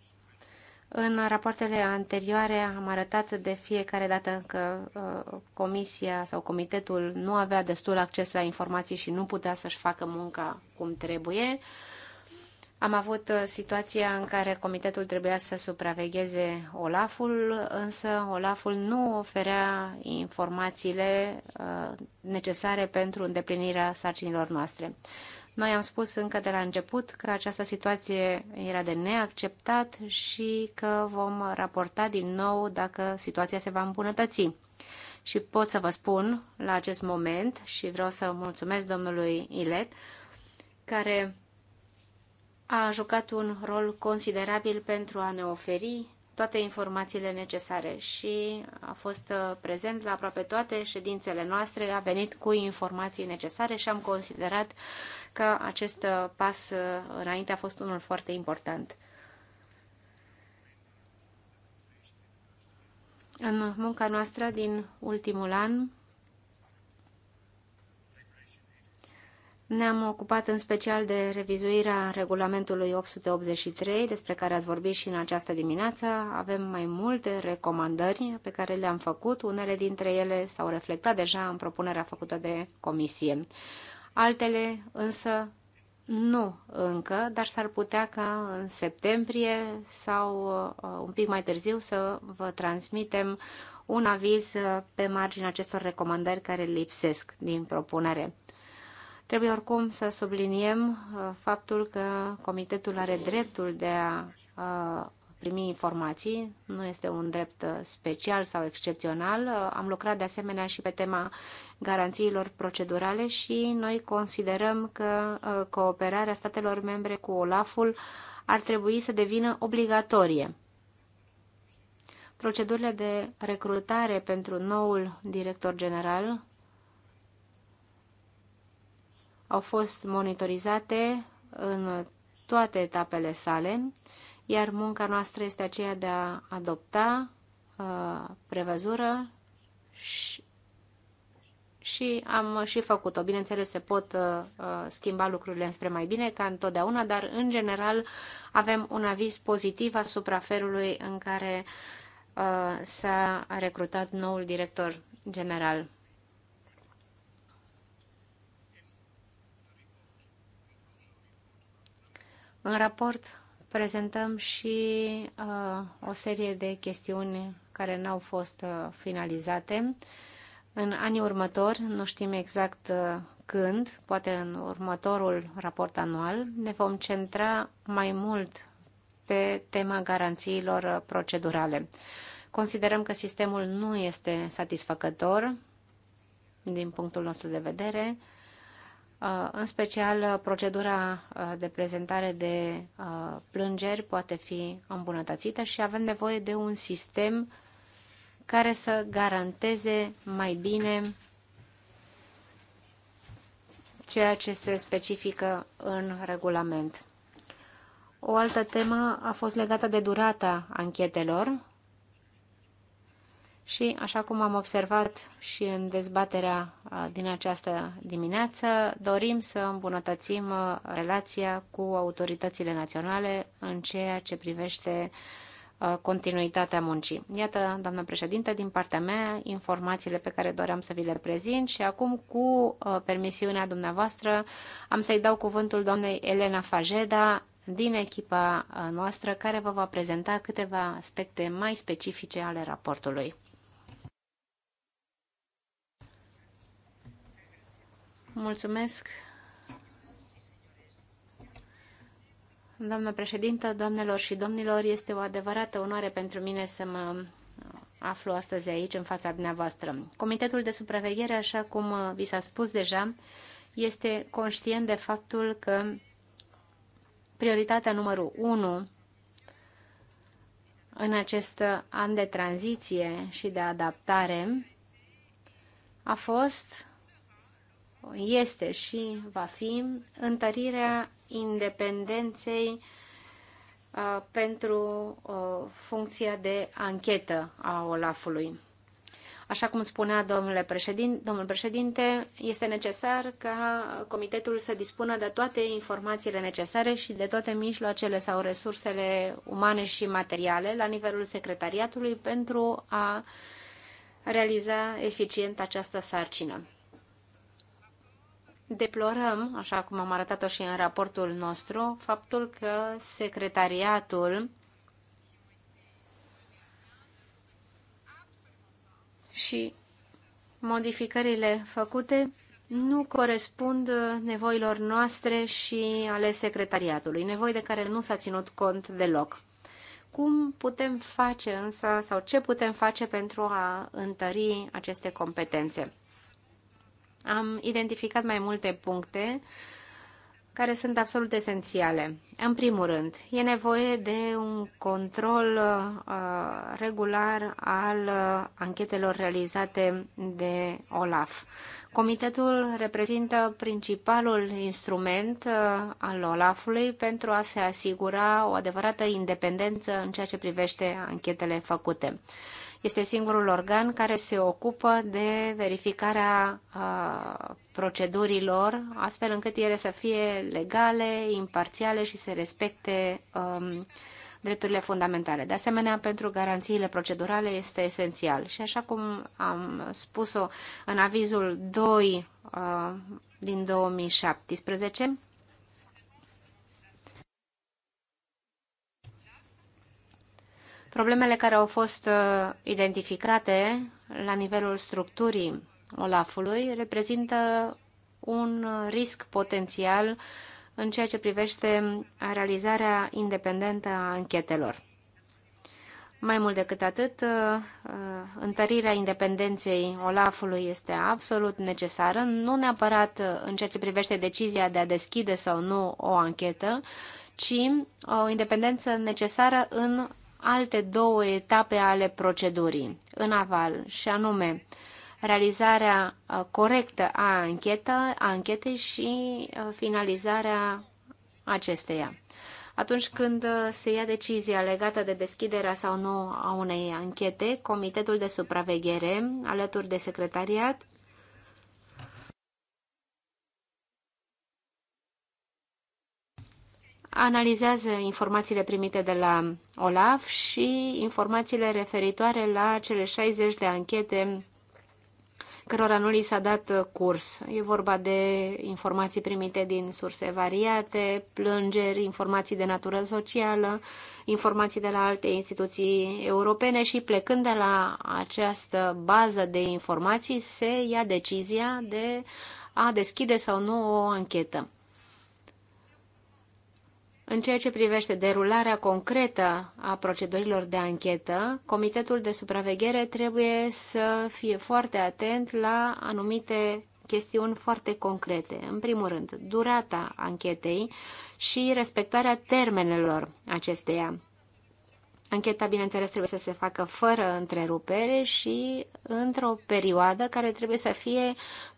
În rapoartele anterioare am arătat de fiecare dată că uh, comisia sau comitetul nu avea destul acces la informații și nu putea să-și facă munca cum trebuie. Am avut uh, situația în care comitetul trebuia să supravegheze Olaful, însă Olaful nu oferea informațiile uh, necesare pentru îndeplinirea sarcinilor noastre. Noi am spus încă de la început că această situație era de neacceptat și că vom raporta din nou dacă situația se va îmbunătăți. Și pot să vă spun la acest moment și vreau să mulțumesc domnului Ilet, care a jucat un rol considerabil pentru a ne oferi toate informațiile necesare și a fost uh, prezent la aproape toate ședințele noastre, a venit cu informații necesare și am considerat că acest uh, pas uh, înainte a fost unul foarte important. În munca noastră din ultimul an, Ne-am ocupat în special de revizuirea regulamentului 883, despre care ați vorbit și în această dimineață. Avem mai multe recomandări pe care le-am făcut. Unele dintre ele s-au reflectat deja în propunerea făcută de comisie altele însă nu încă, dar s-ar putea ca în septembrie sau uh, un pic mai târziu să vă transmitem un aviz uh, pe marginea acestor recomandări care lipsesc din propunere. Trebuie oricum să subliniem uh, faptul că comitetul are dreptul de a primi informații, nu este un drept uh, special sau excepțional. Uh, am lucrat de asemenea și pe tema garanțiilor procedurale și noi considerăm că uh, cooperarea statelor membre cu OLAF-ul ar trebui să devină obligatorie. Procedurile de recrutare pentru noul director general au fost monitorizate în toate etapele sale iar munca noastră este aceea de a adopta uh, prevăzură și, și am și făcut-o. Bineînțeles, se pot uh, uh, schimba lucrurile înspre mai bine ca întotdeauna, dar în general avem un aviz pozitiv asupra felului în care uh, s-a recrutat noul director general. În raport prezentăm și uh, o serie de chestiuni care n-au fost uh, finalizate. În anii următori, nu știm exact uh, când, poate în următorul raport anual, ne vom centra mai mult pe tema garanțiilor uh, procedurale. Considerăm că sistemul nu este satisfăcător din punctul nostru de vedere, Uh, în special, uh, procedura uh, de prezentare de plângeri poate fi îmbunătățită și avem nevoie de un sistem care să garanteze mai bine ceea ce se specifică în regulament. O altă temă a fost legată de durata anchetelor și, așa cum am observat și în dezbaterea din această dimineață, dorim să îmbunătățim relația cu autoritățile naționale în ceea ce privește continuitatea muncii. Iată, doamnă președinte, din partea mea, informațiile pe care doream să vi le prezint și acum, cu permisiunea dumneavoastră, am să-i dau cuvântul doamnei Elena Fajeda din echipa noastră, care vă va prezenta câteva aspecte mai specifice ale raportului. Mulțumesc, doamnă președintă, doamnelor și domnilor. Este o adevărată onoare pentru mine să mă aflu astăzi aici, în fața dumneavoastră. Comitetul de supraveghere, așa cum vi s-a spus deja, este conștient de faptul că prioritatea numărul 1 în acest an de tranziție și de adaptare a fost este și va fi întărirea independenței uh, pentru uh, funcția de anchetă a Olafului. Așa cum spunea domnule președinte, domnul președinte, este necesar ca comitetul să dispună de toate informațiile necesare și de toate mijloacele sau resursele umane și materiale la nivelul secretariatului pentru a realiza eficient această sarcină. Deplorăm, așa cum am arătat-o și în raportul nostru, faptul că secretariatul și modificările făcute nu corespund nevoilor noastre și ale secretariatului, nevoi de care nu s-a ținut cont deloc. Cum putem face însă, sau ce putem face pentru a întări aceste competențe? am identificat mai multe puncte care sunt absolut esențiale. În primul rând, e nevoie de un control uh, regular al uh, anchetelor realizate de OLAF. Comitetul reprezintă principalul instrument uh, al OLAF-ului pentru a se asigura o adevărată independență în ceea ce privește anchetele făcute. Este singurul organ care se ocupă de verificarea procedurilor, astfel încât ele să fie legale, imparțiale și să respecte um, drepturile fundamentale. De asemenea, pentru garanțiile procedurale este esențial. Și așa cum am spus-o în avizul 2 din 2017, Problemele care au fost uh, identificate la nivelul structurii Olafului reprezintă un risc potențial în ceea ce privește realizarea independentă a închetelor. Mai mult decât atât, uh, uh, întărirea independenței Olafului este absolut necesară, nu neapărat în ceea ce privește decizia de a deschide sau nu o anchetă, ci o independență necesară în alte două etape ale procedurii în aval, și anume realizarea uh, corectă a, a anchetei și uh, finalizarea acesteia. Atunci când uh, se ia decizia legată de deschiderea sau nu a unei anchete, Comitetul de Supraveghere, alături de Secretariat, analizează informațiile primite de la OLAF și informațiile referitoare la cele 60 de anchete cărora nu li s-a dat curs. E vorba de informații primite din surse variate, plângeri, informații de natură socială, informații de la alte instituții europene și plecând de la această bază de informații se ia decizia de a deschide sau nu o anchetă. În ceea ce privește derularea concretă a procedurilor de anchetă, Comitetul de Supraveghere trebuie să fie foarte atent la anumite chestiuni foarte concrete. În primul rând, durata anchetei și respectarea termenelor acesteia. Ancheta, bineînțeles, trebuie să se facă fără întrerupere și într-o perioadă care trebuie să fie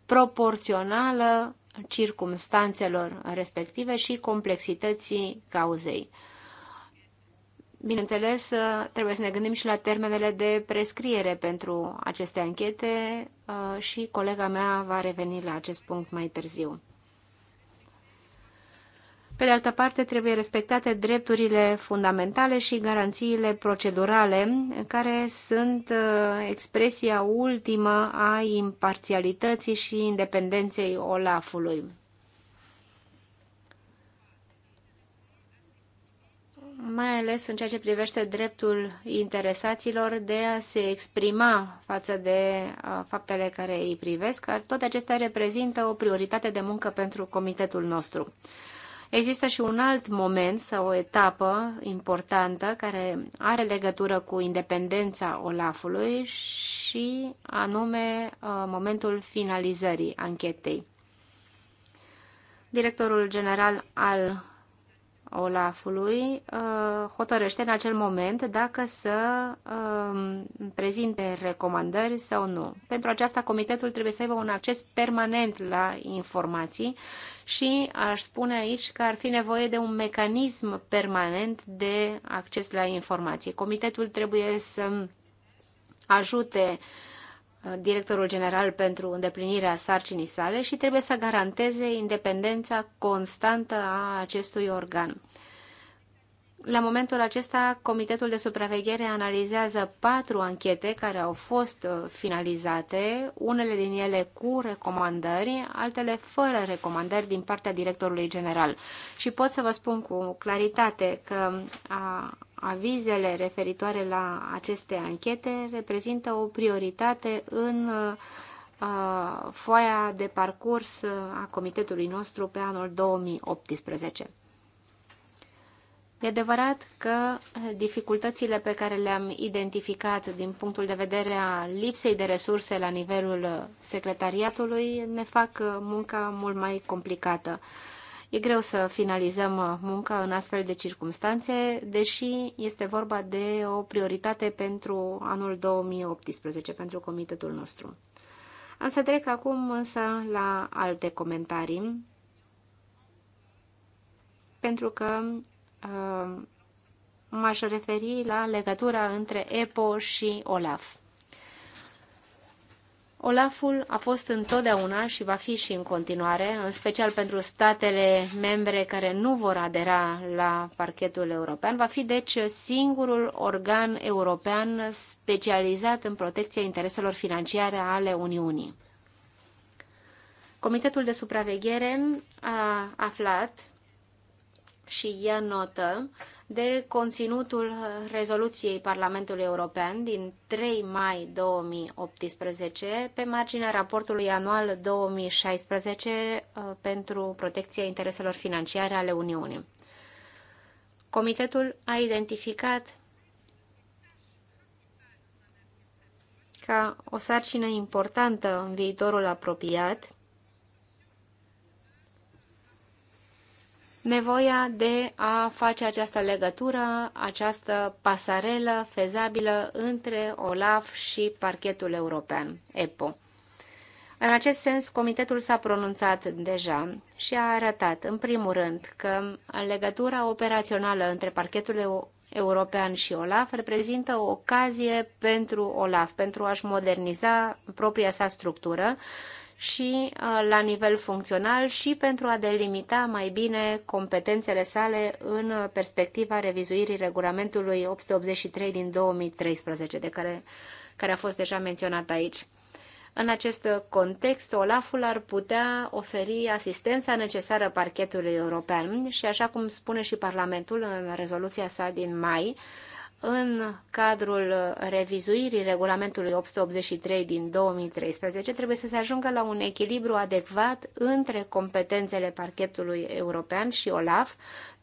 proporțională circumstanțelor respective și complexității cauzei. Bineînțeles, trebuie să ne gândim și la termenele de prescriere pentru aceste anchete uh, și colega mea va reveni la acest punct mai târziu. Pe de altă parte, trebuie respectate drepturile fundamentale și garanțiile procedurale, care sunt uh, expresia ultimă a imparțialității și independenței Olafului. mai ales în ceea ce privește dreptul interesaților de a se exprima față de uh, faptele care îi privesc, toate acestea reprezintă o prioritate de muncă pentru comitetul nostru. Există și un alt moment sau o etapă importantă care are legătură cu independența Olafului și anume uh, momentul finalizării anchetei. Directorul general al Olafului uh, hotărăște în acel moment dacă să um, prezinte recomandări sau nu. Pentru aceasta, comitetul trebuie să aibă un acces permanent la informații și aș spune aici că ar fi nevoie de un mecanism permanent de acces la informații. Comitetul trebuie să ajute uh, directorul general pentru îndeplinirea sarcinii sale și trebuie să garanteze independența constantă a acestui organ. La momentul acesta, Comitetul de Supraveghere analizează patru anchete care au fost uh, finalizate, unele din ele cu recomandări, altele fără recomandări din partea directorului general. Și pot să vă spun cu claritate că a, uh, avizele referitoare la aceste anchete reprezintă o prioritate în uh, foaia de parcurs a comitetului nostru pe anul 2018. E adevărat că dificultățile pe care le-am identificat din punctul de vedere a lipsei de resurse la nivelul secretariatului ne fac munca mult mai complicată. E greu să finalizăm uh, munca în astfel de circunstanțe, deși este vorba de o prioritate pentru anul 2018, pentru comitetul nostru. Am să trec acum însă la alte comentarii, pentru că uh, m-aș referi la legătura între EPO și OLAF. Olaful a fost întotdeauna și va fi și în continuare, în special pentru statele membre care nu vor adera la parchetul european, va fi deci singurul organ european specializat în protecția intereselor financiare ale Uniunii. Comitetul de supraveghere a aflat și ia notă de conținutul rezoluției Parlamentului European din 3 mai 2018 pe marginea raportului anual 2016 uh, pentru protecția intereselor financiare ale Uniunii. Comitetul a identificat ca o sarcină importantă în viitorul apropiat nevoia de a face această legătură, această pasarelă fezabilă între OLAF și parchetul european, EPO. În acest sens, comitetul s-a pronunțat deja și a arătat, în primul rând, că legătura operațională între parchetul european și OLAF reprezintă o ocazie pentru OLAF, pentru a-și moderniza propria sa structură, și uh, la nivel funcțional și pentru a delimita mai bine competențele sale în uh, perspectiva revizuirii regulamentului 883 din 2013, de care, care a fost deja menționat aici. În acest context, Olaful ar putea oferi asistența necesară parchetului european și, așa cum spune și Parlamentul în rezoluția sa din mai, în cadrul revizuirii regulamentului 883 din 2013 trebuie să se ajungă la un echilibru adecvat între competențele parchetului european și OLAF,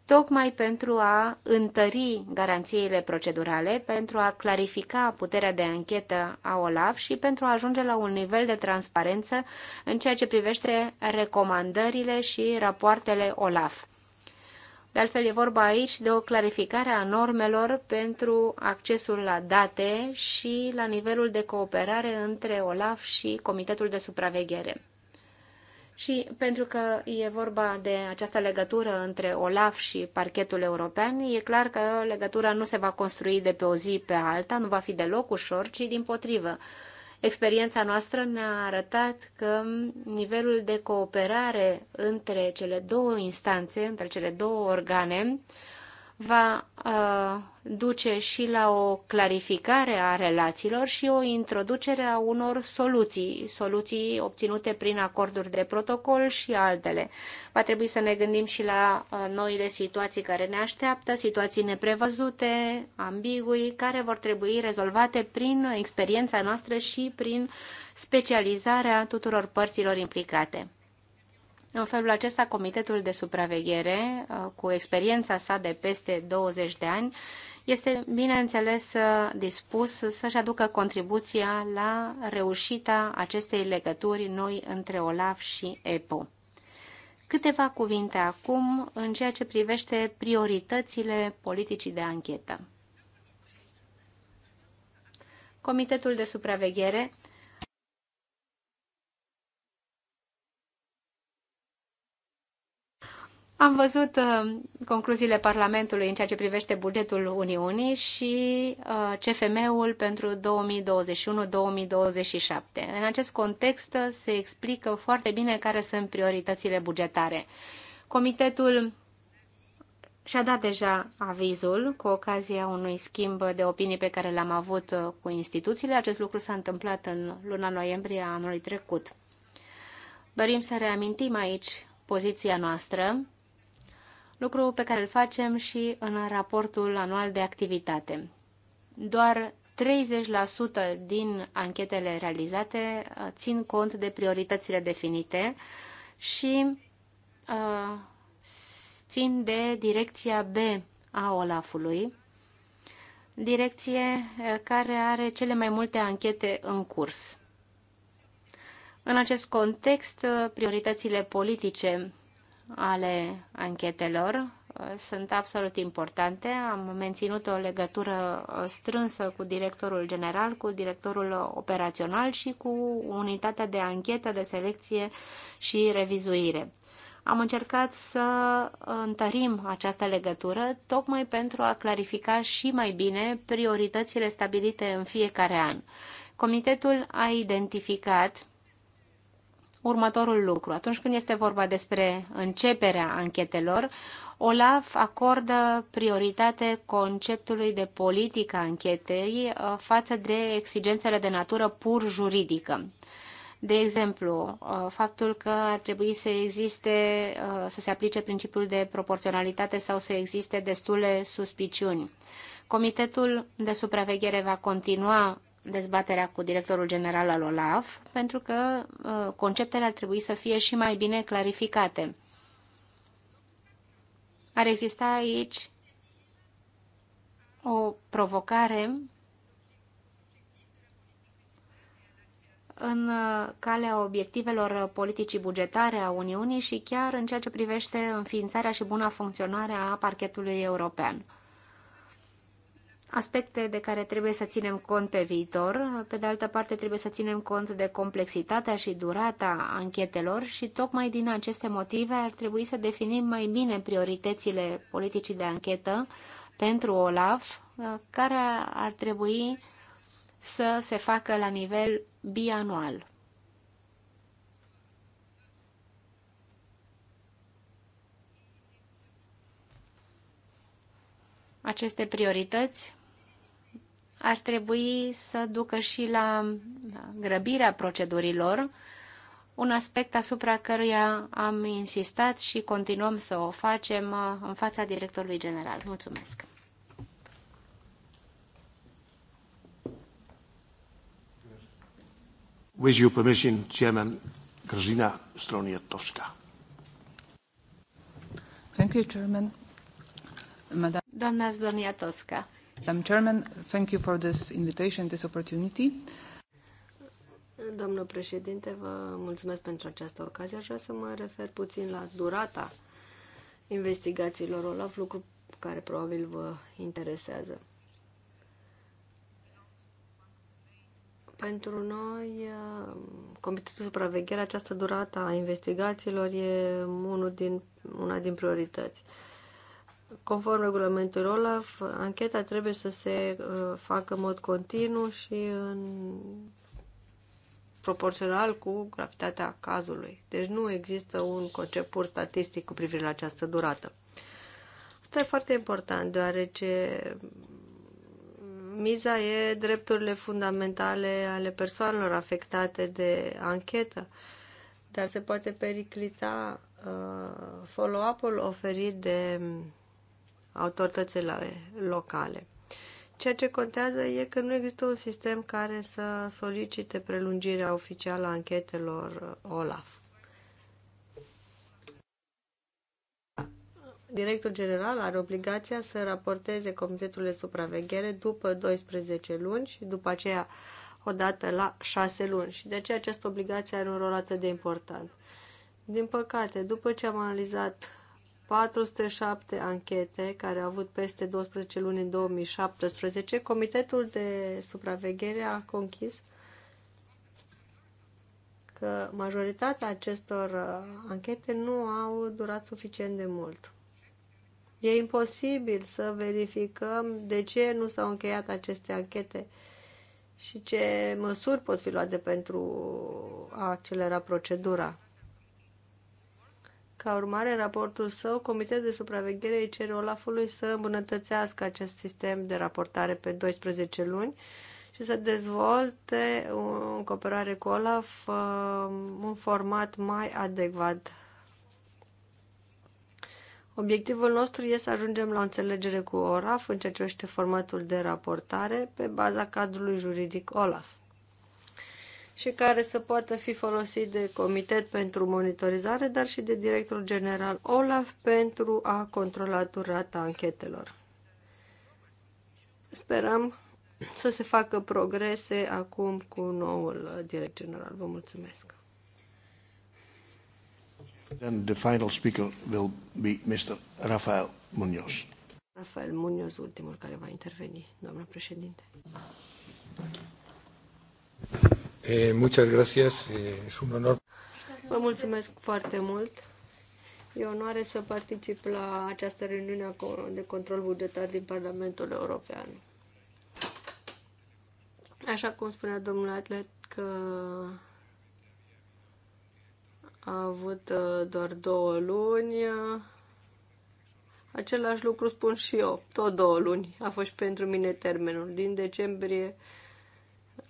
tocmai pentru a întări garanțiile procedurale, pentru a clarifica puterea de anchetă a OLAF și pentru a ajunge la un nivel de transparență în ceea ce privește recomandările și rapoartele OLAF. De altfel, e vorba aici de o clarificare a normelor pentru accesul la date și la nivelul de cooperare între OLAF și Comitetul de Supraveghere. Și pentru că e vorba de această legătură între OLAF și parchetul european, e clar că legătura nu se va construi de pe o zi pe alta, nu va fi deloc ușor, ci din potrivă. Experiența noastră ne-a arătat că nivelul de cooperare între cele două instanțe, între cele două organe, va uh, duce și la o clarificare a relațiilor și o introducere a unor soluții, soluții obținute prin acorduri de protocol și altele. Va trebui să ne gândim și la uh, noile situații care ne așteaptă, situații neprevăzute, ambigui, care vor trebui rezolvate prin experiența noastră și prin specializarea tuturor părților implicate. În felul acesta, Comitetul de Supraveghere, uh, cu experiența sa de peste 20 de ani, este, bineînțeles, uh, dispus să-și aducă contribuția la reușita acestei legături noi între OLAF și EPO. Câteva cuvinte acum în ceea ce privește prioritățile politicii de anchetă. Comitetul de supraveghere Am văzut uh, concluziile Parlamentului în ceea ce privește bugetul Uniunii și uh, CFM-ul pentru 2021-2027. În acest context uh, se explică foarte bine care sunt prioritățile bugetare. Comitetul și-a dat deja avizul cu ocazia unui schimb de opinii pe care l-am avut uh, cu instituțiile. Acest lucru s-a întâmplat în luna noiembrie a anului trecut. Dorim să reamintim aici poziția noastră lucru pe care îl facem și în raportul anual de activitate. Doar 30% din anchetele realizate uh, țin cont de prioritățile definite și uh, țin de direcția B a Olafului, direcție uh, care are cele mai multe anchete în curs. În acest context, uh, prioritățile politice ale anchetelor uh, sunt absolut importante. Am menținut o legătură uh, strânsă cu directorul general, cu directorul operațional și cu unitatea de anchetă, de selecție și revizuire. Am încercat să uh, întărim această legătură tocmai pentru a clarifica și mai bine prioritățile stabilite în fiecare an. Comitetul a identificat următorul lucru. Atunci când este vorba despre începerea anchetelor, Olaf acordă prioritate conceptului de politică a anchetei uh, față de exigențele de natură pur juridică. De exemplu, uh, faptul că ar trebui să existe, uh, să se aplice principiul de proporționalitate sau să existe destule suspiciuni. Comitetul de supraveghere va continua dezbaterea cu directorul general al OLAF, pentru că uh, conceptele ar trebui să fie și mai bine clarificate. Ar exista aici o provocare în uh, calea obiectivelor politicii bugetare a Uniunii și chiar în ceea ce privește înființarea și buna funcționare a parchetului european aspecte de care trebuie să ținem cont pe viitor. Pe de altă parte, trebuie să ținem cont de complexitatea și durata anchetelor și tocmai din aceste motive ar trebui să definim mai bine prioritățile politicii de anchetă pentru OLAF, care ar trebui să se facă la nivel bianual. aceste priorități ar trebui să ducă și la grăbirea procedurilor, un aspect asupra căruia am insistat și continuăm să o facem uh, în fața directorului general. Mulțumesc! With your permission, Chairman, Grzina Stroniatowska. Thank you, Chairman. Doamna Zdoniatowska. Madam Chairman, thank you for this invitation, this opportunity. Domnul președinte, vă mulțumesc pentru această ocazie. Aș vrea să mă refer puțin la durata investigațiilor OLAF, lucru care probabil vă interesează. Pentru noi, uh, Comitetul Supraveghere, această durată a investigațiilor e unul din, una din priorități. Conform regulamentului OLAF, ancheta trebuie să se uh, facă în mod continuu și în proporțional cu gravitatea cazului. Deci nu există un concept pur statistic cu privire la această durată. Asta e foarte important, deoarece miza e drepturile fundamentale ale persoanelor afectate de anchetă, dar se poate periclita uh, follow-up-ul oferit de autoritățile locale. Ceea ce contează e că nu există un sistem care să solicite prelungirea oficială a anchetelor uh, OLAF. Directul general are obligația să raporteze Comitetul de Supraveghere după 12 luni și după aceea odată la 6 luni. Și de aceea această obligație are un rol atât de important. Din păcate, după ce am analizat uh, 407 anchete care au avut peste 12 luni în 2017, Comitetul de Supraveghere a conchis că majoritatea acestor uh, anchete nu au durat suficient de mult. E imposibil să verificăm de ce nu s-au încheiat aceste anchete și ce măsuri pot fi luate pentru a accelera procedura. Ca urmare, în raportul său, Comitetul de Supraveghere îi cere Olafului să îmbunătățească acest sistem de raportare pe 12 luni și să dezvolte, în cooperare cu Olaf, uh, un format mai adecvat. Obiectivul nostru este să ajungem la o înțelegere cu Olaf în ceea ce formatul de raportare pe baza cadrului juridic Olaf și care să poată fi folosit de Comitet pentru Monitorizare, dar și de Directorul General Olaf pentru a controla durata anchetelor. Sperăm să se facă progrese acum cu noul direct general. Vă mulțumesc. And the final speaker will be Mr. Rafael Munoz. Rafael Munoz, ultimul care va interveni, doamna președinte. Eh, muchas gracias, eh, es un honor. Vă mulțumesc foarte mult. E onoare să particip la această reuniune de control bugetar din Parlamentul European. Așa cum spunea domnul atlet că a avut uh, doar două luni, același lucru spun și eu, tot două luni a fost pentru mine termenul, din decembrie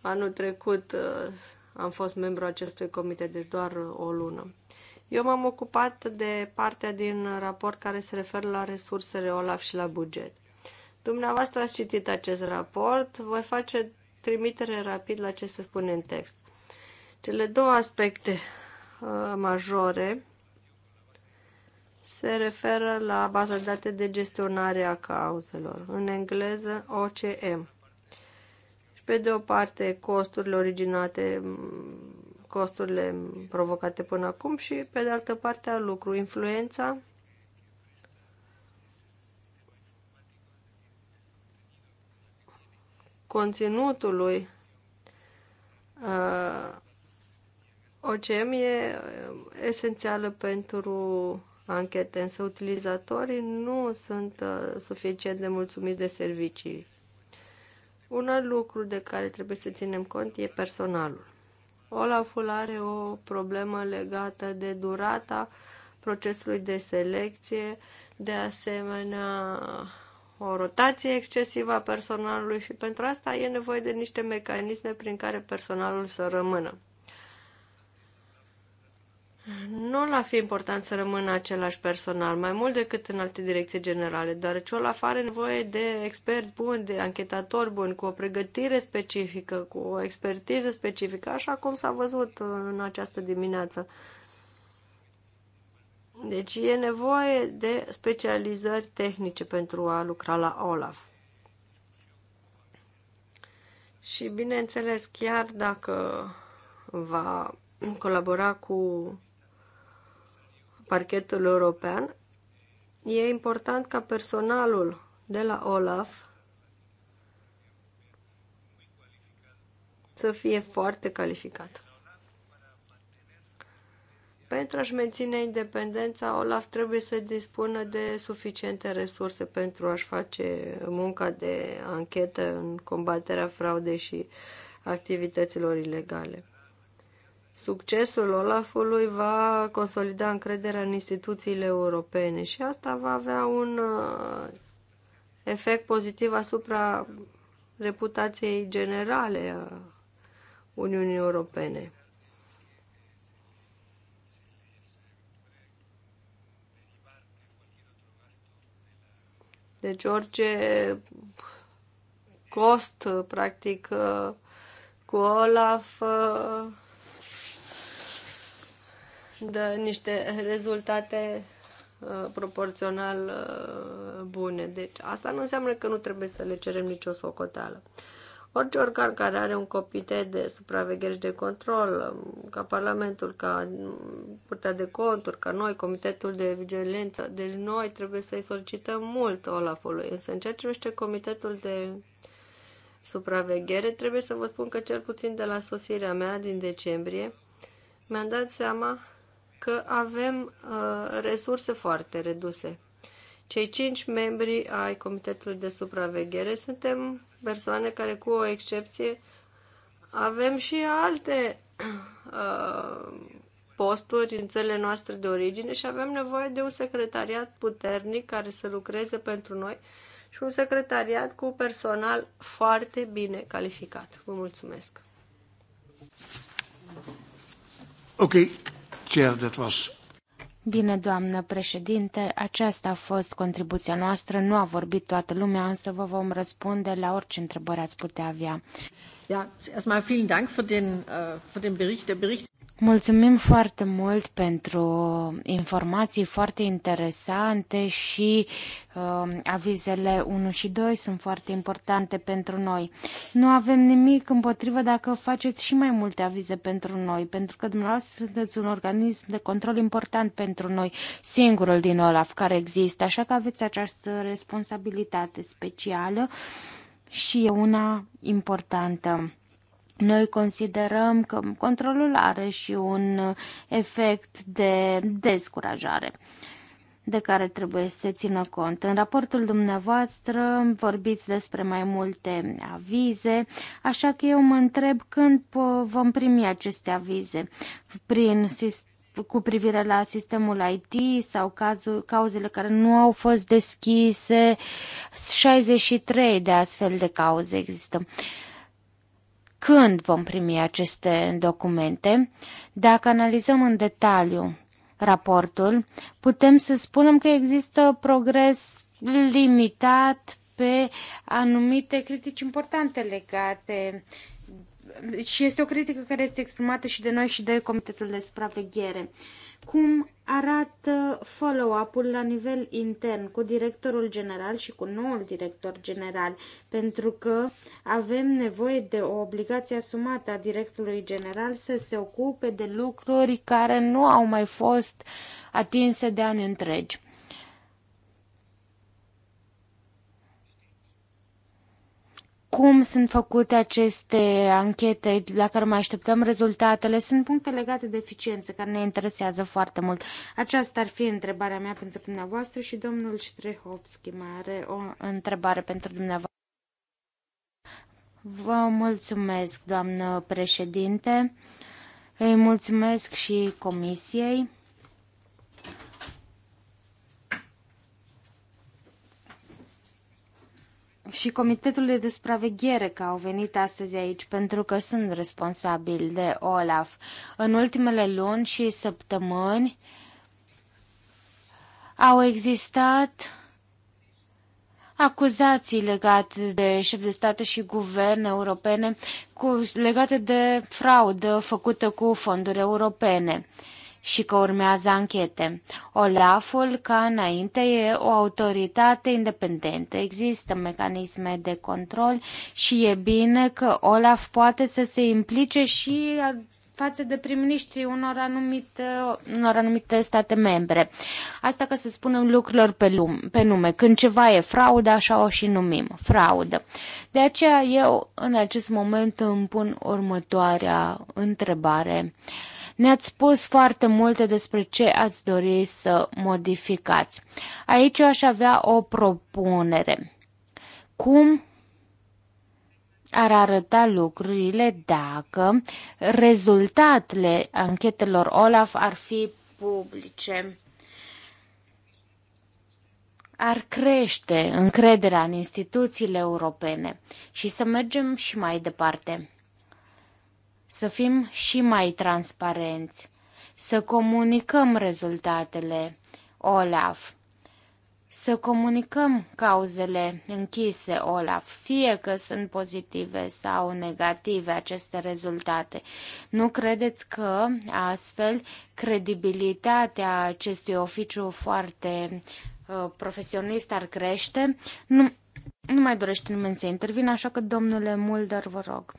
Anul trecut uh, am fost membru acestui comitet, deci doar uh, o lună. Eu m-am ocupat de partea din raport care se referă la resursele OLAF și la buget. Dumneavoastră ați citit acest raport, voi face trimitere rapid la ce se spune în text. Cele două aspecte uh, majore se referă la baza de date de gestionare a cauzelor, în engleză OCM pe de o parte, costurile originate, costurile provocate până acum și, pe de altă parte, al lucru, influența conținutului uh, OCM e esențială pentru anchete, însă utilizatorii nu sunt uh, suficient de mulțumiți de servicii un alt lucru de care trebuie să ținem cont e personalul. Olaful are o problemă legată de durata procesului de selecție, de asemenea o rotație excesivă a personalului și pentru asta e nevoie de niște mecanisme prin care personalul să rămână nu l-a fi important să rămână același personal, mai mult decât în alte direcții generale, deoarece OLAF are nevoie de experți buni, de anchetatori buni, cu o pregătire specifică, cu o expertiză specifică, așa cum s-a văzut în această dimineață. Deci e nevoie de specializări tehnice pentru a lucra la OLAF. Și bineînțeles, chiar dacă va colabora cu parchetul european, e important ca personalul de la OLAF să fie foarte calificat. Pentru a-și menține independența, Olaf trebuie să dispună de suficiente resurse pentru a-și face munca de anchetă în combaterea fraudei și activităților ilegale. Succesul Olafului va consolida încrederea în instituțiile europene și asta va avea un uh, efect pozitiv asupra reputației generale a Uniunii Europene. Deci orice cost, practic, uh, cu Olaf uh, dă niște rezultate uh, proporțional uh, bune. Deci asta nu înseamnă că nu trebuie să le cerem nicio socoteală. Orice organ care are un comitet de supraveghere și de control, um, ca Parlamentul, ca mm, Curtea de Conturi, ca noi, Comitetul de Vigilență, deci noi trebuie să-i solicităm mult Olafului. Însă în ceea ce privește Comitetul de Supraveghere, trebuie să vă spun că cel puțin de la sosirea mea din decembrie, mi-am dat seama că avem uh, resurse foarte reduse. Cei cinci membri ai Comitetului de Supraveghere suntem persoane care, cu o excepție, avem și alte uh, posturi în țările noastre de origine și avem nevoie de un secretariat puternic care să lucreze pentru noi și un secretariat cu personal foarte bine calificat. Vă mulțumesc! Ok, Chair, that was... Bine, doamnă președinte, aceasta a fost contribuția noastră. Nu a vorbit toată lumea, însă vă vom răspunde la orice întrebări ați putea avea. Ja, erstmal vielen Dank für den, uh, für den Bericht. Der Bericht Mulțumim foarte mult pentru informații foarte interesante și uh, avizele 1 și 2 sunt foarte importante pentru noi. Nu avem nimic împotrivă dacă faceți și mai multe avize pentru noi, pentru că dumneavoastră sunteți un organism de control important pentru noi, singurul din OLAF care există, așa că aveți această responsabilitate specială și e una importantă. Noi considerăm că controlul are și un efect de descurajare de care trebuie să se țină cont. În raportul dumneavoastră vorbiți despre mai multe avize, așa că eu mă întreb când vom primi aceste avize prin cu privire la sistemul IT sau cazul, cauzele care nu au fost deschise, 63 de astfel de cauze există. Uh, când vom primi aceste documente? Dacă analizăm în detaliu raportul, putem să spunem că există progres limitat pe anumite critici importante legate și este o critică care este exprimată și de noi și de Comitetul de Supraveghere. Uh, cum arată follow-up-ul la nivel intern cu directorul general și cu noul director general, pentru că avem nevoie de o obligație asumată a directorului general să se ocupe de lucruri care nu au mai fost atinse de ani întregi. cum sunt făcute aceste anchete la care mai așteptăm rezultatele. Sunt puncte legate de eficiență care ne interesează foarte mult. Aceasta ar fi întrebarea mea pentru dumneavoastră și domnul Strehovski mai are o întrebare pentru dumneavoastră. Vă mulțumesc, doamnă președinte. Îi mulțumesc și comisiei. și Comitetul de Supraveghere că au venit astăzi aici pentru că sunt responsabili de Olaf. În ultimele luni și săptămâni au existat acuzații legate de șef de state și guverne europene cu, legate de fraudă făcută cu fonduri europene și că urmează anchete. Olaful, ca înainte, e o autoritate independentă. Există mecanisme de control și e bine că Olaf poate să se implice și față de prim-ministrii unor anumite, unor anumite state membre. Asta ca să spunem lucrurilor pe, lum, pe nume. Când ceva e fraudă, așa o și numim, fraudă. De aceea eu în acest moment îmi pun următoarea întrebare. Uh, ne-ați spus foarte multe despre ce ați dori să modificați. Aici eu aș avea o propunere. Cum ar arăta lucrurile dacă rezultatele anchetelor Olaf ar fi publice? ar crește încrederea în instituțiile europene și să mergem și mai departe să fim și mai transparenți, să comunicăm rezultatele OLAF, să comunicăm cauzele închise OLAF, fie că sunt pozitive sau negative aceste rezultate. Nu credeți că astfel credibilitatea acestui oficiu foarte uh, profesionist ar crește? Nu, nu mai dorește nimeni să intervină, așa că domnule Mulder, vă rog.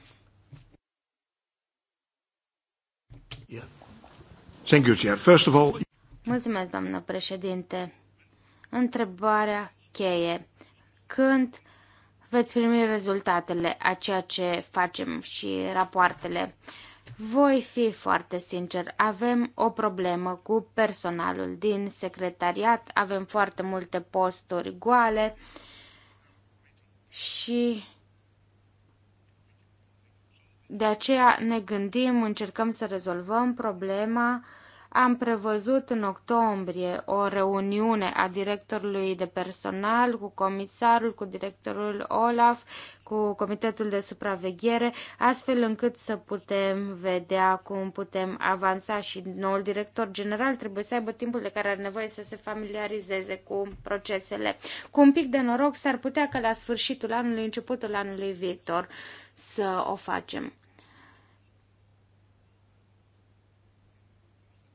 Mulțumesc, doamnă președinte. Întrebarea cheie. Când veți primi rezultatele a ceea ce facem și rapoartele? Voi fi foarte sincer, avem o problemă cu personalul din secretariat, avem foarte multe posturi goale și de aceea ne gândim, încercăm să rezolvăm problema. Am prevăzut în octombrie o reuniune a directorului de personal cu comisarul, cu directorul Olaf, cu Comitetul de Supraveghere, astfel încât să putem vedea cum putem avansa și noul director general trebuie să aibă timpul de care are nevoie să se familiarizeze cu procesele. Cu un pic de noroc s-ar putea că la sfârșitul anului, începutul anului viitor să o facem.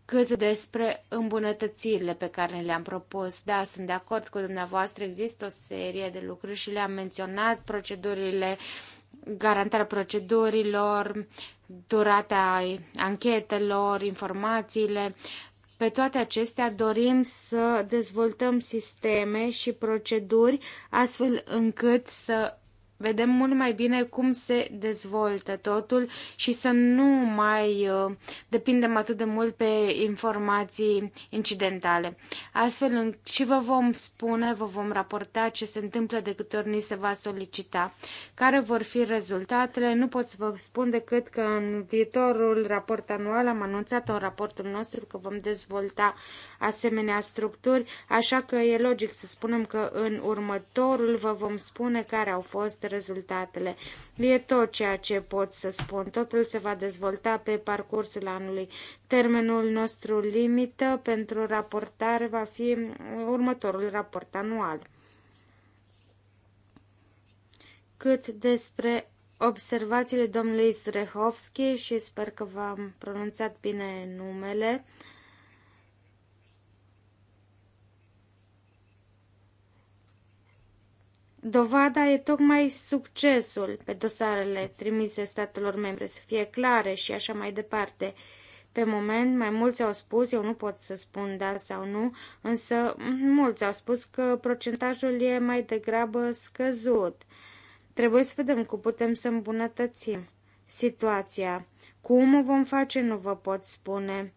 cât despre îmbunătățirile pe care le-am propus. Da, sunt de acord cu dumneavoastră, există o serie de lucruri și le-am menționat, procedurile, garantarea procedurilor, durata anchetelor, informațiile. Pe toate acestea dorim să dezvoltăm sisteme și proceduri astfel încât să vedem mult mai bine cum se dezvoltă totul și să nu mai uh, depindem atât de mult pe informații incidentale. Astfel și vă vom spune, vă vom raporta ce se întâmplă de câte ori ni se va solicita. Care vor fi rezultatele? Nu pot să vă spun decât că în viitorul raport anual am anunțat în raportul nostru că vom dezvolta asemenea structuri, așa că e logic să spunem că în următorul vă vom spune care au fost rezultatele. E tot ceea ce pot să spun. Totul se va dezvolta pe parcursul anului. Termenul nostru limită pentru raportare va fi următorul raport anual. Cât despre observațiile domnului Zrehovski și sper că v-am pronunțat bine numele, uh, Dovada e tocmai succesul pe dosarele trimise statelor membre, să fie clare și așa mai departe. Pe moment, mai mulți au spus, eu nu pot să spun da sau nu, însă mulți au spus că procentajul e mai degrabă scăzut. Trebuie să vedem cum putem să îmbunătățim situația. Cum o vom face, nu vă pot spune.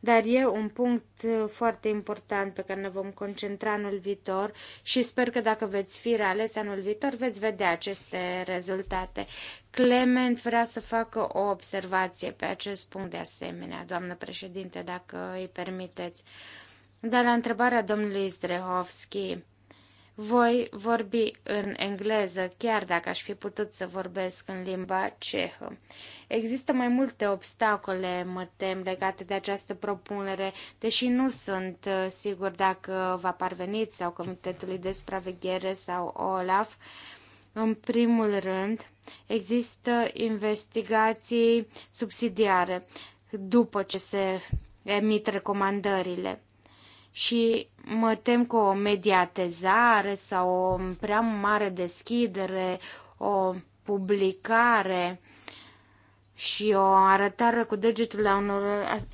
Dar e un punct uh, foarte important pe care ne vom concentra anul viitor și sper că dacă veți fi reales anul viitor, veți vedea aceste rezultate. Clement vrea să facă o observație pe acest punct de asemenea, doamnă președinte, dacă îi permiteți. Dar la întrebarea domnului Zdrehovski, voi vorbi în engleză, chiar dacă aș fi putut să vorbesc în limba cehă. Există mai multe obstacole, mă tem, legate de această propunere, deși nu sunt uh, sigur dacă va parveniți sau Comitetului de Spraveghere sau OLAF. În primul rând, există investigații subsidiare după ce se emit recomandările și mă tem că o mediatezare sau o prea mare deschidere, o publicare și o arătare cu degetul la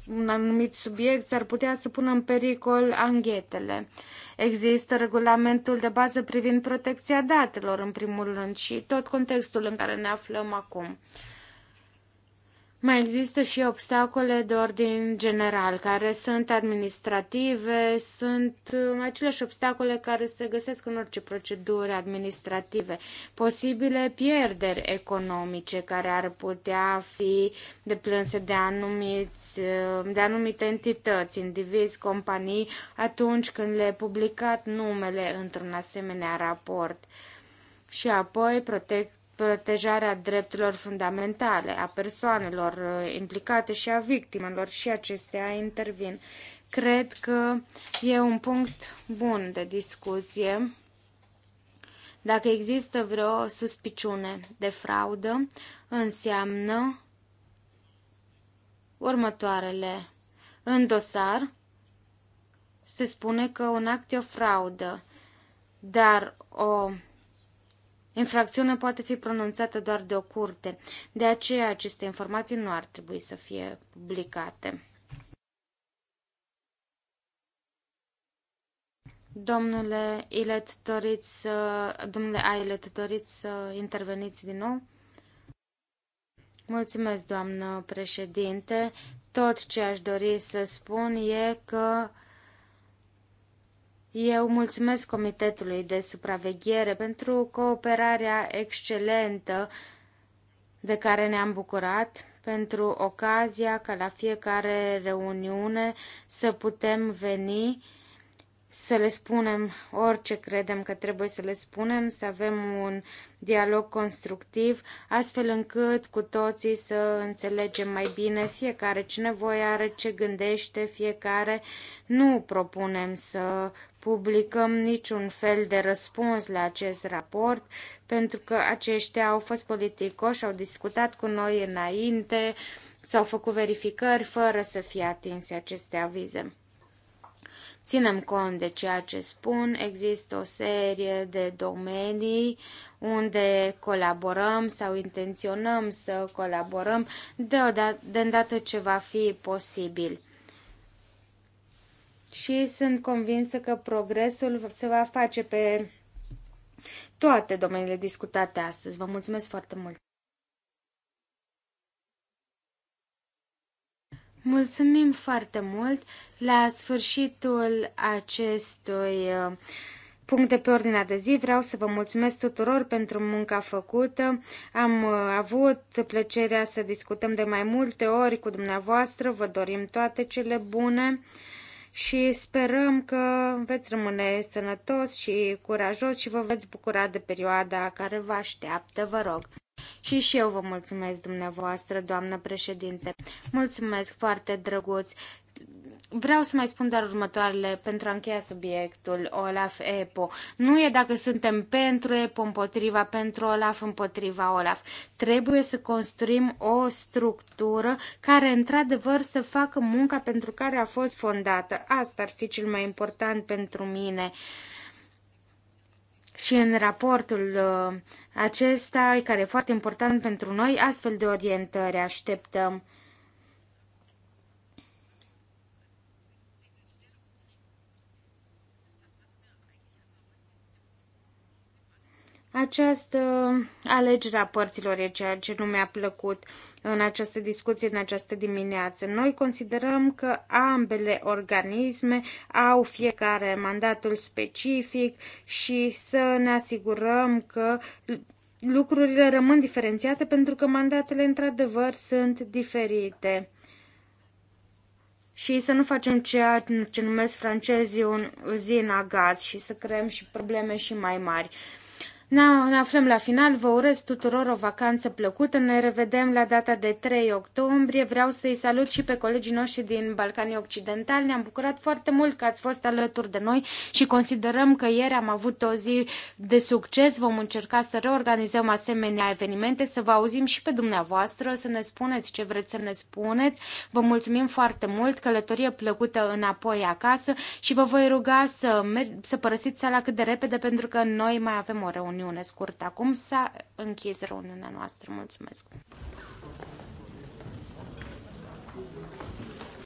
un anumit subiect s-ar putea să pună în pericol anghetele. Există regulamentul de bază privind protecția datelor, în primul rând, și tot contextul în care ne aflăm acum. Mai există și obstacole de ordin general, care sunt administrative, sunt uh, aceleași obstacole care se găsesc în orice procedură administrative, posibile pierderi economice care ar putea fi deplânse de, anumiți, uh, de anumite entități, indivizi, companii, atunci când le publicat numele într-un asemenea raport și apoi protec- protejarea drepturilor fundamentale, a persoanelor uh, implicate și a victimelor și acestea intervin. Cred că e un punct bun de discuție. Dacă există vreo suspiciune de fraudă, înseamnă următoarele. În dosar se spune că un act e o fraudă, dar o infracțiunea poate fi pronunțată doar de o curte. De aceea aceste informații nu ar trebui să fie publicate. Domnule Ilet, doriți să, domnule Ailet, doriți să interveniți din nou? Mulțumesc, doamnă președinte. Tot ce aș dori să spun e că eu mulțumesc Comitetului de Supraveghere pentru cooperarea excelentă de care ne-am bucurat, pentru ocazia ca la fiecare reuniune să putem veni să le spunem orice credem că trebuie să le spunem, să avem un dialog constructiv, astfel încât cu toții să înțelegem mai bine fiecare ce nevoie are, ce gândește fiecare. Nu propunem să publicăm niciun fel de răspuns la acest raport, pentru că aceștia au fost politicoși, au discutat cu noi înainte, s-au făcut verificări fără să fie atinse aceste avize. Ținem cont de ceea ce spun, există o serie de domenii unde colaborăm sau intenționăm să colaborăm de, de îndată ce va fi posibil și sunt convinsă că progresul se va face pe toate domeniile discutate astăzi. Vă mulțumesc foarte mult! Mulțumim foarte mult! La sfârșitul acestui uh, punct de pe ordinea de zi vreau să vă mulțumesc tuturor pentru munca făcută. Am uh, avut plăcerea să discutăm de mai multe ori cu dumneavoastră. Vă dorim toate cele bune! și sperăm că veți rămâne sănătos și curajos și vă veți bucura de perioada care vă așteaptă, vă rog. Și și eu vă mulțumesc dumneavoastră, doamnă președinte. Mulțumesc foarte drăguți vreau să mai spun doar următoarele pentru a încheia subiectul Olaf EPO. Nu e dacă suntem pentru EPO împotriva, pentru Olaf împotriva Olaf. Trebuie să construim o structură care într-adevăr să facă munca pentru care a fost fondată. Asta ar fi cel mai important pentru mine. Și în raportul uh, acesta, care e foarte important pentru noi, astfel de orientări așteptăm. Această alegere a părților e ceea ce nu mi-a plăcut în această discuție, în această dimineață. Noi considerăm că ambele organisme au fiecare mandatul specific și să ne asigurăm că lucrurile rămân diferențiate pentru că mandatele într-adevăr sunt diferite. Și să nu facem ceea ce numesc francezii un în agaz și să creăm și probleme și mai mari. Ne aflăm la final, vă urez tuturor o vacanță plăcută, ne revedem la data de 3 octombrie, vreau să-i salut și pe colegii noștri din Balcanii Occidentali, ne-am bucurat foarte mult că ați fost alături de noi și considerăm că ieri am avut o zi de succes, vom încerca să reorganizăm asemenea evenimente, să vă auzim și pe dumneavoastră, să ne spuneți ce vreți să ne spuneți, vă mulțumim foarte mult, călătorie plăcută înapoi acasă și vă voi ruga să, să părăsiți sala cât de repede pentru că noi mai avem o reuniune reuniune scurtă acum. S-a închis reuniunea noastră. Mulțumesc!